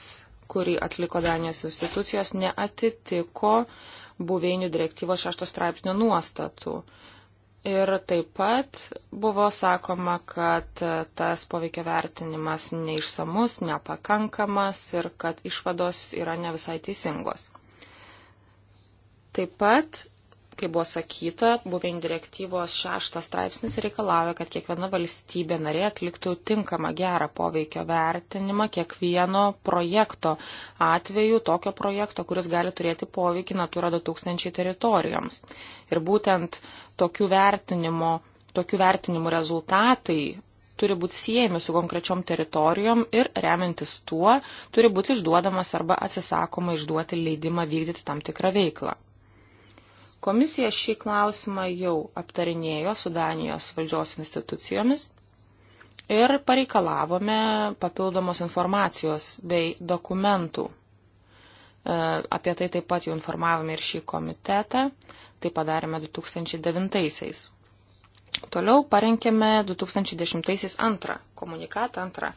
Speaker 3: kurį atliko Danijos institucijos, neatitiko buveinių direktyvos šešto straipsnio nuostatų. Ir taip pat buvo sakoma, kad e, tas poveikio vertinimas neišsamus, nepakankamas ir kad išvados yra ne visai teisingos. Taip pat, kaip buvo sakyta, buvein direktyvos šeštas straipsnis reikalavo, kad kiekviena valstybė narė atliktų tinkamą gerą poveikio vertinimą kiekvieno projekto atveju, tokio projekto, kuris gali turėti poveikį Natura 2000 teritorijoms. Ir būtent uh, tokių vertinimo, tokių vertinimų rezultatai turi būti siejami su konkrečiom teritorijom ir remiantis tuo turi būti išduodamas arba atsisakoma išduoti leidimą vykdyti tam tikrą veiklą. Komisija šį klausimą jau aptarinėjo su Danijos valdžios institucijomis ir pareikalavome papildomos informacijos bei dokumentų. E, apie tai taip pat jau informavome ir šį komitetą. Tai padarėme 2009-aisiais. Toliau parengėme 2010-aisiais antrą komunikatą, antrą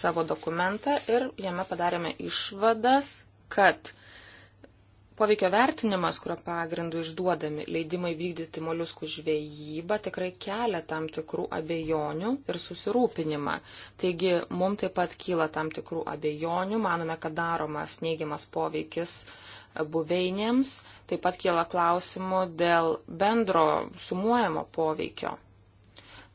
Speaker 3: savo dokumentą ir jame padarėme išvadas, kad poveikio vertinimas, kurio pagrindu išduodami leidimai vykdyti moliuskų žvejybą, tikrai kelia tam tikrų abejonių ir susirūpinimą. Taigi mums taip pat kyla tam tikrų abejonių, manome, kad daromas neigiamas poveikis uh, buveinėms, taip pat kyla klausimų dėl bendro sumuojamo poveikio.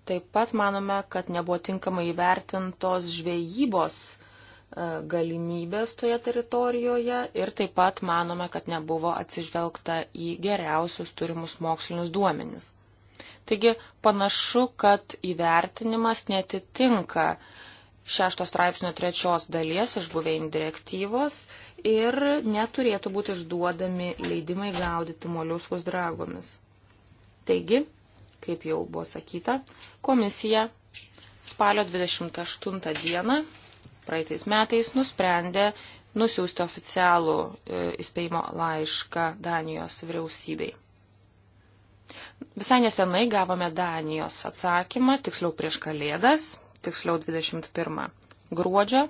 Speaker 3: Taip pat manome, kad nebuvo tinkamai įvertintos žvejybos e, galimybės toje teritorijoje ir taip pat manome, kad nebuvo atsižvelgta į geriausius turimus mokslinius duomenis. Taigi panašu, kad įvertinimas netitinka šešto straipsnio trečios dalies iš buveinių direktyvos ir neturėtų būti išduodami leidimai gaudyti moliuskus dragomis. Taigi, kaip jau buvo sakyta, komisija spalio 28 dieną praeitais metais nusprendė nusiųsti oficialų e, įspėjimo laišką Danijos vyriausybei. Visai nesenai gavome Danijos atsakymą, tiksliau prieš Kalėdas, tiksliau 21 gruodžio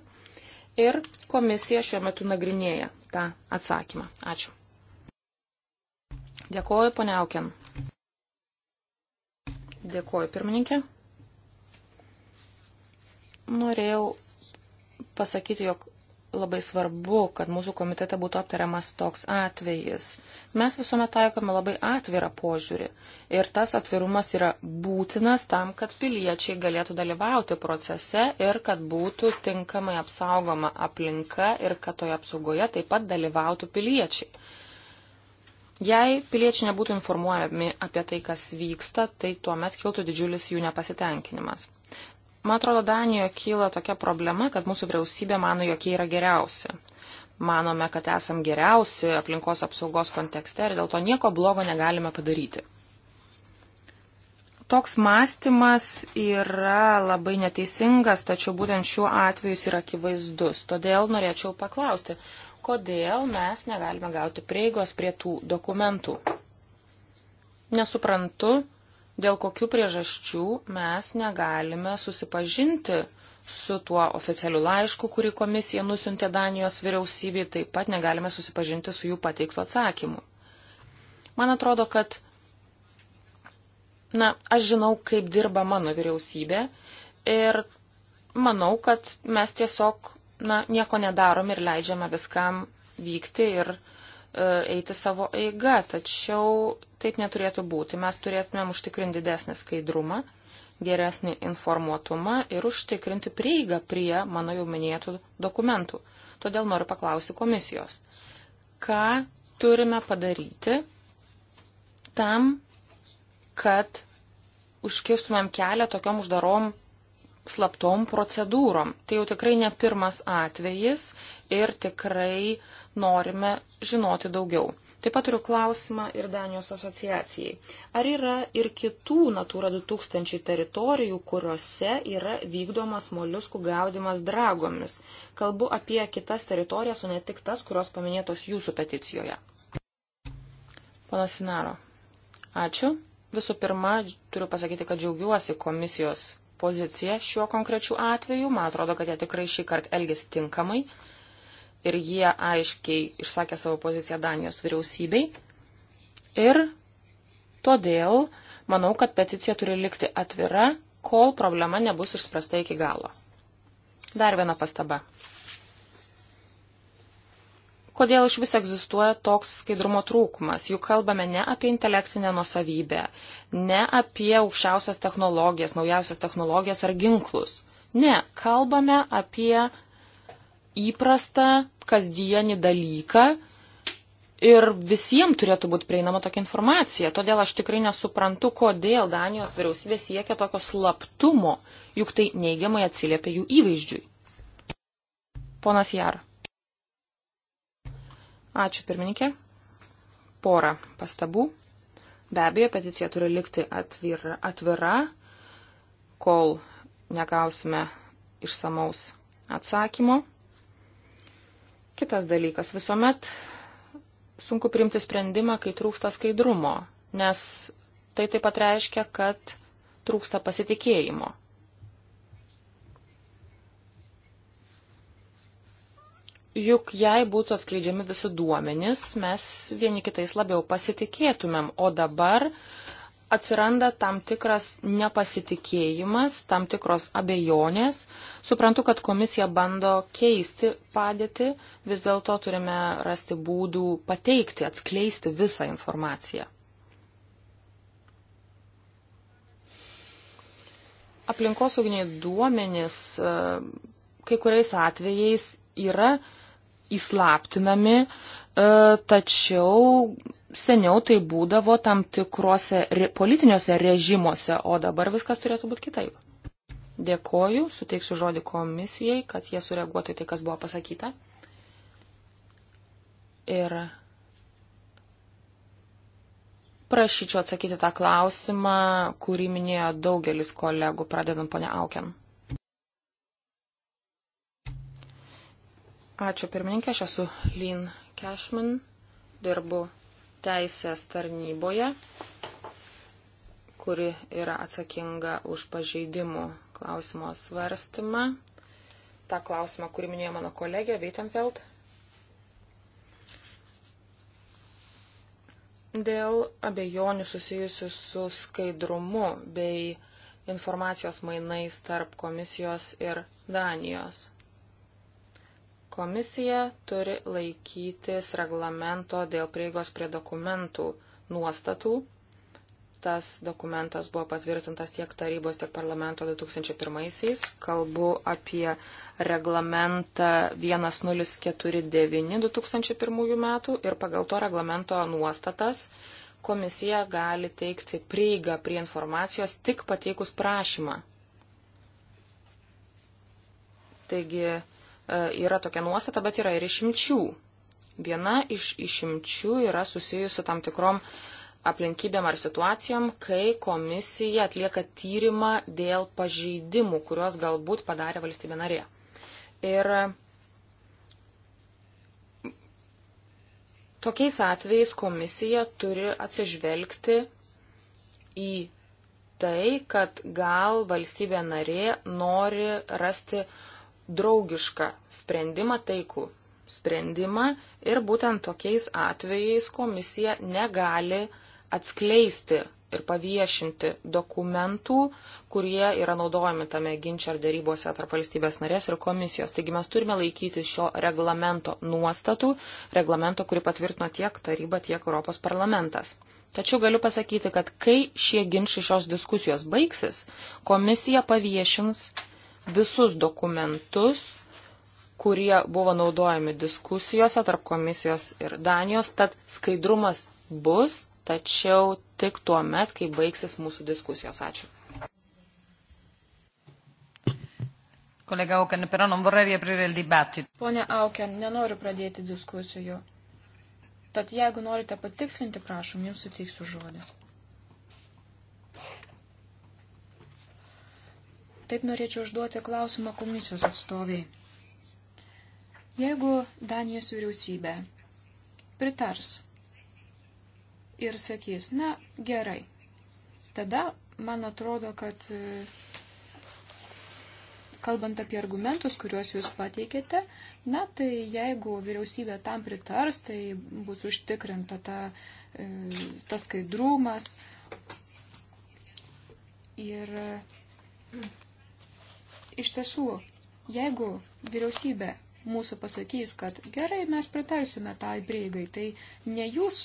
Speaker 3: ir komisija šiuo metu nagrinėja tą atsakymą. Ačiū. Dėkuoju, ponia Aukien. Dėkuoju, pirmininkė. Norėjau pasakyti, jog labai svarbu, kad mūsų komitete būtų aptariamas toks atvejis. Mes visuomet taikome labai atvirą požiūrį ir tas atvirumas yra būtinas tam, kad piliečiai galėtų dalyvauti procese ir kad būtų tinkamai apsaugoma aplinka ir kad toje apsaugoje taip pat dalyvautų piliečiai. Jei piliečiai nebūtų informuojami apie tai, kas vyksta, tai tuomet kiltų didžiulis jų nepasitenkinimas. Man atrodo, Danijoje kyla tokia problema, kad mūsų vyriausybė mano, jog jie yra geriausi. Manome, kad esam geriausi aplinkos apsaugos kontekste ir dėl to nieko blogo negalime padaryti. Toks mąstymas yra labai neteisingas, tačiau būtent šiuo atveju jis yra akivaizdus. Todėl norėčiau paklausti, kodėl mes negalime gauti prieigos prie tų dokumentų. Nesuprantu, dėl kokių priežasčių mes negalime susipažinti su tuo oficialiu laišku, kurį komisija nusintė Danijos vyriausybei, taip pat negalime susipažinti su jų pateiktų atsakymu. Man atrodo, kad, na, aš žinau, kaip dirba mano vyriausybė ir manau, kad mes tiesiog, na, nieko nedarom ir leidžiame viskam vykti ir E, eiti savo eiga, tačiau taip neturėtų būti. Mes turėtumėm užtikrinti didesnį skaidrumą, geresnį informuotumą ir užtikrinti prieigą prie mano jau minėtų dokumentų. Todėl noriu paklausti komisijos, ką turime padaryti tam, kad užkirstumėm kelią tokiom uždarom slaptom procedūrom. Tai jau tikrai ne pirmas atvejis ir tikrai norime žinoti daugiau. Taip pat turiu klausimą ir Danijos asociacijai. Ar yra ir kitų Natūra 2000 teritorijų, kuriuose yra vykdomas moliuskų gaudimas dragomis? Kalbu apie kitas teritorijas, o ne tik tas, kurios paminėtos jūsų peticijoje. Pana Sinaro, ačiū. Visų pirma, turiu pasakyti, kad džiaugiuosi komisijos poziciją šiuo konkrečiu atveju. Man atrodo, kad jie tikrai šį kartą elgėsi tinkamai ir jie aiškiai išsakė savo poziciją Danijos vyriausybei. Ir todėl manau, kad peticija turi likti atvira, kol problema nebus išspręsta iki galo. Dar viena pastaba kodėl iš vis egzistuoja toks skaidrumo trūkumas. Juk kalbame ne apie intelektinę nusavybę, ne apie aukščiausias technologijas, naujausias technologijas ar ginklus. Ne, kalbame apie įprastą kasdienį dalyką, ir visiems turėtų būti prieinama tokia informacija. Todėl aš tikrai nesuprantu, kodėl Danijos vyriausybė siekia tokio slaptumo, juk tai neigiamai atsiliepia jų įvaizdžiui. Ponas Jara. Ačiū pirmininkė. Porą pastabų. Be abejo, peticija turi likti atvira, atvira kol negausime išsamaus atsakymo. Kitas dalykas. Visuomet sunku priimti sprendimą, kai trūksta skaidrumo, nes tai taip pat reiškia, kad trūksta pasitikėjimo. Juk jei būtų atskleidžiami visi duomenys, mes vieni kitais labiau pasitikėtumėm, o dabar atsiranda tam tikras nepasitikėjimas, tam tikros abejonės. Suprantu, kad komisija bando keisti padėtį, vis dėlto turime rasti būdų pateikti, atskleisti visą informaciją. Aplinkosauginiai duomenys e, kai kuriais atvejais yra įslaptinami, e, tačiau seniau tai būdavo tam tikrose re, politiniuose režimuose, o dabar viskas turėtų būti kitaip. Dėkoju, suteiksiu žodį komisijai, kad jie sureaguotų į tai, kas buvo pasakyta. Ir prašyčiau atsakyti tą klausimą, kurį minėjo daugelis kolegų, pradedant ponia Aukiam. Ačiū pirmininkė, aš esu Lynn Cashman, dirbu teisės tarnyboje, kuri yra atsakinga už pažeidimų klausimo svarstymą. Ta klausimą, kurį minėjo mano kolegė Veitenfeld. Dėl abejonių susijusių su skaidrumu bei informacijos mainais tarp komisijos ir Danijos. Komisija turi laikytis reglamento dėl prieigos prie dokumentų nuostatų. Tas dokumentas buvo patvirtintas tiek tarybos, tiek parlamento 2001-aisiais. Kalbu apie reglamentą 1049 2001 metų ir pagal to reglamento nuostatas komisija gali teikti prieigą prie informacijos tik pateikus prašymą. Taigi E, yra tokia nuostata, bet yra ir išimčių. Viena iš išimčių yra susijusi su tam tikrom aplinkybėm ar situacijom, kai komisija atlieka tyrimą dėl pažeidimų, kuriuos galbūt padarė valstybė narė. Ir tokiais atvejais komisija turi atsižvelgti į tai, kad gal valstybė narė nori rasti draugišką sprendimą, taikų sprendimą ir būtent tokiais atvejais komisija negali atskleisti ir paviešinti dokumentų, kurie yra naudojami tame ginčia ar darybose tarp valstybės narės ir komisijos. Taigi mes turime laikyti šio reglamento nuostatų, reglamento, kurį patvirtino tiek taryba, tiek Europos parlamentas. Tačiau galiu pasakyti, kad kai šie ginčiai šios diskusijos baigsis, komisija paviešins visus dokumentus, kurie buvo naudojami diskusijose tarp komisijos ir Danijos, tad skaidrumas bus, tačiau tik tuo met, kai baigsis mūsų diskusijos. Ačiū.
Speaker 1: Kolega Auken, però non vorrei riaprire il dibattito. Pone Auken, nenoriu pradėti diskusijų. Tad jeigu norite patikslinti, prašom, jums suteiksiu žodį. Taip norėčiau užduoti klausimą komisijos atstoviai. Jeigu Danijos vyriausybė pritars ir sakys, na gerai, tada man atrodo, kad e, kalbant apie argumentus, kuriuos jūs pateikėte, na tai jeigu vyriausybė tam pritars, tai bus užtikrinta ta, e, tas skaidrumas. Ir iš tiesų, jeigu vyriausybė mūsų pasakys, kad gerai, mes pritarsime tai prieigai, tai ne jūs,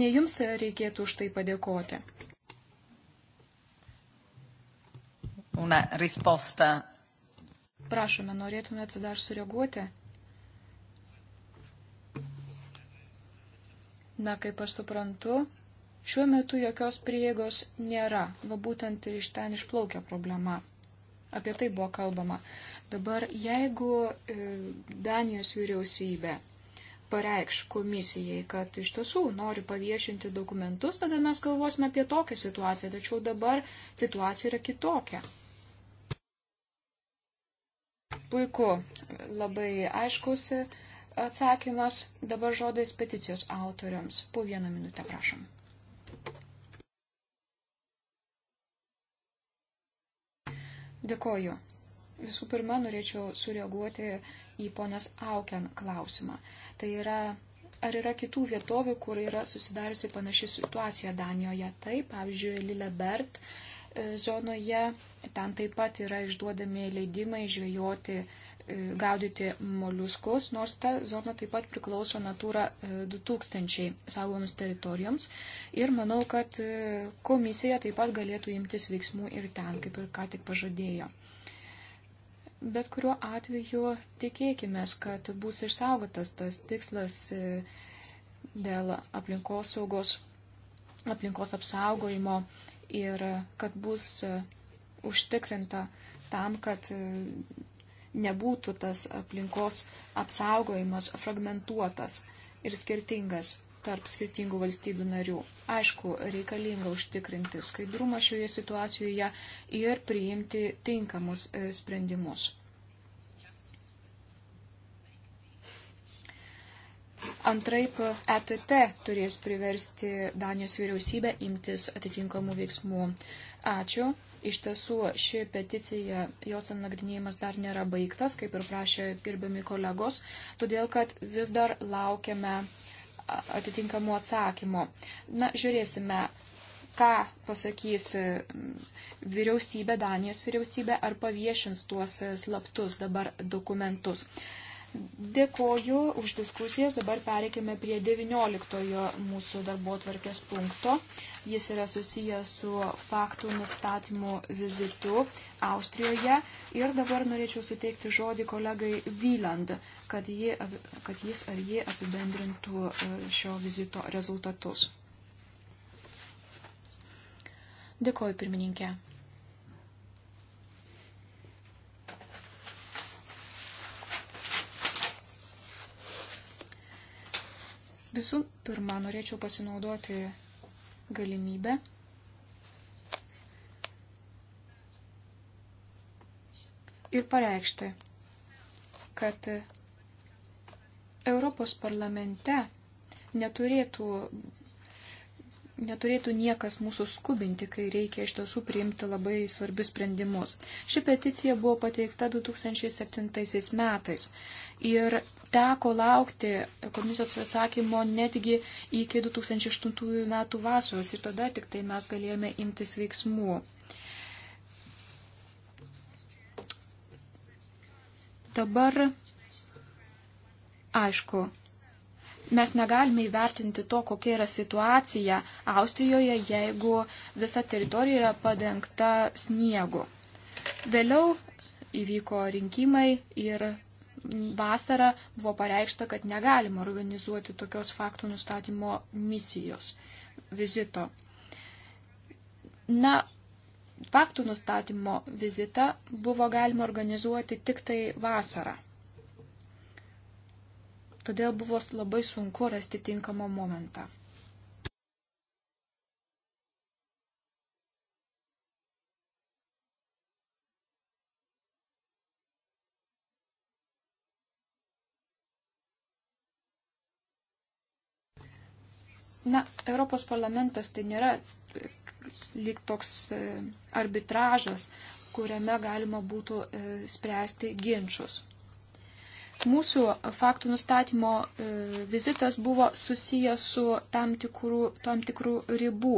Speaker 1: ne jums reikėtų už tai padėkoti. Una risposta. Prašome, norėtumėte dar sureaguoti? Na, kaip aš suprantu, Šiuo metu jokios prieigos nėra, va būtent iš ten išplaukia problema. Apie tai buvo kalbama. Dabar jeigu e, Danijos vyriausybė pareikš komisijai, kad iš tiesų nori paviešinti dokumentus, tada mes galvosime apie tokią situaciją, tačiau dabar situacija yra kitokia. Puiku, labai aiškus atsakymas, dabar žodais peticijos autoriams. Po vieną minutę prašom. Dėkoju. Visų pirma, norėčiau sureaguoti į ponas Auken klausimą. Tai yra, ar yra kitų vietovių, kur yra susidariusi panaši situacija Danijoje? Taip, pavyzdžiui, Lillebert e, zonoje, ten taip pat yra išduodami leidimai žvejoti gaudyti moliuskus, nors ta zona taip pat priklauso Natūra 2000 e, saugoms teritorijoms. Ir manau, kad e, komisija taip pat galėtų imtis veiksmų ir ten, kaip ir ką tik pažadėjo. Bet kuriuo atveju tikėkime, kad bus išsaugotas tas tikslas e, dėl aplinkos saugos, aplinkos apsaugojimo ir kad bus užtikrinta tam, kad nebūtų tas aplinkos apsaugojimas fragmentuotas ir skirtingas tarp skirtingų valstybių narių. Aišku, reikalinga užtikrinti skaidrumą šioje situacijoje ir priimti tinkamus e, sprendimus. Antraip, ETT turės priversti Danijos vyriausybę imtis atitinkamų veiksmų. Ačiū iš tiesų ši peticija, jos nagrinėjimas dar nėra baigtas, kaip ir prašė gerbiami kolegos, todėl kad vis dar laukiame atitinkamų atsakymų. Na, žiūrėsime, ką pasakys mm, vyriausybė, Danijos vyriausybė, ar paviešins tuos slaptus dabar dokumentus. Dėkoju už diskusijas. Dabar pereikime prie 19 mūsų darbo tvarkės punkto. Jis yra susijęs su faktų nustatymu vizitu Austrijoje. Ir dabar norėčiau suteikti žodį kolegai Vyland, kad, jie, kad jis ar jie apibendrintų e, šio vizito rezultatus. Dėkoju, pirmininkė. Visų pirma, norėčiau pasinaudoti galimybę ir pareikšti, kad Europos parlamente neturėtų, neturėtų niekas mūsų skubinti, kai reikia iš tiesų priimti labai svarbius sprendimus. Ši peticija buvo pateikta 2007 metais ir teko laukti komisijos atsakymo netgi iki 2008 metų vasaros ir tada tik tai mes galėjome imtis veiksmų. Dabar, aišku, mes negalime įvertinti to, kokia yra situacija Austrijoje, jeigu visa teritorija yra padengta sniegu. Vėliau įvyko rinkimai ir vasarą buvo pareikšta, kad negalima organizuoti tokios faktų nustatymo misijos vizito. Na, faktų nustatymo vizitą buvo galima organizuoti tik tai vasarą. Todėl buvo labai sunku rasti tinkamą momentą. Na, Europos parlamentas tai nėra e, lyg toks e, arbitražas, kuriame galima būtų e, spręsti ginčius. Mūsų faktų nustatymo vizitas buvo susijęs su tam tikrų, tam tikrų ribų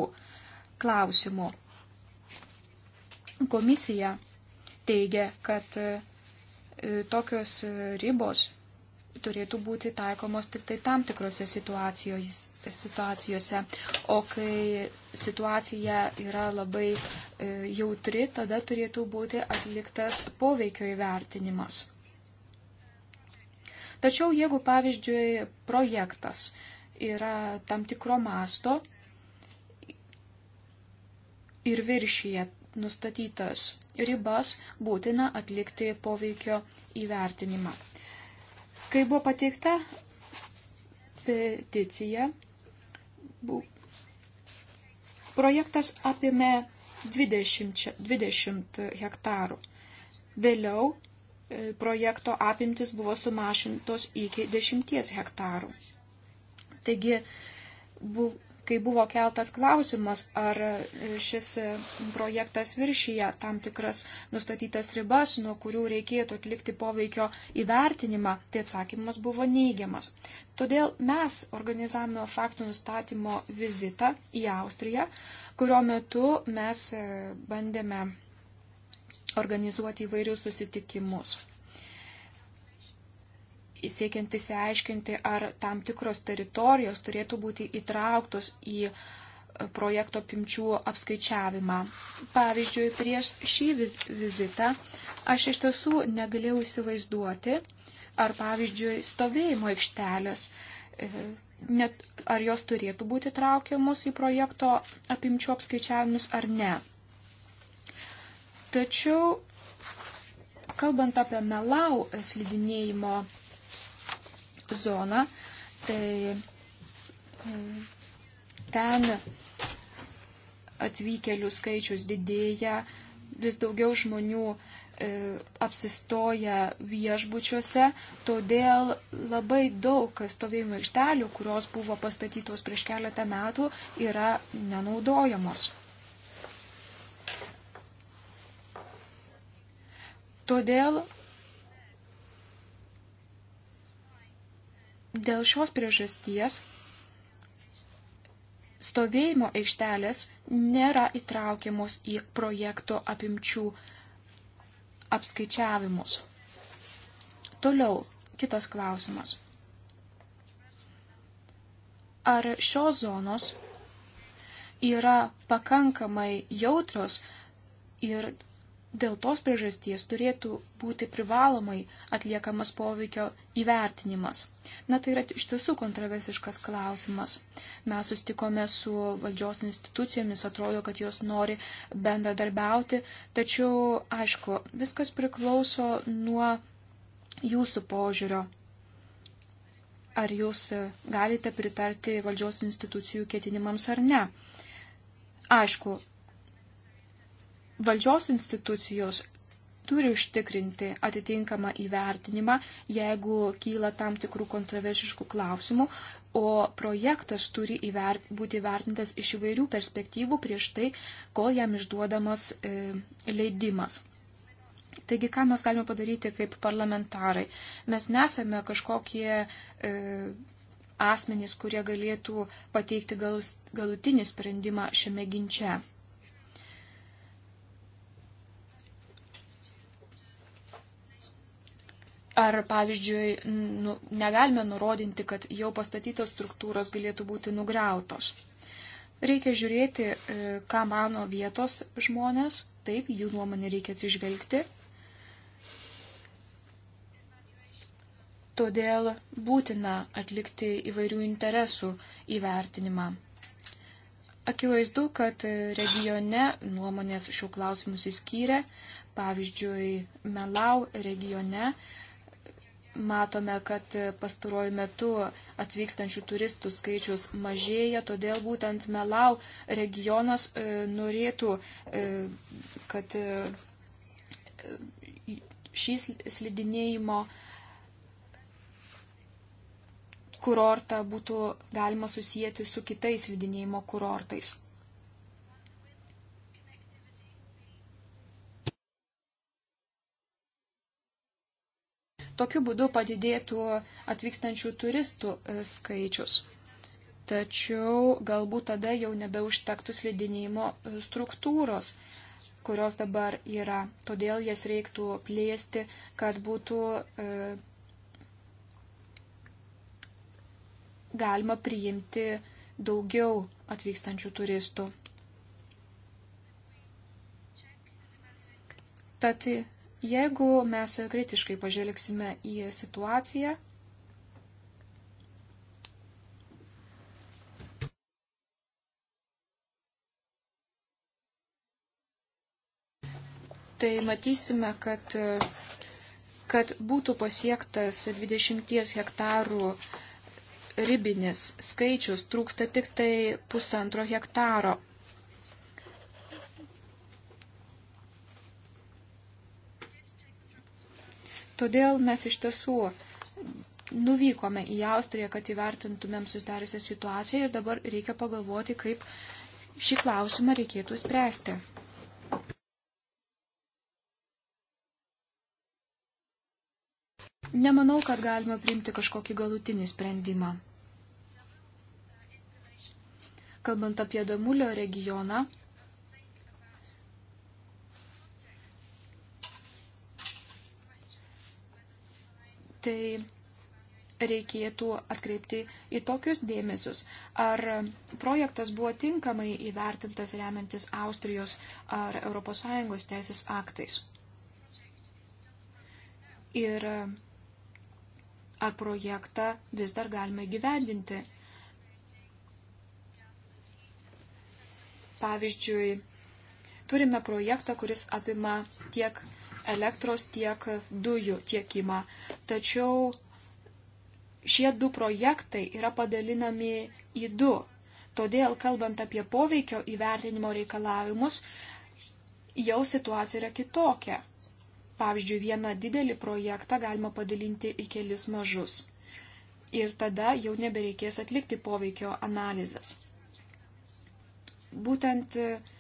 Speaker 1: klausimu. Komisija teigia, kad tokios ribos turėtų būti taikomos tik tai tam tikrose situacijose. O kai situacija yra labai e, jautri, tada turėtų būti atliktas poveikio įvertinimas. Tačiau jeigu, pavyzdžiui, projektas yra tam tikro masto ir viršyje nustatytas ribas, būtina atlikti poveikio įvertinimą. Kai buvo pateikta peticija, bu, projektas apėmė 20, 20 hektarų. Vėliau e, projekto apimtis buvo sumažintos iki 10 hektarų. Taigi, buv, kai buvo keltas klausimas, ar šis projektas viršyje tam tikras nustatytas ribas, nuo kurių reikėtų atlikti poveikio įvertinimą, tai atsakymas buvo neigiamas. Todėl mes organizavome faktų nustatymo vizitą į Austriją, kurio metu mes e, bandėme organizuoti įvairius susitikimus siekiant įsiaiškinti, ar tam tikros teritorijos turėtų būti įtrauktos į projekto pimčių apskaičiavimą. Pavyzdžiui, prieš šį vizitą aš iš tiesų negalėjau įsivaizduoti, ar pavyzdžiui, stovėjimo aikštelės, e, net, ar jos turėtų būti traukiamus į projekto apimčių apskaičiavimus ar ne. Tačiau, kalbant apie melau slidinėjimo zoną, tai e, ten atvykėlių skaičius didėja, vis daugiau žmonių e, apsistoja viešbučiuose, todėl labai daug stovėjimo aikštelių, kurios buvo pastatytos prieš keletą metų, yra nenaudojamos. Todėl Dėl šios priežasties stovėjimo aikštelės nėra įtraukiamos į projekto apimčių apskaičiavimus. Toliau, kitas klausimas. Ar šios zonos yra pakankamai jautrios ir Dėl tos priežasties turėtų būti privalomai atliekamas poveikio įvertinimas. Na tai yra iš tiesų kontroversiškas klausimas. Mes sustikome su valdžios institucijomis, atrodo, kad jos nori bendradarbiauti, tačiau, aišku, viskas priklauso nuo jūsų požiūrio. Ar jūs galite pritarti valdžios institucijų ketinimams ar ne? Aišku, valdžios institucijos turi užtikrinti atitinkamą įvertinimą, jeigu kyla tam tikrų kontroversiškų klausimų, o projektas turi įvert, būti įvertintas iš įvairių perspektyvų prieš tai, kol jam išduodamas e, leidimas. Taigi, ką mes galime padaryti kaip parlamentarai? Mes nesame kažkokie e, asmenys, kurie galėtų pateikti galus, galutinį sprendimą šiame ginče. Ar, pavyzdžiui, nu, negalime nurodinti, kad jau pastatytos struktūros galėtų būti nugriautos. Reikia žiūrėti, e, ką mano vietos žmonės, taip, jų nuomonė reikia atsižvelgti. Todėl būtina atlikti įvairių interesų įvertinimą. Akivaizdu, kad regione nuomonės šių klausimų įskyrė, pavyzdžiui, Melau regione Matome, kad pastaruoju metu atvykstančių turistų skaičius mažėja, todėl būtent Melau regionas e, norėtų, e, kad e, šį slidinėjimo kurortą būtų galima susijęti su kitais slidinėjimo kurortais. Tokiu būdu padidėtų atvykstančių turistų e, skaičius. Tačiau galbūt tada jau nebeužtektų slidinėjimo e, struktūros, kurios dabar yra. Todėl jas reiktų plėsti, kad būtų e, galima priimti daugiau atvykstančių turistų. Tad Jeigu mes kritiškai pažvelgsime į situaciją, tai matysime, kad, kad būtų pasiektas 20 hektarų ribinis skaičius, trūksta tik tai pusantro hektaro. Todėl mes iš tiesų nuvykome į Austriją, kad įvertintumėm susidariusią situaciją ir dabar reikia pagalvoti, kaip šį klausimą reikėtų spręsti. Nemanau, kad galima priimti kažkokį galutinį sprendimą. Kalbant apie Damulio regioną, tai reikėtų atkreipti į tokius dėmesius. Ar projektas buvo tinkamai įvertintas remiantis Austrijos ar ES teisės aktais? Ir ar projektą vis dar galima gyvendinti? Pavyzdžiui, turime projektą, kuris apima tiek elektros, tiek dujų tiekimą. Tačiau šie du projektai yra padalinami į du. Todėl, kalbant apie poveikio įvertinimo reikalavimus, jau situacija yra kitokia. Pavyzdžiui, vieną didelį projektą galima padalinti į kelis mažus. Ir tada jau nebereikės atlikti poveikio analizės. Būtent uh,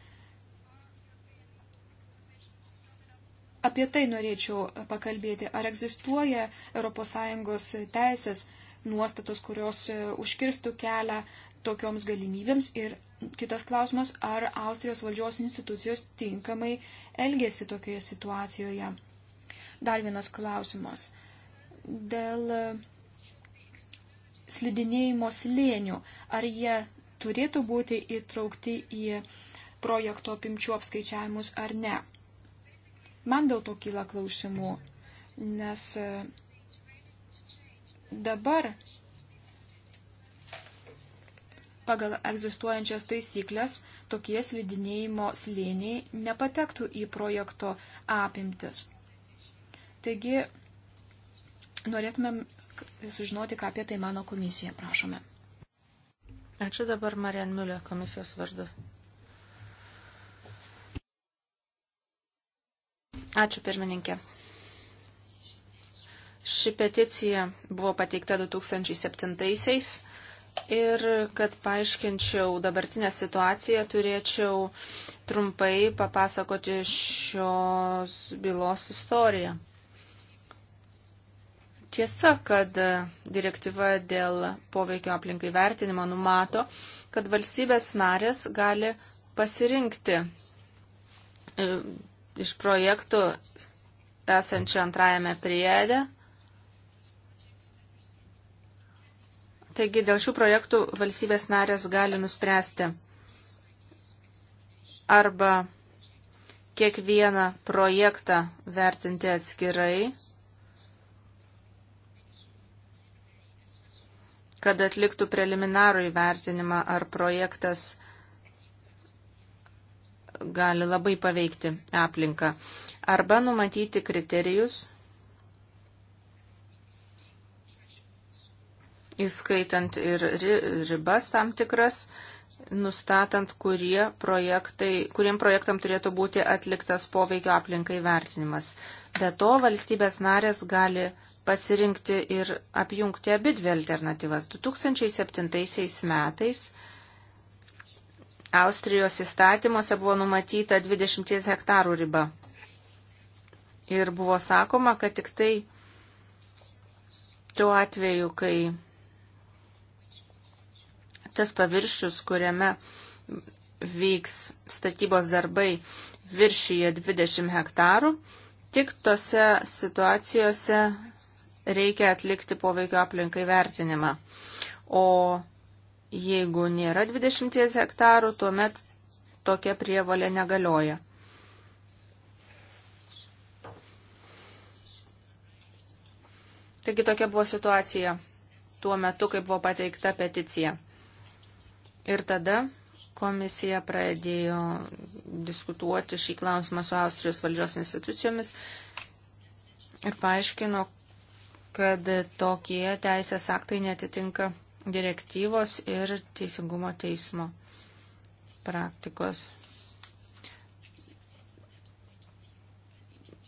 Speaker 1: apie tai norėčiau pakalbėti. Ar egzistuoja ES teisės nuostatos, kurios e, užkirstų kelią tokioms galimybėms? Ir kitas klausimas, ar Austrijos valdžios institucijos tinkamai elgėsi tokioje situacijoje? Dar vienas klausimas. Dėl e, slidinėjimo slėnių, ar jie turėtų būti įtraukti į projekto apimčių apskaičiavimus ar ne? Man dėl to kyla klausimų, nes e, dabar pagal egzistuojančias taisyklės tokie slidinėjimo slėniai nepatektų į projekto apimtis. Taigi, norėtumėm sužinoti, ką apie tai mano komisija, prašome. Ačiū dabar Marian Miulė komisijos vardu.
Speaker 2: Ačiū pirmininkė. Ši peticija buvo pateikta 2007-aisiais ir kad paaiškinčiau dabartinę situaciją, turėčiau trumpai papasakoti šios bylos istoriją. Tiesa, kad direktyva dėl poveikio aplinkai vertinimo numato, kad valstybės narės gali pasirinkti iš projektų esančių antrajame priedė. Taigi dėl šių projektų valstybės narės gali nuspręsti arba kiekvieną projektą vertinti atskirai, kad atliktų preliminarų įvertinimą, ar projektas gali labai paveikti aplinką. Arba numatyti kriterijus, įskaitant ir ribas tam tikras, nustatant, kurie projektai, kuriem projektam turėtų būti atliktas poveikio aplinkai vertinimas. Be to, valstybės narės gali pasirinkti ir apjungti abi dvi alternatyvas. 2007 metais Austrijos įstatymuose buvo numatyta 20 hektarų riba. Ir buvo sakoma, kad tik tai tuo atveju, kai tas paviršius, kuriame vyks statybos darbai viršyje 20 hektarų, tik tose situacijose reikia atlikti poveikio aplinkai vertinimą. O Jeigu nėra 20 hektarų, tuomet tokia prievalė negalioja. Taigi tokia buvo situacija tuo metu, kai buvo pateikta peticija. Ir tada komisija pradėjo diskutuoti šį klausimą su Austrijos valdžios institucijomis ir paaiškino, kad tokie teisės aktai netitinka direktyvos ir teisingumo teismo praktikos.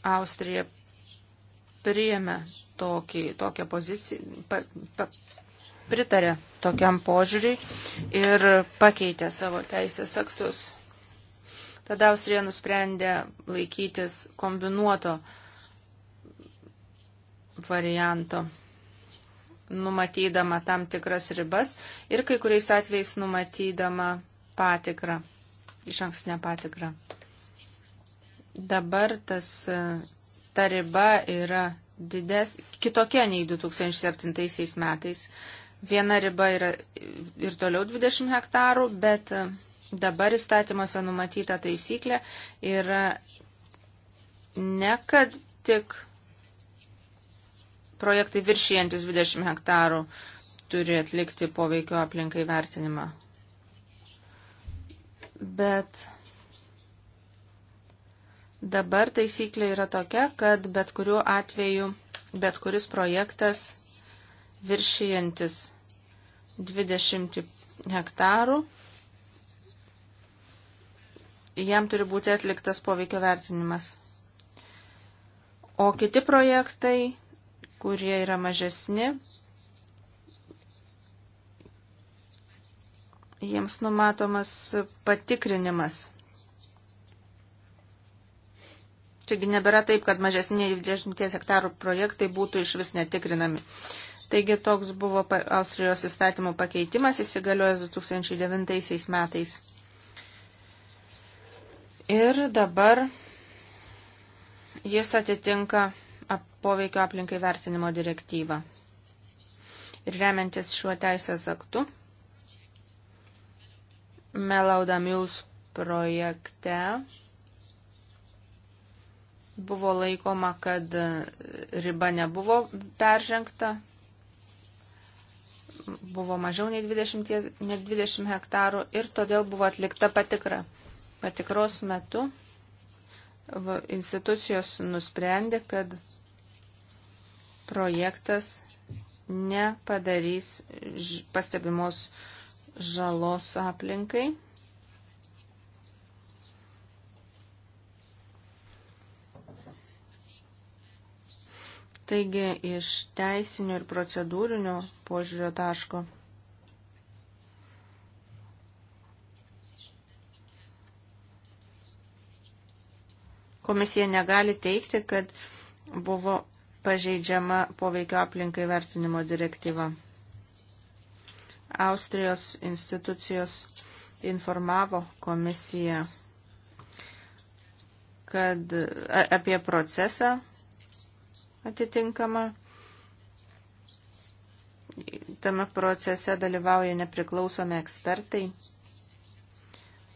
Speaker 2: Austrija priėmė tokį, tokią poziciją, pa, pa, pritarė tokiam požiūriui ir pakeitė savo teisės aktus. Tada Austrija nusprendė laikytis kombinuoto varianto numatydama tam tikras ribas ir kai kuriais atvejais numatydama patikrą, iš ankstinę patikrą. Dabar tas, ta riba yra dides, kitokia nei 2007 metais. Viena riba yra ir toliau 20 hektarų, bet dabar įstatymuose numatyta taisyklė yra ne kad tik projektai viršijantis 20 hektarų turi atlikti poveikio aplinkai vertinimą. Bet dabar taisyklė yra tokia, kad bet kuriuo atveju, bet kuris projektas viršijantis 20 hektarų, jam turi būti atliktas poveikio vertinimas. O kiti projektai kurie yra mažesni, jiems numatomas patikrinimas. Taigi nebėra taip, kad mažesni 20 hektarų projektai būtų iš vis netikrinami. Taigi toks buvo Austrijos įstatymų pakeitimas, įsigaliojęs 2009 metais. Ir dabar jis atitinka poveikio aplinkai vertinimo direktyvą. Ir remiantis šiuo teisės aktu, Melauda Mills projekte buvo laikoma, kad riba nebuvo peržengta, buvo mažiau nei 20, nei 20 hektarų ir todėl buvo atlikta patikra. Patikros metu institucijos nusprendė, kad projektas nepadarys pastebimos žalos aplinkai. Taigi iš teisinio ir procedūrinio požiūrio taško komisija negali teikti, kad buvo pažeidžiama poveikio aplinkai vertinimo direktyva. Austrijos institucijos informavo komisiją kad, apie procesą atitinkamą. Tame procese dalyvauja nepriklausomi ekspertai,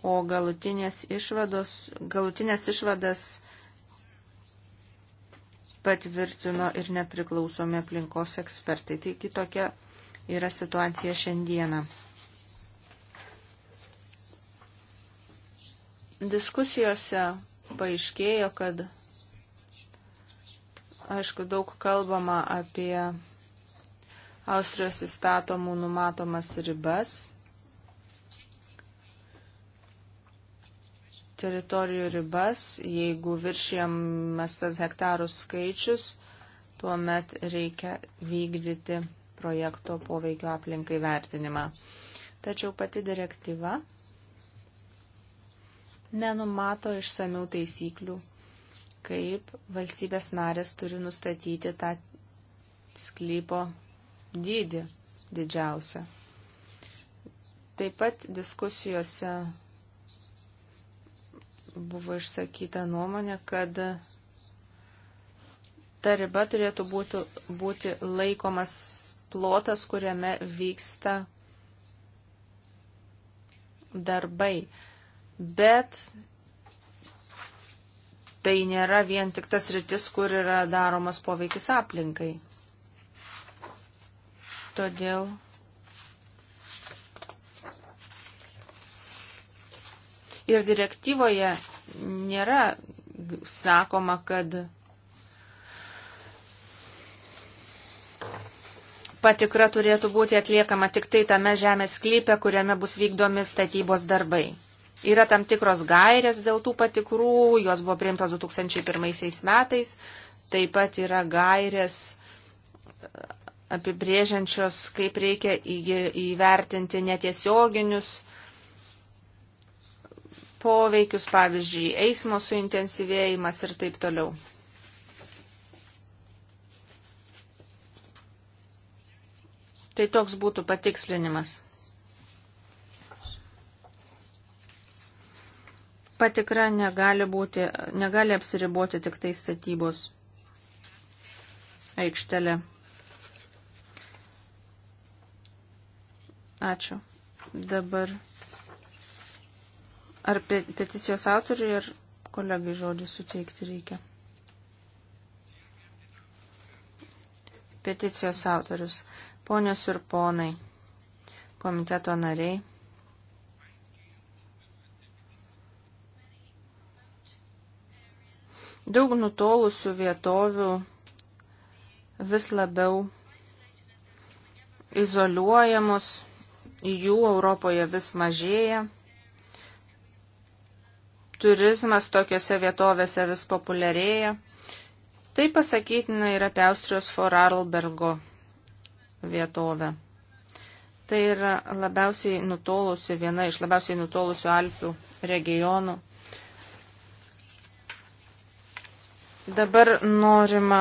Speaker 2: o galutinės išvados, galutinės išvadas patvirtino ir nepriklausomi aplinkos ekspertai. Taigi tokia yra situacija šiandieną. Diskusijose paaiškėjo, kad, aišku, daug kalbama apie Austrijos įstatomų numatomas ribas teritorijų ribas, jeigu viršijamas tas hektarų skaičius, tuomet reikia vykdyti projekto poveikio aplinkai vertinimą. Tačiau pati direktyva nenumato išsamių taisyklių, kaip valstybės narės turi nustatyti tą sklypo dydį didžiausią. Taip pat diskusijose buvo išsakyta nuomonė, kad ta riba turėtų būti, būti laikomas plotas, kuriame vyksta darbai. Bet tai nėra vien tik tas rytis, kur yra daromas poveikis aplinkai. Todėl Ir direktyvoje nėra sakoma, kad patikra turėtų būti atliekama tik tai tame žemės sklype, kuriame bus vykdomi statybos darbai. Yra tam tikros gairės dėl tų patikrų, jos buvo priimtos 2001 metais, taip pat yra gairės apibrėžiančios, kaip reikia įvertinti netiesioginius poveikius, pavyzdžiui, eismo suintensyvėjimas ir taip toliau. Tai toks būtų patikslinimas. Patikra negali, būti, negali apsiriboti tik tai statybos aikštelė. Ačiū. Dabar Ar peticijos autoriui ir kolegai žodį suteikti reikia? Peticijos autorius, ponios ir ponai, komiteto nariai. Daug nutolusių vietovių vis labiau izoliuojamos, jų Europoje vis mažėja turizmas tokiuose vietovėse vis populiarėja. Tai pasakytina ir apie Austrijos Forarlbergo vietovę. Tai yra labiausiai nutolusi, viena iš labiausiai nutolusių Alpių regionų. Dabar norima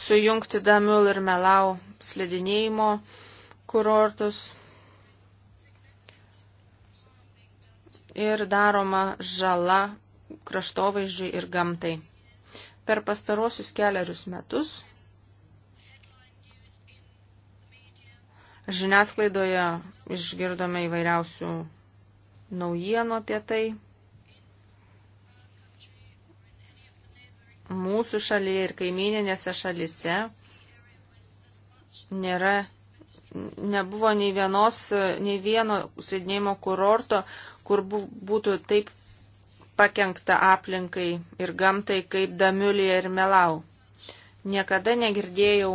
Speaker 2: sujungti Damul ir Melau slidinėjimo kurortus ir daroma žala kraštovaizdžiui ir gamtai. Per pastaruosius keliarius metus žiniasklaidoje išgirdome įvairiausių naujienų apie tai. Mūsų šalyje ir kaimininėse šalyse nėra, nebuvo nei, vienos, nei vieno sėdėjimo kurorto, kur būtų taip pakengta aplinkai ir gamtai kaip Damiulė ir Melau. Niekada negirdėjau,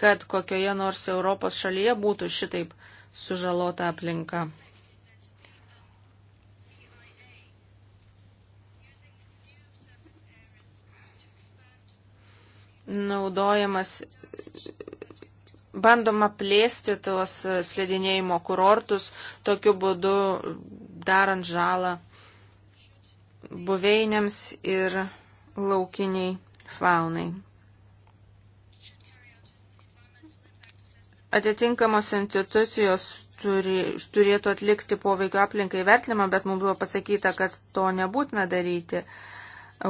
Speaker 2: kad kokioje nors Europos šalyje būtų šitaip sužalota aplinka. Naudojamas bandoma plėsti tuos slidinėjimo kurortus, tokiu būdu darant žalą buveinėms ir laukiniai faunai. Atitinkamos institucijos turi, turėtų atlikti poveikio aplinkai vertinimą, bet mums buvo pasakyta, kad to nebūtina daryti.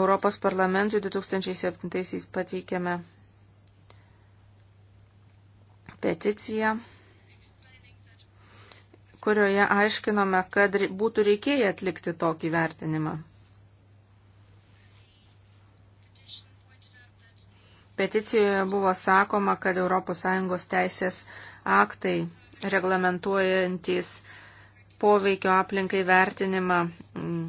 Speaker 2: Europos parlamentui 2007 pateikėme peticiją, kurioje aiškinome, kad būtų reikėję atlikti tokį vertinimą. Peticijoje buvo sakoma, kad ES teisės aktai reglamentuojantis poveikio aplinkai vertinimą mm,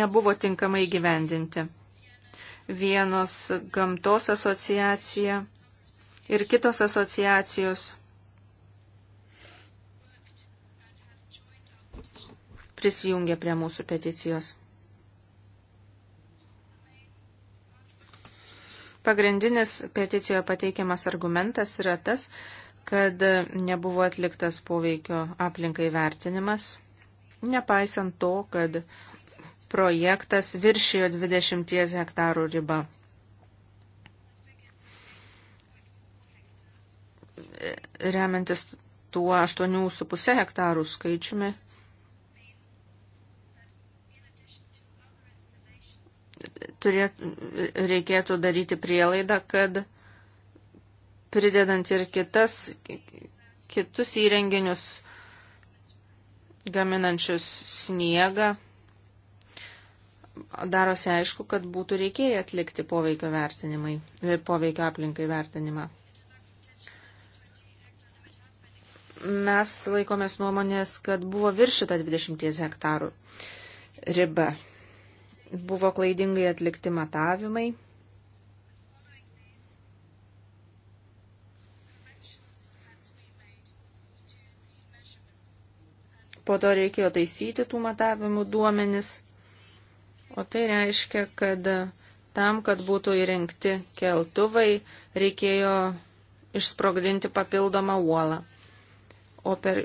Speaker 2: nebuvo tinkamai gyvendinti. Vienos gamtos asociacija ir kitos asociacijos prisijungė prie mūsų peticijos. Pagrindinis peticijoje pateikiamas argumentas yra tas, kad nebuvo atliktas poveikio aplinkai vertinimas, nepaisant to, kad projektas viršijo 20 hektarų ribą. remiantis tuo 8,5 hektarų skaičiumi, turėt, reikėtų daryti prielaidą, kad pridedant ir kitas, kitus įrenginius gaminančius sniegą, darosi aišku, kad būtų reikėję atlikti poveikio, poveikio aplinkai vertinimą. mes laikomės nuomonės, kad buvo viršita 20 hektarų riba. Buvo klaidingai atlikti matavimai. Po to reikėjo taisyti tų matavimų duomenis. O tai reiškia, kad tam, kad būtų įrengti keltuvai, reikėjo išsprogdinti papildomą uolą o per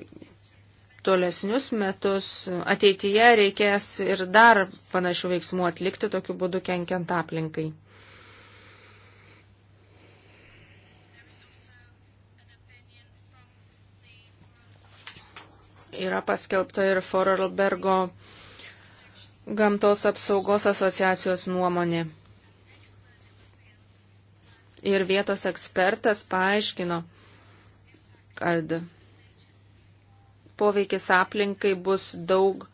Speaker 2: tolesnius metus ateityje reikės ir dar panašių veiksmų atlikti, tokiu būdu kenkiant aplinkai. Yra paskelbta ir Forarlbergo gamtos apsaugos asociacijos nuomonė. Ir vietos ekspertas paaiškino, kad poveikis aplinkai bus daug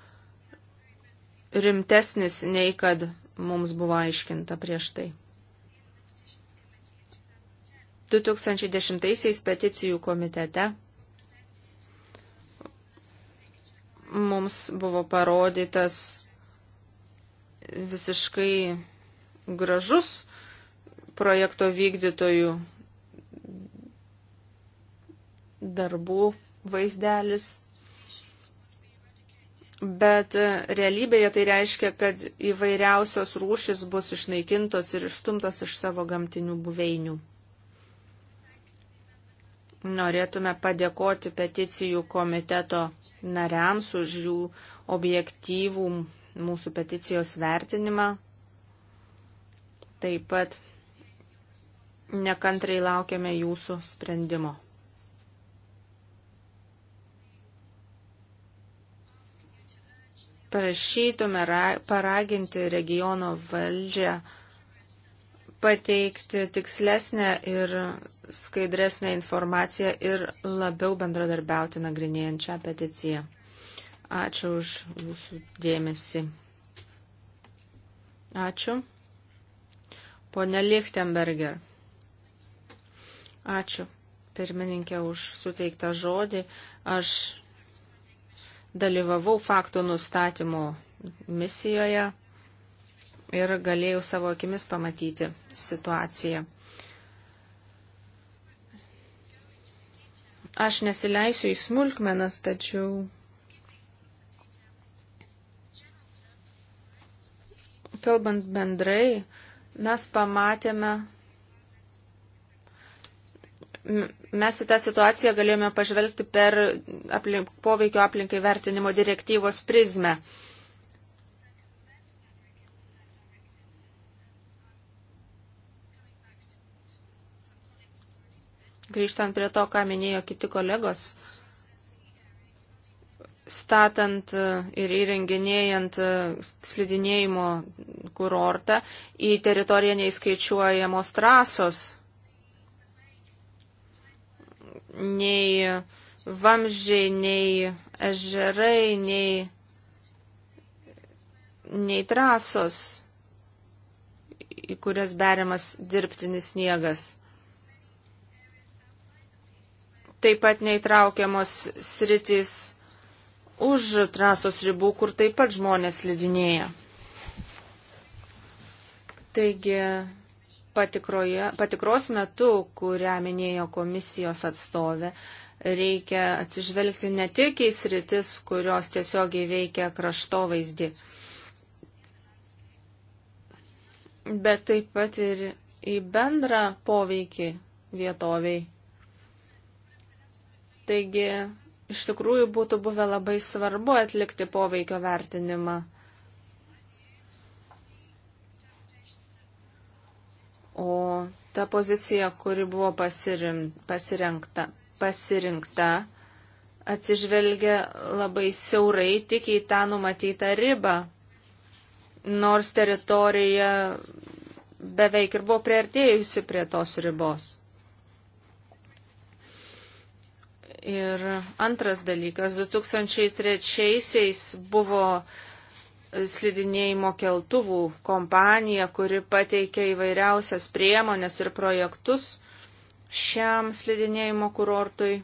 Speaker 2: rimtesnis nei kad mums buvo aiškinta prieš tai. 2010 peticijų komitete mums buvo parodytas visiškai gražus projekto vykdytojų darbų vaizdelis Bet e, realybėje tai reiškia, kad įvairiausios rūšis bus išnaikintos ir išstumtos iš savo gamtinių buveinių. Norėtume padėkoti peticijų komiteto nariams už jų objektyvų mūsų peticijos vertinimą. Taip pat nekantrai laukiame jūsų sprendimo. prašytume paraginti regiono valdžią pateikti tikslesnę ir skaidresnę informaciją ir labiau bendradarbiauti nagrinėjant šią peticiją. Ačiū už jūsų dėmesį. Ačiū. Pone Lichtenberger. Ačiū pirmininkė už suteiktą žodį. Aš dalyvavau faktų nustatymo misijoje ir galėjau savo akimis pamatyti situaciją. Aš nesileisiu į smulkmenas, tačiau kalbant bendrai, mes pamatėme Mes į tą situaciją galėjome pažvelgti per aplink, poveikio aplinkai vertinimo direktyvos prizmę. Grįžtant prie to, ką minėjo kiti kolegos, statant ir įrenginėjant slidinėjimo kurortą, į teritoriją neįskaičiuojamos trasos nei vamžiai, nei ežerai, nei, nei trasos, į kurias beriamas dirbtinis sniegas. Taip pat neįtraukiamos sritys už trasos ribų, kur taip pat žmonės lidinėja. Taigi patikroje, patikros metu, kurią minėjo komisijos atstovė, reikia atsižvelgti ne tik į sritis, kurios tiesiogiai veikia kraštovaizdį, bet taip pat ir į bendrą poveikį vietoviai. Taigi, iš tikrųjų būtų buvę labai svarbu atlikti poveikio vertinimą O ta pozicija, kuri buvo pasirim, pasirinkta, pasirinkta, atsižvelgia labai siaurai tik į tą numatytą ribą, nors teritorija beveik ir buvo priartėjusi prie tos ribos. Ir antras dalykas, 2003-aisiais buvo slidinėjimo keltuvų kompanija, kuri pateikia įvairiausias priemonės ir projektus šiam slidinėjimo kurortui.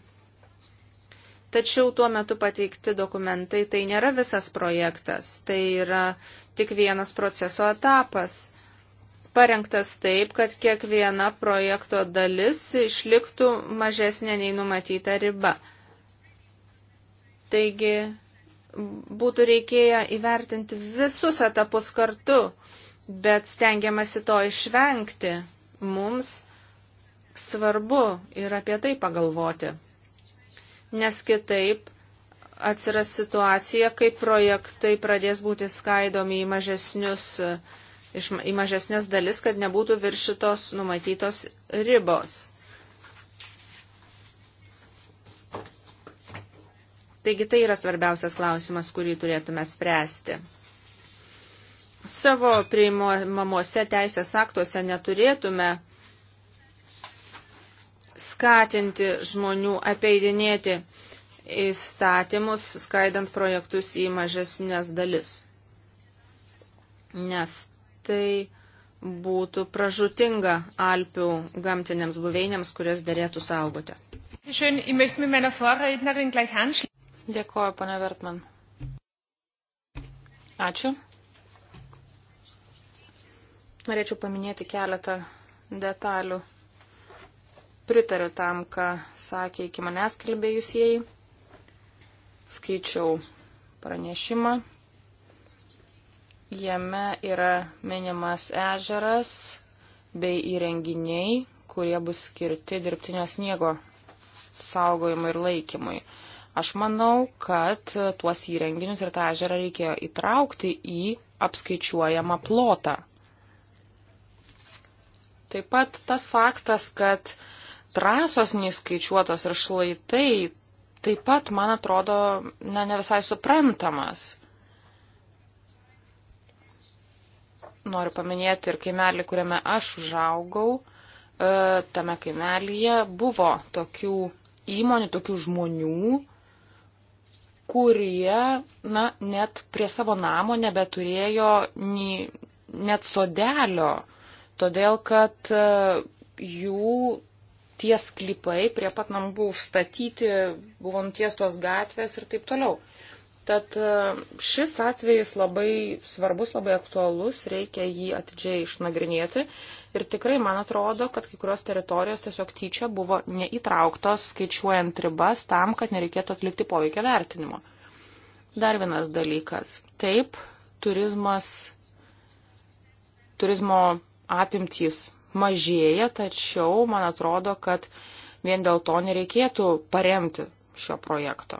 Speaker 2: Tačiau tuo metu pateikti dokumentai tai nėra visas projektas, tai yra tik vienas proceso etapas. Parengtas taip, kad kiekviena projekto dalis išliktų mažesnė nei numatyta riba. Taigi būtų reikėję įvertinti visus etapus kartu, bet stengiamasi to išvengti. Mums svarbu ir apie tai pagalvoti, nes kitaip atsiras situacija, kai projektai pradės būti skaidomi į, mažesnius, į mažesnės dalis, kad nebūtų viršytos numatytos ribos. Taigi tai yra svarbiausias klausimas, kurį turėtume spręsti. Savo priimamuose teisės aktuose neturėtume skatinti žmonių apeidinėti įstatymus, skaidant projektus į mažesnės dalis. Nes tai būtų pražutinga Alpių gamtinėms buveinėms, kurias dėlėtų saugoti.
Speaker 3: Dėkuoju, pane Vertman. Ačiū. Norėčiau paminėti keletą detalių. Pritariu tam, ką sakė iki manęs kalbėjusieji. Skaičiau pranešimą. Jame yra minimas ežeras bei įrenginiai, kurie bus skirti dirbtinio sniego saugojimui ir laikymui. Aš manau, kad e, tuos įrenginius ir tą ežerą reikėjo įtraukti į apskaičiuojamą plotą. Taip pat tas faktas, kad trasos neįskaičiuotos ir šlaitai, taip pat, man atrodo, ne, ne visai suprantamas. Noriu paminėti ir kaimelį, kuriame aš užaugau. E, tame kaimelyje buvo tokių įmonių, tokių žmonių, kurie, na, net prie savo namo nebeturėjo nei, net sodelio, todėl kad e, jų tie sklypai prie pat namų buvo užstatyti, buvo nutiestos gatvės ir taip toliau. Tad e, šis atvejis labai svarbus, labai aktualus, reikia jį atidžiai išnagrinėti. Ir tikrai man atrodo, kad kai kurios teritorijos tiesiog tyčia buvo neįtrauktos, skaičiuojant ribas tam, kad nereikėtų atlikti poveikio vertinimo. Dar vienas dalykas. Taip, turizmas, turizmo apimtys mažėja, tačiau man atrodo, kad vien dėl to nereikėtų paremti šio projekto.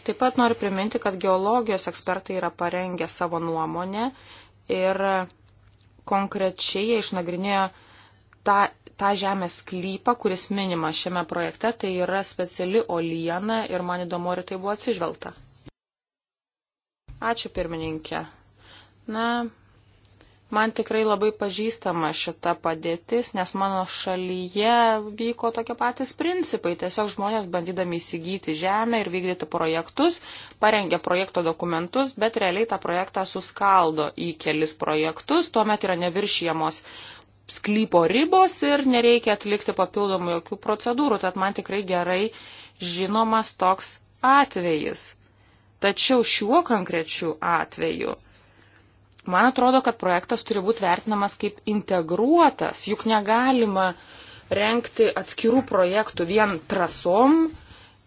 Speaker 3: Taip pat noriu priminti, kad geologijos ekspertai yra parengę savo nuomonę ir konkrečiai jie išnagrinėjo tą, tą žemės sklypą, kuris minima šiame projekte, tai yra speciali oliena ir man įdomu, ar tai buvo atsižvelgta. Ačiū pirmininkė. Na, Man tikrai labai pažįstama šita padėtis, nes mano šalyje vyko tokie patys principai. Tiesiog žmonės bandydami įsigyti žemę ir vykdyti projektus, parengia projekto dokumentus, bet realiai tą projektą suskaldo į kelis projektus, tuomet yra neviršijamos sklypo ribos ir nereikia atlikti papildomų jokių procedūrų. Tad man tikrai gerai žinomas toks atvejis. Tačiau šiuo konkrečiu atveju Man atrodo, kad projektas turi būti vertinamas kaip integruotas, juk negalima renkti atskirų projektų vien trasom,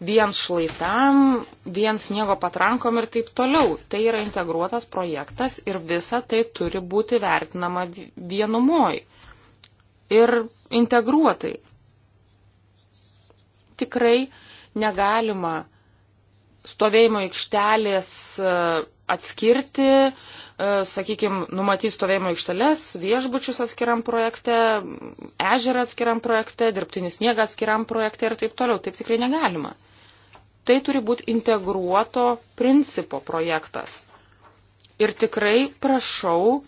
Speaker 3: vien šlaitam, vien sniego patrankom ir taip toliau. Tai yra integruotas projektas ir visa tai turi būti vertinama vienumoj ir integruotai. Tikrai negalima stovėjimo aikštelės e, atskirti, E, sakykime, numatys stovėjimo aikšteles, viešbučius atskiram projekte, ežerą atskiram projekte, dirbtinis sniegą atskiram projekte ir taip toliau. Taip tikrai negalima. Tai turi būti integruoto principo projektas. Ir tikrai prašau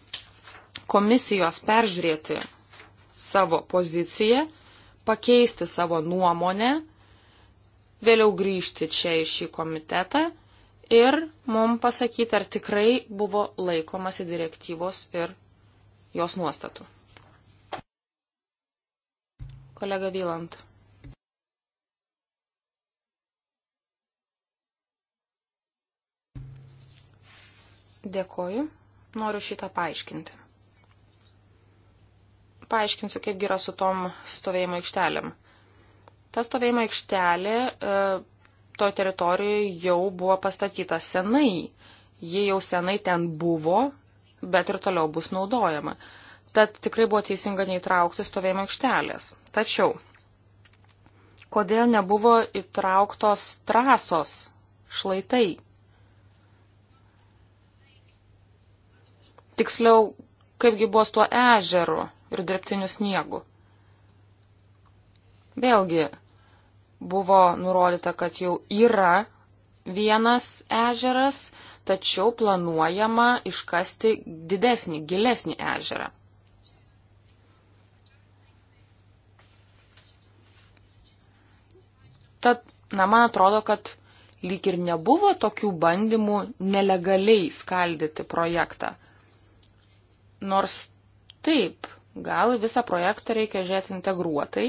Speaker 3: komisijos peržiūrėti savo poziciją, pakeisti savo nuomonę, vėliau grįžti čia į šį komitetą ir mum pasakyti, ar tikrai buvo laikomasi direktyvos ir jos nuostatų. Kolega Vylant. Dėkoju, noriu šitą paaiškinti. Paaiškinsiu, kaip yra su tom stovėjimo aikštelėm. Ta stovėjimo aikštelė e, to teritorijoje jau buvo pastatyta senai. Ji jau senai ten buvo, bet ir toliau bus naudojama. Tad tikrai buvo teisinga neįtraukti stovėjimo aikštelės. Tačiau, kodėl nebuvo įtrauktos trasos šlaitai? Tiksliau, kaipgi buvo su tuo ežeru ir dirbtiniu sniegu? Vėlgi, buvo nurodyta, kad jau yra vienas ežeras, tačiau planuojama iškasti didesnį, gilesnį ežerą. Tad, na, man atrodo, kad lyg ir nebuvo tokių bandymų nelegaliai skaldyti projektą. Nors taip, gal visą projektą reikia žiūrėti integruotai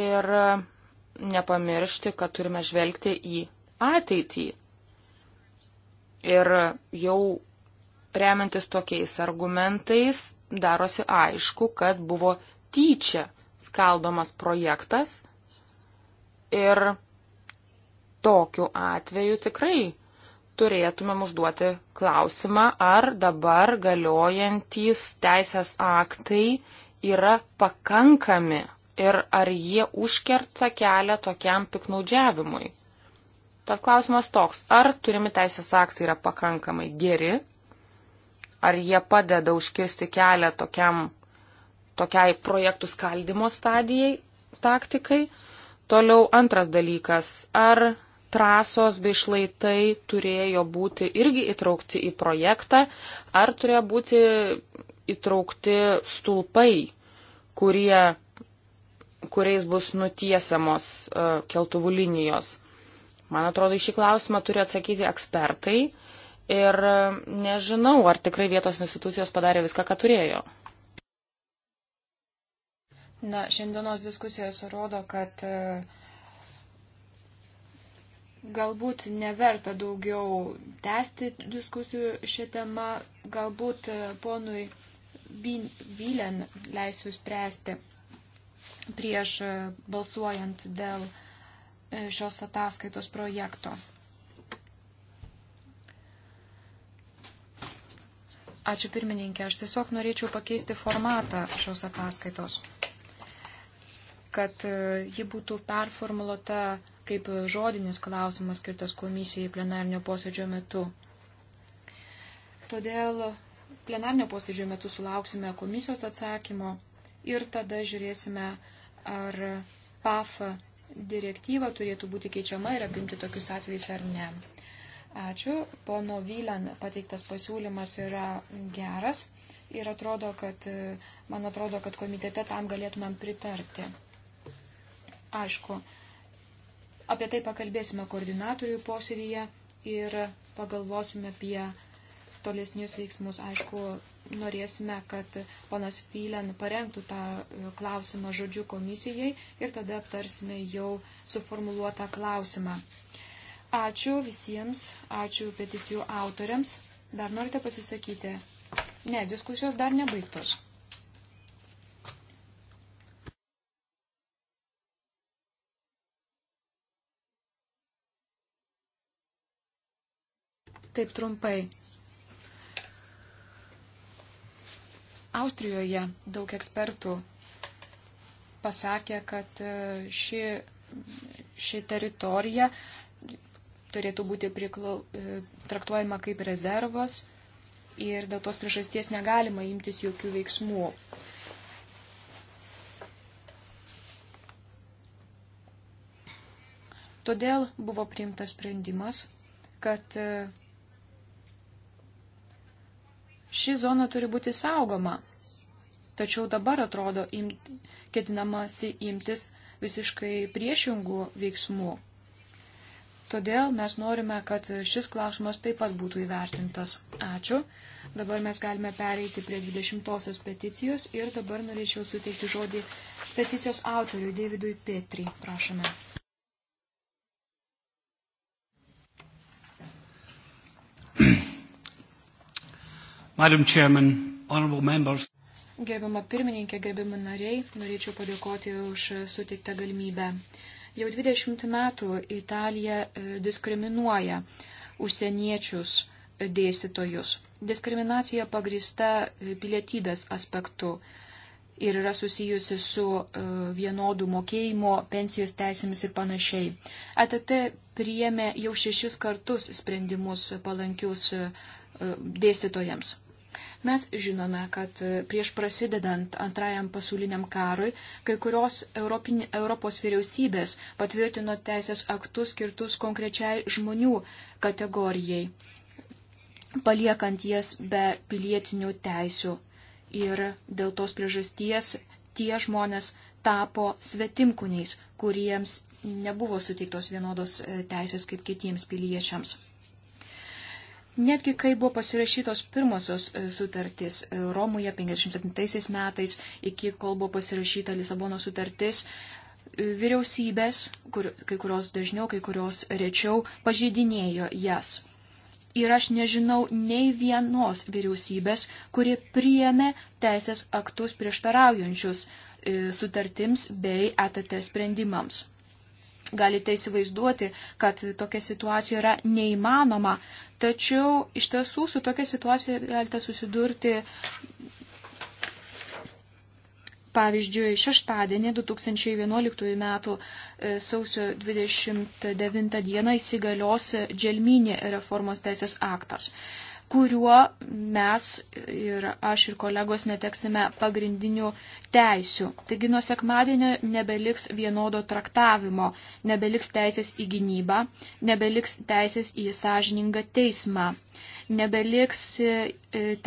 Speaker 3: ir nepamiršti, kad turime žvelgti į ateitį. Ir jau remiantis tokiais argumentais darosi aišku, kad buvo tyčia skaldomas projektas ir tokiu atveju tikrai turėtumėm užduoti klausimą, ar dabar galiojantis teisės aktai yra pakankami ir ar jie užkerta kelią tokiam piknaudžiavimui. Tad klausimas toks, ar turimi teisės aktai yra pakankamai geri, ar jie padeda užkirsti kelią tokiam, tokiai projektų skaldimo stadijai, taktikai. Toliau antras dalykas, ar trasos bei šlaitai turėjo būti irgi įtraukti į projektą, ar turėjo būti įtraukti stulpai, kurie kuriais bus nutiesiamos e, keltuvų linijos. Man atrodo, į šį klausimą turi atsakyti ekspertai ir e, nežinau, ar tikrai vietos institucijos padarė viską, ką turėjo.
Speaker 1: Na, šiandienos diskusijos rodo, kad e, galbūt neverta daugiau tęsti diskusijų šią temą, galbūt ponui Vylen leisiu spręsti prieš e, balsuojant dėl e, šios ataskaitos projekto. Ačiū pirmininkė, aš tiesiog norėčiau pakeisti formatą šios ataskaitos, kad e, ji būtų performuluota kaip žodinis klausimas skirtas komisijai plenarnio posėdžio metu. Todėl plenarnio posėdžio metu sulauksime komisijos atsakymo ir tada žiūrėsime, ar PAF direktyva turėtų būti keičiama ir apimti tokius atvejus ar ne. Ačiū. Pono Vylan pateiktas pasiūlymas yra geras ir atrodo, kad, man atrodo, kad komitete tam galėtumėm pritarti. Aišku, apie tai pakalbėsime koordinatorių posėdėje ir pagalvosime apie tolesnius veiksmus. Aišku, norėsime, kad panas Fylen parengtų tą e, klausimą žodžių komisijai ir tada aptarsime jau suformuluotą klausimą. Ačiū visiems, ačiū peticijų autoriams. Dar norite pasisakyti? Ne, diskusijos dar nebaigtos. Taip trumpai. Austrijoje daug ekspertų pasakė, kad e, ši, ši teritorija turėtų būti priklau, e, traktuojama kaip rezervas ir dėl tos priežasties negalima imtis jokių veiksmų. Todėl buvo priimtas sprendimas, kad e, Ši zona turi būti saugoma. Tačiau dabar atrodo im, ketinamasi imtis visiškai priešingų veiksmų. Todėl mes norime, kad šis klausimas taip pat būtų įvertintas. Ačiū. Dabar mes galime pereiti prie 20-osios peticijos ir dabar norėčiau suteikti žodį peticijos autoriui Davidui Petri. Prašome. Madam Chairman, honorable members. Gerbiama pirmininkė, gerbiami nariai, norėčiau padėkoti už suteiktą galimybę. Jau 20 metų Italija e, diskriminuoja užsieniečius e, dėstytojus. Diskriminacija pagrįsta e, pilietybės aspektu ir yra susijusi su vienodų mokėjimo, pensijos teisėmis ir panašiai. ATT priėmė jau šešis kartus sprendimus palankius dėstytojams. Mes žinome, kad prieš prasidedant antrajam pasauliniam karui, kai kurios Europinė, Europos vyriausybės patvirtino teisės aktus skirtus konkrečiai žmonių kategorijai, paliekant jas be pilietinių teisių. Ir dėl tos priežasties tie žmonės tapo svetimkūniais, kuriems nebuvo suteiktos vienodos e, teisės kaip kitiems piliečiams. Netgi kai buvo pasirašytos pirmosios e, sutartys e, Romoje 57 metais, iki kol buvo pasirašyta Lisabono sutartis, e, vyriausybės, kur, kai kurios dažniau, kai kurios rečiau, pažydinėjo jas. Ir aš nežinau nei vienos vyriausybės, kuri priėmė teisės aktus prieštaraujančius sutartims bei ATT sprendimams. Galite įsivaizduoti, kad tokia situacija yra neįmanoma, tačiau iš tiesų su tokia situacija galite susidurti Pavyzdžiui, šeštadienį 2011 m. E, sausio 29 d. įsigalios dželminė reformos teisės aktas kuriuo mes ir aš ir kolegos neteksime pagrindinių teisių. Taigi nuo sekmadienio nebeliks vienodo traktavimo, nebeliks teisės į gynybą, nebeliks teisės į sąžiningą teismą, nebeliks e,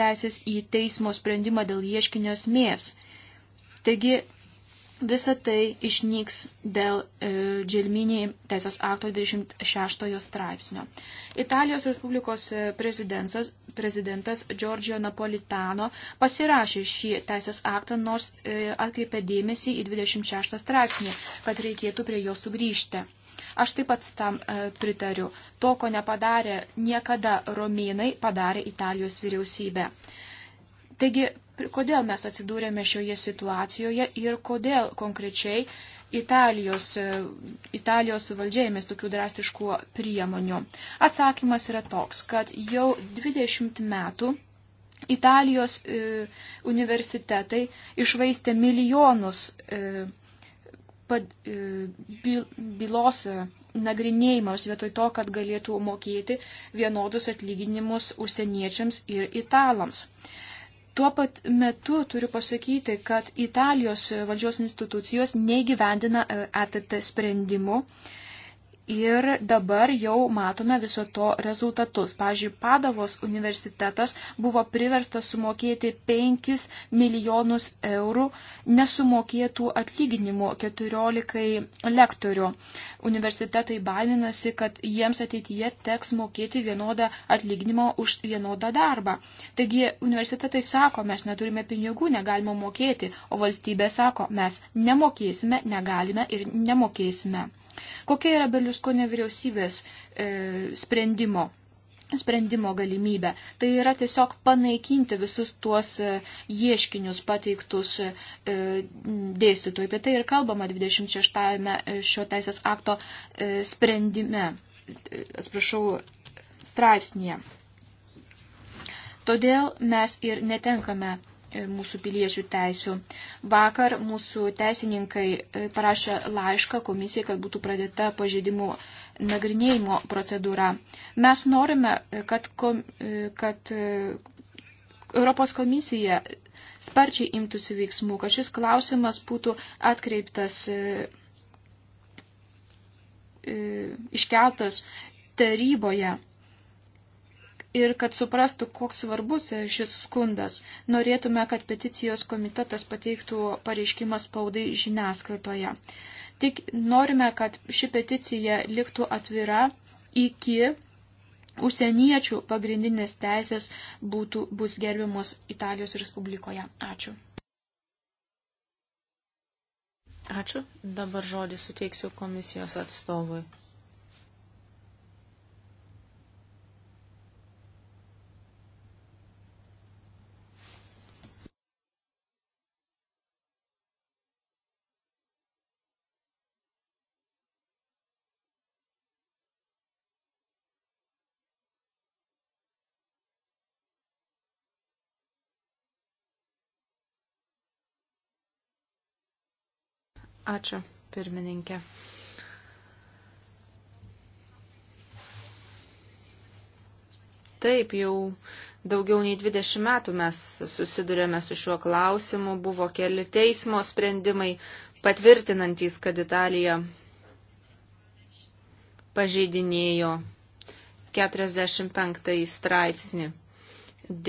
Speaker 1: teisės į teismo sprendimą dėl ieškinio esmės. Taigi Visa tai išnyks dėl e, dželminį teisės akto 26 straipsnio. Italijos Respublikos e, prezidentas, prezidentas Giorgio Napolitano pasirašė šį teisės aktą, nors e, atkreipė dėmesį į 26 straipsnį, kad reikėtų prie jo sugrįžti. Aš taip pat tam e, pritariu. To, ko nepadarė niekada romėnai, padarė Italijos vyriausybė. Taigi kodėl mes atsidūrėme šioje situacijoje ir kodėl konkrečiai Italijos, e, Italijos valdžiai mes tokių drastiškų priemonių. Atsakymas yra toks, kad jau 20 metų Italijos e, universitetai išvaistė milijonus e, pad, e, bylos e, nagrinėjimams vietoj to, kad galėtų mokėti vienodus atlyginimus užsieniečiams ir italams. E, Tuo pat metu turiu pasakyti, kad Italijos valdžios institucijos neįgyvendina e, ATT sprendimų. Uh, ir dabar jau matome viso to rezultatus. Pavyzdžiui, Padavos universitetas buvo priverstas sumokėti 5 milijonus eurų nesumokėtų atlyginimų 14 lektorių. Universitetai baiminasi, kad jiems ateityje teks mokėti vienodą atlyginimą už vienodą darbą. Taigi universitetai sako, mes neturime pinigų, negalime mokėti, o valstybė sako, mes nemokėsime, negalime ir nemokėsime. Kokia yra Berluskonio vyriausybės e, sprendimo? sprendimo galimybę. Tai yra tiesiog panaikinti visus tuos e, ieškinius pateiktus e, dėstytojų. Apie tai ir kalbama 26-ame e, šio teisės akto sprendime, atsiprašau, straipsnėje. Todėl mes ir netenkame E, mūsų piliečių teisių. Vakar mūsų teisininkai e, parašė laišką komisijai, kad būtų pradėta pažeidimų nagrinėjimo procedūra. Mes norime, e, kad, kom, kad Europos komisija sparčiai imtųsi veiksmų, kad šis klausimas būtų atkreiptas, iškeltas taryboje ir kad suprastų, koks svarbus e, šis skundas. Norėtume, kad peticijos komitetas pateiktų pareiškimą spaudai žiniasklaidoje. Tik norime, kad ši peticija liktų atvira iki užsieniečių pagrindinės teisės būtų, bus gerbiamos Italijos Respublikoje. Ačiū.
Speaker 2: Ačiū. Dabar žodį suteiksiu komisijos atstovui. Ačiū, pirmininkė. Taip, jau daugiau nei 20 metų mes susidurėme su šiuo klausimu, buvo keli teismo sprendimai patvirtinantys, kad Italija pažeidinėjo 45 straipsnį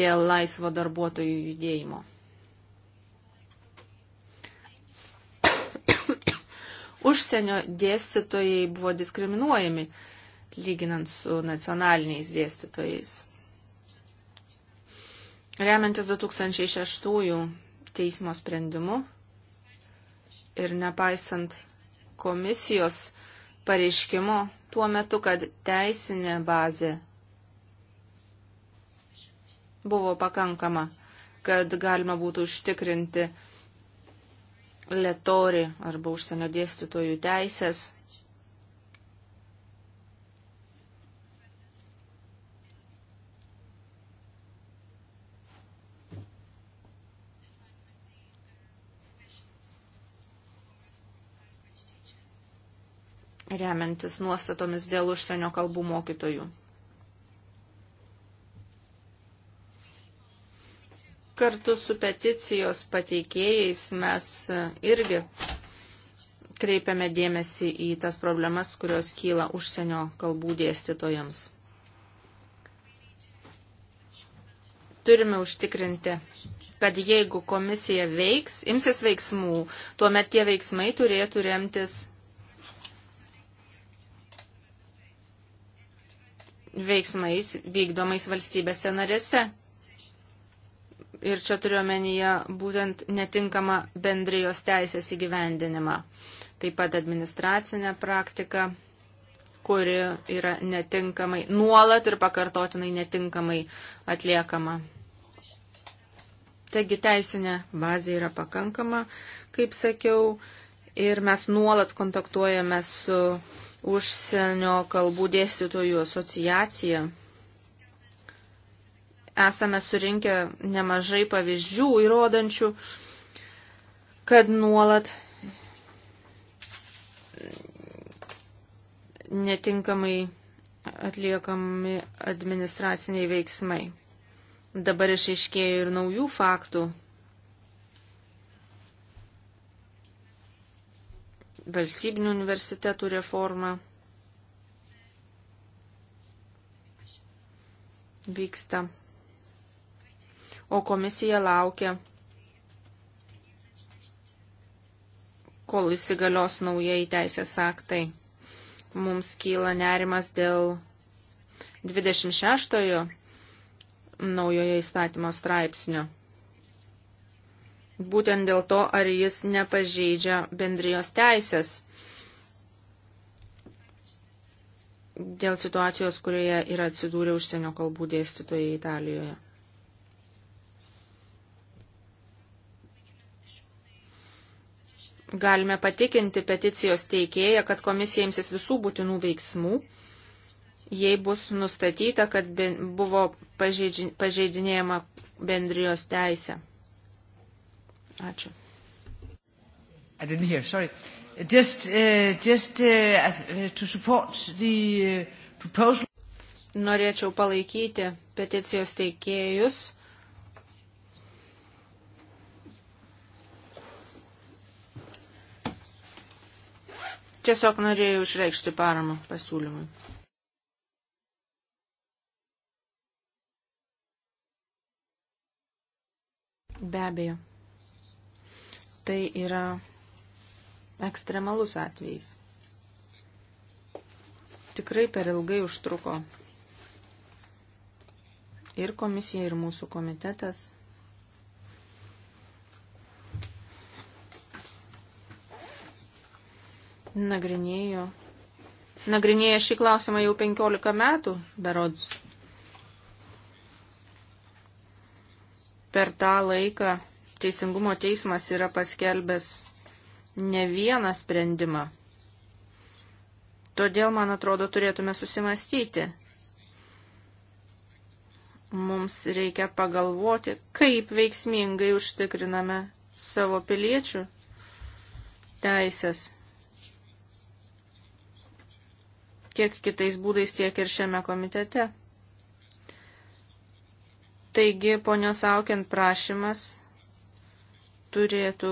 Speaker 2: dėl laisvo darbuotojų judėjimo. užsienio dėstytojai buvo diskriminuojami, lyginant su nacionaliniais dėstytojais. Remiantis 2006 teismo sprendimu ir nepaisant komisijos pareiškimo tuo metu, kad teisinė bazė buvo pakankama, kad galima būtų užtikrinti Letori arba užsienio dėstytojų teisės. remiantis nuostatomis dėl užsienio kalbų mokytojų. Kartu su peticijos pateikėjais mes irgi kreipiame dėmesį į tas problemas, kurios kyla užsienio kalbų dėstytojams. Turime užtikrinti, kad jeigu komisija veiks, imsis veiksmų, tuomet tie veiksmai turėtų remtis veiksmais vykdomais valstybėse narėse ir čia turiuomenyje būtent netinkamą bendrijos teisės įgyvendinimą. Taip pat administracinę praktiką, kuri yra netinkamai, nuolat ir pakartotinai netinkamai atliekama. Taigi teisinė bazė yra pakankama, kaip sakiau, ir mes nuolat kontaktuojame su užsienio kalbų dėstytojų asociacija esame surinkę nemažai pavyzdžių įrodančių, kad nuolat netinkamai atliekami administraciniai veiksmai. Dabar išaiškėjo ir naujų faktų. Valstybinių universitetų reforma vyksta o komisija laukia, kol įsigalios naujai teisės aktai. Mums kyla nerimas dėl 26 naujojo įstatymo straipsnio. Būtent dėl to, ar jis nepažeidžia bendrijos teisės dėl situacijos, kurioje yra atsidūrę užsienio kalbų dėstytojai Italijoje. Galime patikinti peticijos teikėją, kad komisija imsis visų būtinų veiksmų, jei bus nustatyta, kad buvo pažeidinėjama bendrijos teisė.
Speaker 1: Ačiū. I didn't hear, sorry. Just,
Speaker 2: uh, just uh, uh to support the uh, proposal. Norėčiau palaikyti peticijos teikėjus Tiesiog norėjau išreikšti paramą pasiūlymui. Be abejo. Tai yra ekstremalus atvejis. Tikrai per ilgai užtruko ir komisija, ir mūsų komitetas nagrinėjo, nagrinėja šį klausimą jau 15 metų, berods. Per tą laiką Teisingumo teismas yra paskelbęs ne vieną sprendimą. Todėl, man atrodo, turėtume susimastyti. Mums reikia pagalvoti, kaip veiksmingai užtikriname savo piliečių teisės. tiek kitais būdais, tiek ir šiame komitete. Taigi, ponios aukiant prašymas turėtų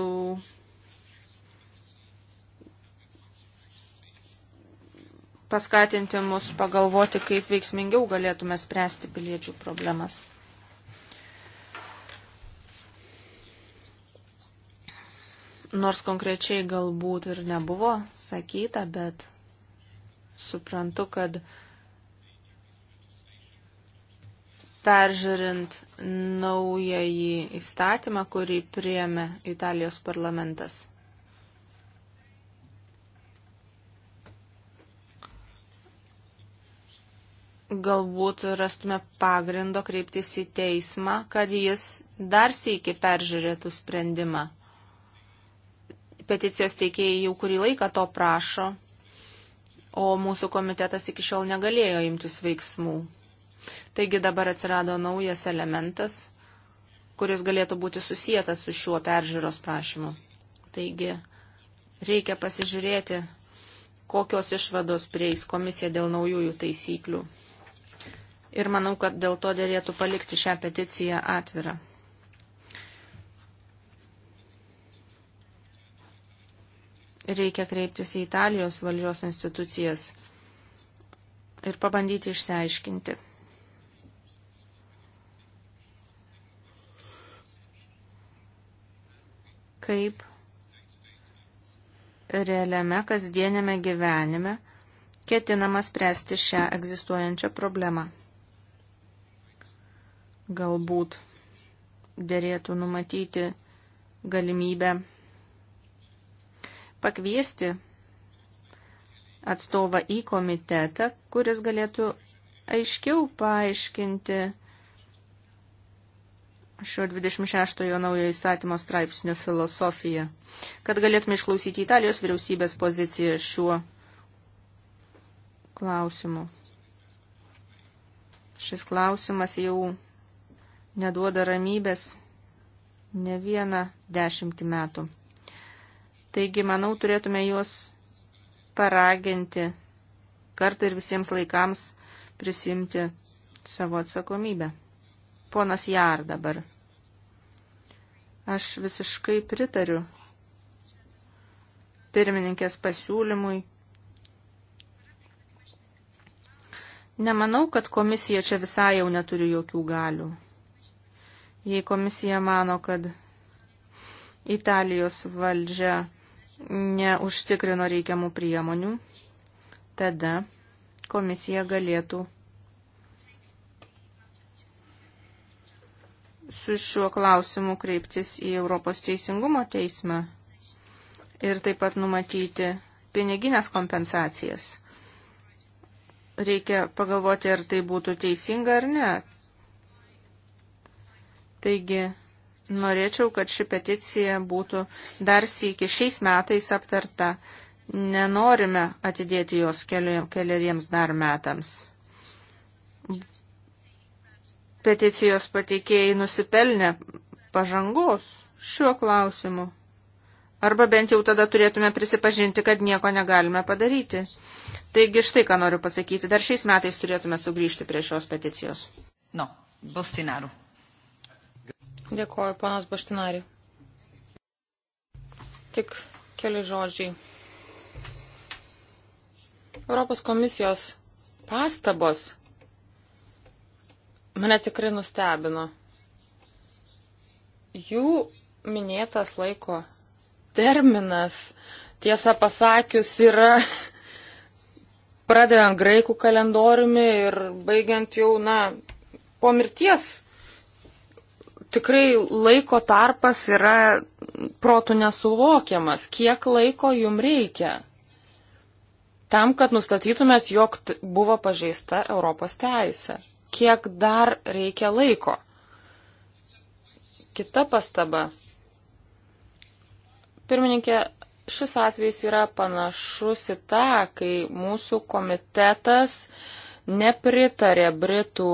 Speaker 2: paskatinti mus pagalvoti, kaip veiksmingiau galėtume spręsti piliečių problemas. Nors konkrečiai galbūt ir nebuvo sakyta, bet suprantu, kad peržiūrint naująjį įstatymą, kurį priėmė Italijos parlamentas. Galbūt rastume pagrindo kreiptis į teismą, kad jis dar sėki peržiūrėtų sprendimą. Peticijos teikėjai jau kurį laiką to prašo, o mūsų komitetas iki šiol negalėjo imtis veiksmų. Taigi dabar atsirado naujas elementas, kuris galėtų būti susijęs su šiuo peržiūros prašymu. Taigi reikia pasižiūrėti, kokios išvados prieis komisija dėl naujųjų taisyklių. Ir manau, kad dėl to dėlėtų palikti šią peticiją atvirą. reikia kreiptis į Italijos valdžios institucijas ir pabandyti išsiaiškinti. Kaip realiame kasdienėme gyvenime ketinama spręsti šią egzistuojančią problemą. Galbūt dėrėtų numatyti galimybę pakviesti atstovą į komitetą, kuris galėtų aiškiau paaiškinti šio 26-ojo naujo įstatymo straipsnio filosofiją, kad galėtume išklausyti Italijos vyriausybės poziciją šiuo klausimu. Šis klausimas jau neduoda ramybės ne vieną dešimtį metų. Taigi, manau, turėtume juos paraginti kartą ir visiems laikams prisimti savo atsakomybę. Ponas Jar dabar. Aš visiškai pritariu pirmininkės pasiūlymui. Nemanau, kad komisija čia visai jau neturi jokių galių. Jei komisija mano, kad Italijos valdžia neužtikrino reikiamų priemonių, tada komisija galėtų su šiuo klausimu kreiptis į Europos teisingumo teismą ir taip pat numatyti piniginės kompensacijas. Reikia pagalvoti, ar tai būtų teisinga ar ne. Taigi, norėčiau, kad ši peticija būtų dar sėki šiais metais aptarta. Nenorime atidėti jos keliariems dar metams. Peticijos pateikėjai nusipelnė pažangos šiuo klausimu. Arba bent jau tada turėtume prisipažinti, kad nieko negalime padaryti. Taigi štai ką noriu pasakyti. Dar šiais metais turėtume sugrįžti prie
Speaker 3: šios peticijos. No, Bostinaru. Dėkuoju, panas Baštinari. Tik keli žodžiai. Europos komisijos pastabos mane tikrai nustebino. Jų minėtas laiko terminas, tiesą pasakius, yra pradedant graikų kalendoriumi ir baigiant jau, na, po mirties tikrai laiko tarpas yra protų nesuvokiamas, kiek laiko jum reikia tam, kad nustatytumėt, jog buvo pažeista Europos teisė. Kiek dar reikia laiko? Kita pastaba. Pirmininkė, šis atvejs yra panašus į tą, kai mūsų komitetas uh, nepritarė Britų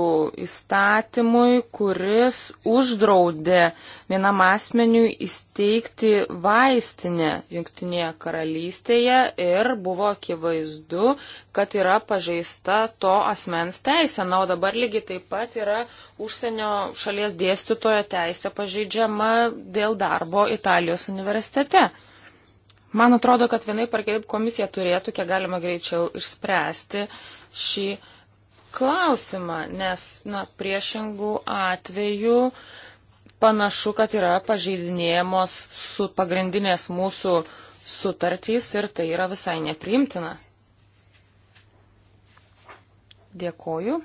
Speaker 3: įstatymui, kuris uždraudė vienam asmeniui įsteigti vaistinę Junktinėje karalystėje ir buvo akivaizdu, kad yra pažeista to asmens teisė. Na, o dabar lygiai taip pat yra užsienio šalies dėstytojo teisė pažeidžiama dėl darbo Italijos universitete. Man atrodo, kad vienai par kitaip komisija turėtų, kiek galima greičiau, išspręsti šį klausimą, nes na, priešingų atvejų panašu, kad yra pažeidinėjamos su pagrindinės mūsų sutartys ir tai yra visai nepriimtina. Dėkoju.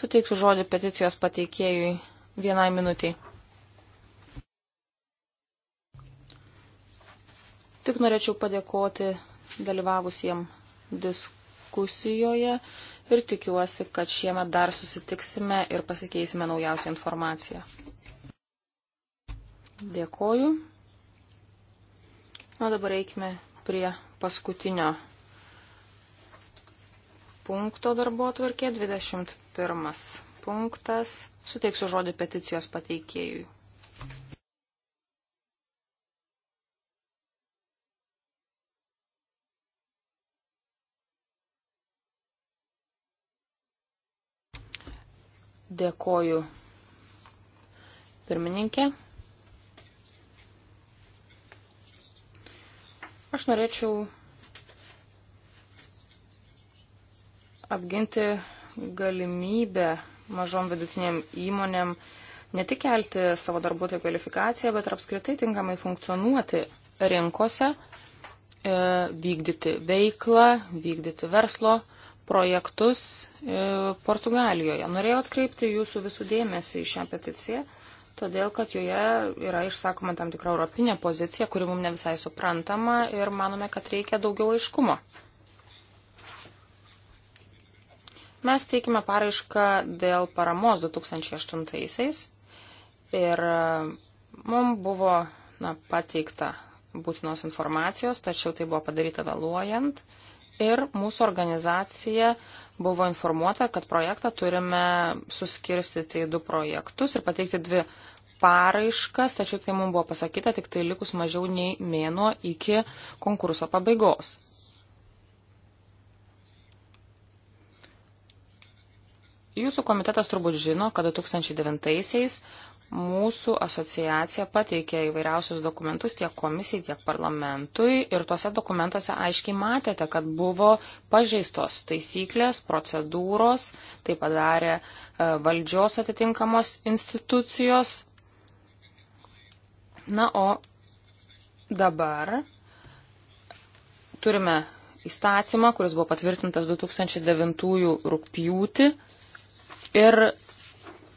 Speaker 3: Suteiksiu žodį peticijos pateikėjui vienai minutiai. Tik norėčiau padėkoti dalyvavusiem diskusijom diskusijoje ir tikiuosi, kad šiemet dar susitiksime ir pasikeisime naujausią informaciją. Dėkoju. Na dabar eikime prie paskutinio punkto darbo atvarkė, 21 punktas. Suteiksiu žodį peticijos pateikėjui. Dėkoju pirmininkė. Aš norėčiau apginti galimybę mažom vidutiniam įmonėm ne tik kelti savo darbuotojų kvalifikaciją, bet ir apskritai tinkamai funkcionuoti rinkose, e, vykdyti veiklą, vykdyti verslo projektus e, Portugalijoje. Norėjau atkreipti jūsų visų dėmesį į šią peticiją, todėl kad joje yra išsakoma tam tikra europinė pozicija, kuri mums ne visai suprantama ir manome, kad reikia daugiau aiškumo. Mes teikime paraišką dėl paramos 2008-aisiais ir e, mums buvo na, pateikta būtinos informacijos, tačiau tai buvo padaryta vėluojant ir mūsų organizacija buvo informuota, kad projektą turime suskirstyti į du projektus ir pateikti dvi paraiškas, tačiau tai mums buvo pasakyta tik tai likus mažiau nei mėnuo iki konkurso pabaigos. Jūsų komitetas turbūt žino, kad 2009-aisiais Mūsų asociacija pateikė įvairiausius dokumentus tiek komisijai, tiek parlamentui ir tuose dokumentuose aiškiai matėte, kad buvo pažeistos taisyklės, procedūros, tai padarė e, valdžios atitinkamos institucijos. Na, o dabar turime įstatymą, kuris buvo patvirtintas 2009 rūpjūti ir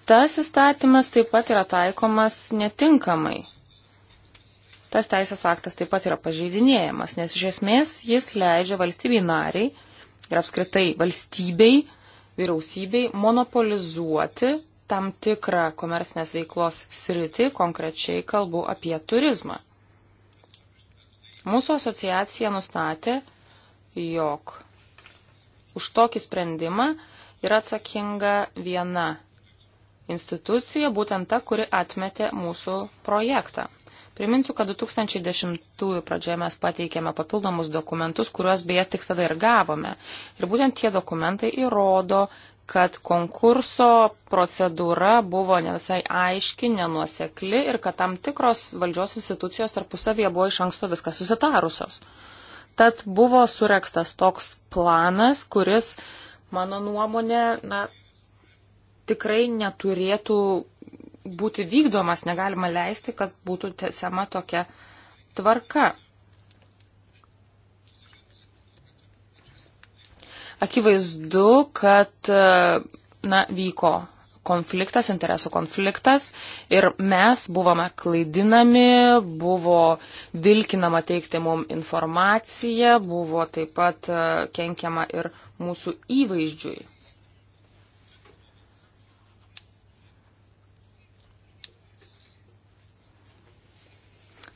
Speaker 3: tas įstatymas taip pat yra taikomas netinkamai. Tas teisės aktas taip pat yra pažeidinėjamas, nes iš esmės jis leidžia valstybei nariai ir apskritai valstybei, vyriausybei monopolizuoti tam tikrą komersinės veiklos sritį, konkrečiai kalbu apie turizmą. Mūsų asociacija nustatė, jog už tokį sprendimą yra atsakinga viena institucija, būtent ta, kuri atmetė mūsų projektą. Priminsiu, kad 2010 pradžioje mes pateikėme papildomus dokumentus, kuriuos beje tik tada ir gavome. Ir būtent tie dokumentai įrodo, kad konkurso procedūra buvo ne visai aiški, nenuosekli ir kad tam tikros valdžios institucijos tarpusavėje buvo iš anksto viskas susitarusios. Tad buvo surekstas toks planas, kuris, mano nuomonė, na, tikrai neturėtų būti vykdomas, negalima leisti, kad būtų tesama tokia tvarka. Akivaizdu, kad na, vyko konfliktas, interesų konfliktas ir mes buvome klaidinami, buvo vilkinama teikti mum informaciją, buvo taip pat e, kenkiama ir mūsų įvaizdžiui.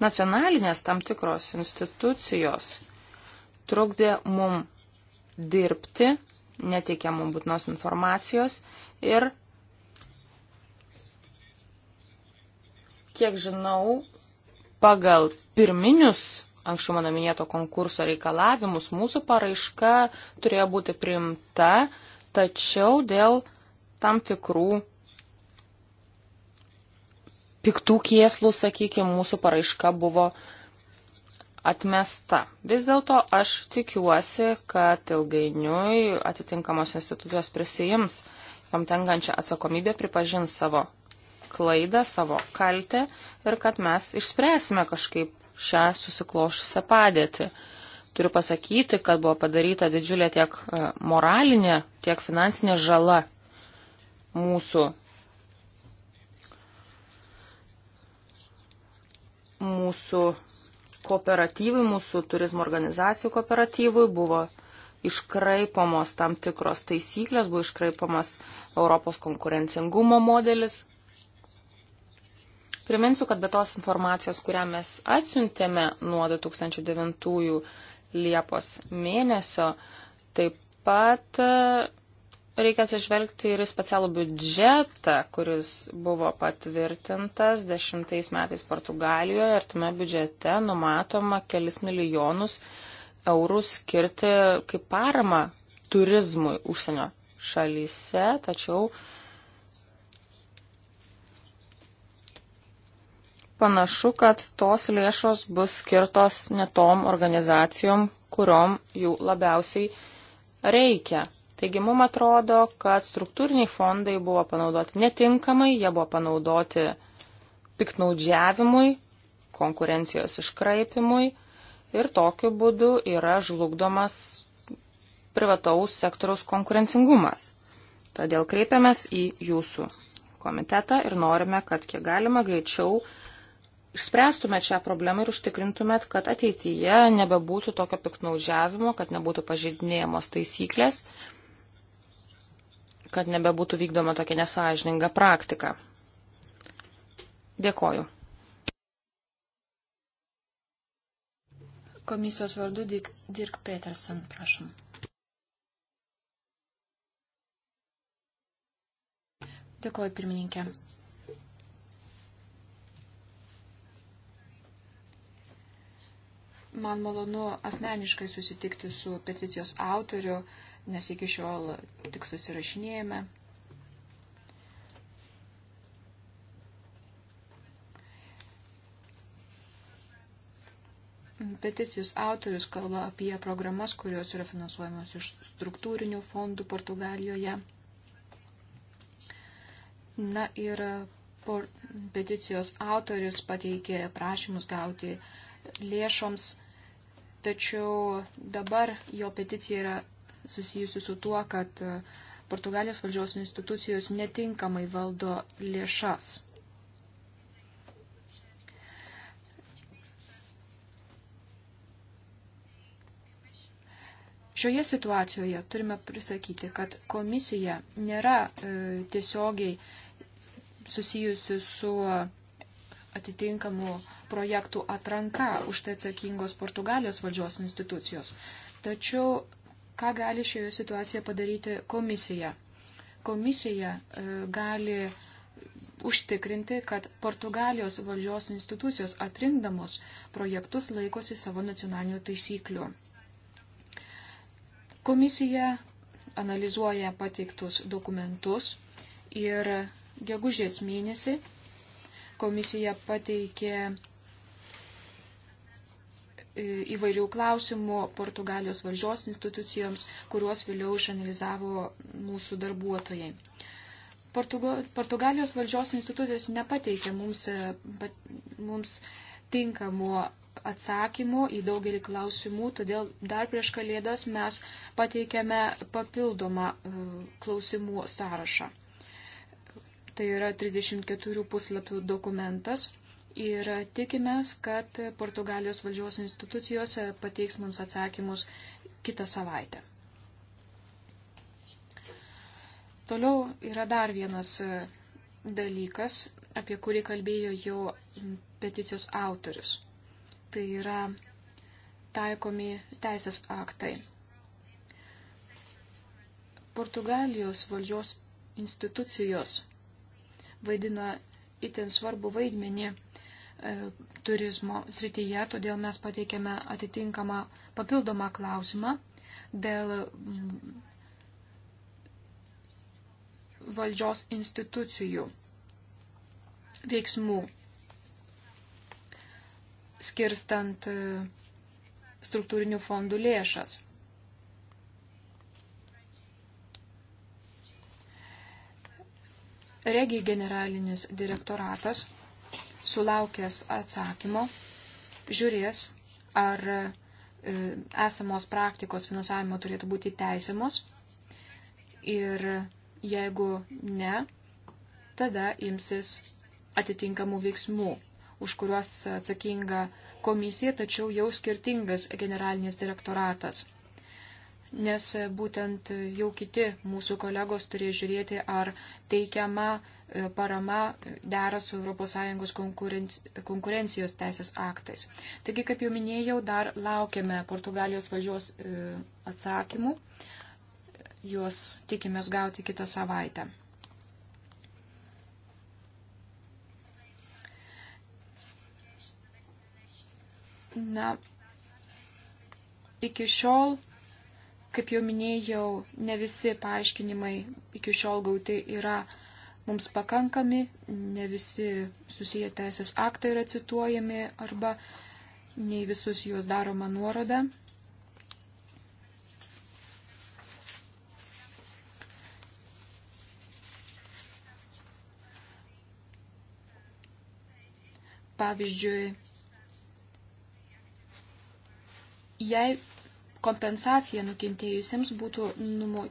Speaker 3: nacionalinės tam tikros institucijos trukdė mum dirbti, neteikė mum būtinos informacijos ir, kiek žinau, pagal pirminius anksčiau mano minėto konkurso reikalavimus mūsų paraiška turėjo būti priimta, tačiau dėl tam tikrų piktų kieslų, sakykime, mūsų paraiška buvo atmesta. Vis dėlto aš tikiuosi, kad ilgainiui atitinkamos institucijos prisijims tam tenkančią atsakomybę, pripažins savo klaidą, savo kaltę ir kad mes išspręsime kažkaip šią susiklošusią padėtį. Turiu pasakyti, kad buvo padaryta didžiulė tiek e, moralinė, tiek finansinė žala mūsų mūsų kooperatyvui, mūsų turizmo organizacijų kooperatyvui buvo iškraipomos tam tikros taisyklės, buvo iškraipomas Europos konkurencingumo modelis. Priminsiu, kad be tos informacijos, kurią mes atsiuntėme nuo 2009 Liepos mėnesio, taip pat reikia atsižvelgti ir į specialų biudžetą, kuris buvo patvirtintas dešimtais metais Portugalijoje ir tame biudžete numatoma kelis milijonus eurų skirti kaip parama turizmui užsienio šalyse, tačiau panašu, kad tos lėšos bus skirtos netom organizacijom, kuriom jų labiausiai reikia. Taigi mums atrodo, kad struktūriniai fondai buvo panaudoti netinkamai, jie buvo panaudoti piknaudžiavimui, konkurencijos iškraipimui ir tokiu būdu yra žlugdomas privataus sektoriaus konkurencingumas. Todėl kreipiamės į jūsų komitetą ir norime, kad kiek galima greičiau išspręstumėt šią problemą ir užtikrintumėt, kad ateityje nebebūtų tokio piknaudžiavimo, kad nebūtų pažeidinėjamos taisyklės kad nebebūtų vykdoma tokia nesažininga praktika. Dėkoju.
Speaker 1: Komisijos vardu Dirk, Dirk Petersen, prašom. Dėkoju, pirmininkė. Man malonu asmeniškai susitikti su peticijos autoriu nes iki šiol tik susirašinėjame. Peticijos autorius kalba apie programas, kurios yra finansuojamos iš struktūrinių fondų Portugalijoje. Na ir por, peticijos autoris pateikė prašymus gauti lėšoms, tačiau dabar jo peticija yra susijusių su tuo, kad e, Portugalijos valdžios institucijos netinkamai valdo lėšas. Šioje situacijoje turime prisakyti, kad komisija nėra e, tiesiogiai susijusi su atitinkamu projektų atranka už tai atsakingos Portugalijos valdžios institucijos. Tačiau Ką gali šioje situacijoje padaryti komisija? Komisija e, gali užtikrinti, kad Portugalijos valdžios institucijos atrinkdamos projektus laikosi savo nacionalinių taisyklių. Komisija analizuoja pateiktus dokumentus ir gegužės mėnesį komisija pateikė E, įvairių klausimų Portugalijos valdžios institucijoms, kuriuos vėliau išanalizavo mūsų darbuotojai. Portugo, Portugalijos valdžios institucijos nepateikė mums, e, mums tinkamų atsakymų į daugelį klausimų, todėl dar prieš kalėdas mes pateikėme papildomą e, klausimų sąrašą. Tai yra 34 puslapių dokumentas ir tikimės, kad Portugalijos valdžios institucijos pateiks mums atsakymus kitą savaitę. Toliau yra dar vienas e, dalykas, apie kurį kalbėjo jau peticijos autorius. Tai yra taikomi teisės aktai. Portugalijos valdžios institucijos vaidina itin svarbu vaidmenį E, turizmo srityje, todėl mes pateikėme atitinkamą papildomą klausimą dėl mm, valdžios institucijų veiksmų, skirstant e, struktūrinių fondų lėšas. Regijai generalinis direktoratas sulaukęs atsakymo, žiūrės, ar e, esamos praktikos finansavimo turėtų būti teisiamos ir jeigu ne, tada imsis atitinkamų veiksmų, už kuriuos atsakinga komisija, tačiau jau skirtingas generalinis direktoratas. Nes būtent jau kiti mūsų kolegos turės žiūrėti, ar teikiama parama dera su ES konkurencijos teisės aktais. Taigi, kaip jau minėjau, dar laukiame Portugalijos valdžios e, atsakymų. Juos tikimės gauti kitą savaitę. Na, iki šiol kaip jau minėjau, ne visi paaiškinimai iki šiol gauti yra mums pakankami, ne visi susiję teisės aktai yra cituojami arba nei visus juos daroma nuoroda. Pavyzdžiui, jei kompensacija nukentėjusiems būtų numo,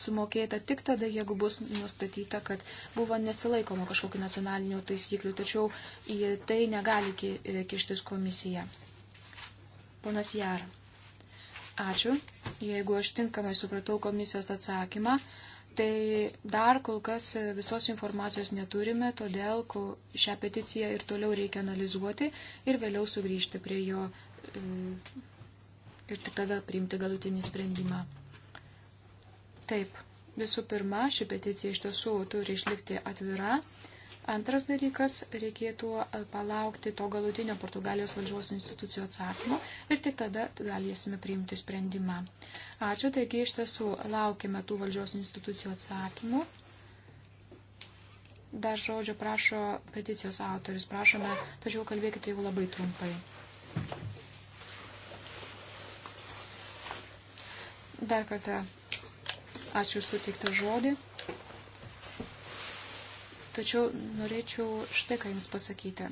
Speaker 1: sumokėta tik tada, jeigu bus nustatyta, kad buvo nesilaikoma kažkokiu nacionaliniu taisykliu, tačiau į tai negali kištis komisija. Ponas Jar. Ačiū. Jeigu aš tinkamai supratau komisijos atsakymą, tai dar kol kas visos informacijos neturime, todėl šią peticiją ir toliau reikia analizuoti ir vėliau sugrįžti prie jo. E, ir tik tada priimti galutinį sprendimą. Taip, visų pirma, ši peticija iš tiesų turi išlikti atvira. Antras dalykas, reikėtų e, palaukti to galutinio Portugalijos valdžios institucijų atsakymo ir tik tada galėsime priimti sprendimą. Ačiū, taigi iš tiesų laukime tų valdžios institucijų atsakymų. Dar žodžio prašo peticijos autoris, prašome, tačiau kalbėkite jau labai trumpai. Dar kartą ačiū suteiktą žodį. Tačiau norėčiau štai ką Jums pasakyti.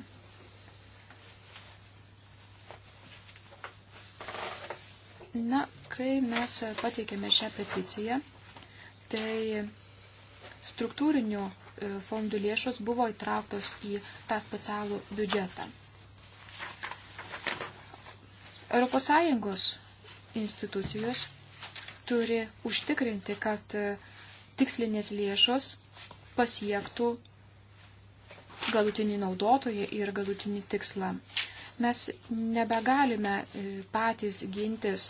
Speaker 1: Na, kai mes pateikėme šią peticiją, tai struktūrinių e, fondų lėšos buvo įtrauktos į tą specialų biudžetą. ES institucijos turi užtikrinti, kad tikslinės lėšos pasiektų galutinį naudotoją ir galutinį tikslą. Mes nebegalime e, patys gintis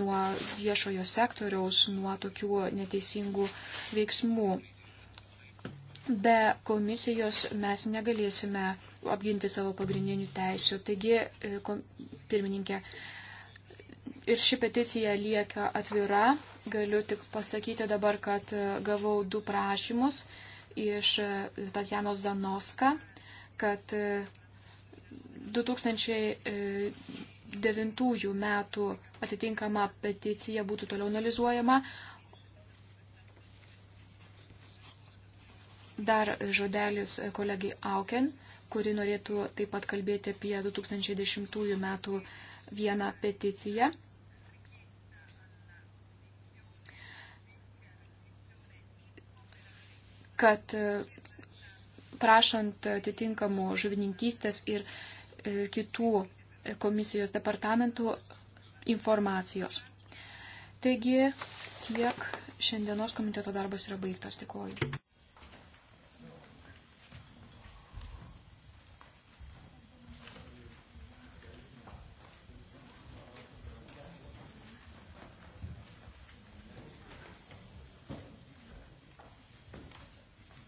Speaker 1: nuo viešojo sektoriaus, nuo tokių neteisingų veiksmų. Be komisijos mes negalėsime apginti savo pagrindinių teisių. Taigi, e, pirmininkė, ir ši peticija lieka atvira. Galiu tik pasakyti dabar, kad gavau du prašymus iš Tatjanos Zanoska, kad 2009 e, e, metų atitinkama peticija būtų toliau analizuojama. Dar žodelis kolegai Auken, kuri norėtų taip pat kalbėti apie 2010 metų vieną peticiją. kad e, prašant atitinkamų žuvininkystės ir e, kitų komisijos departamentų informacijos. Taigi tiek šiandienos komiteto darbas yra baigtas. Dėkuoju.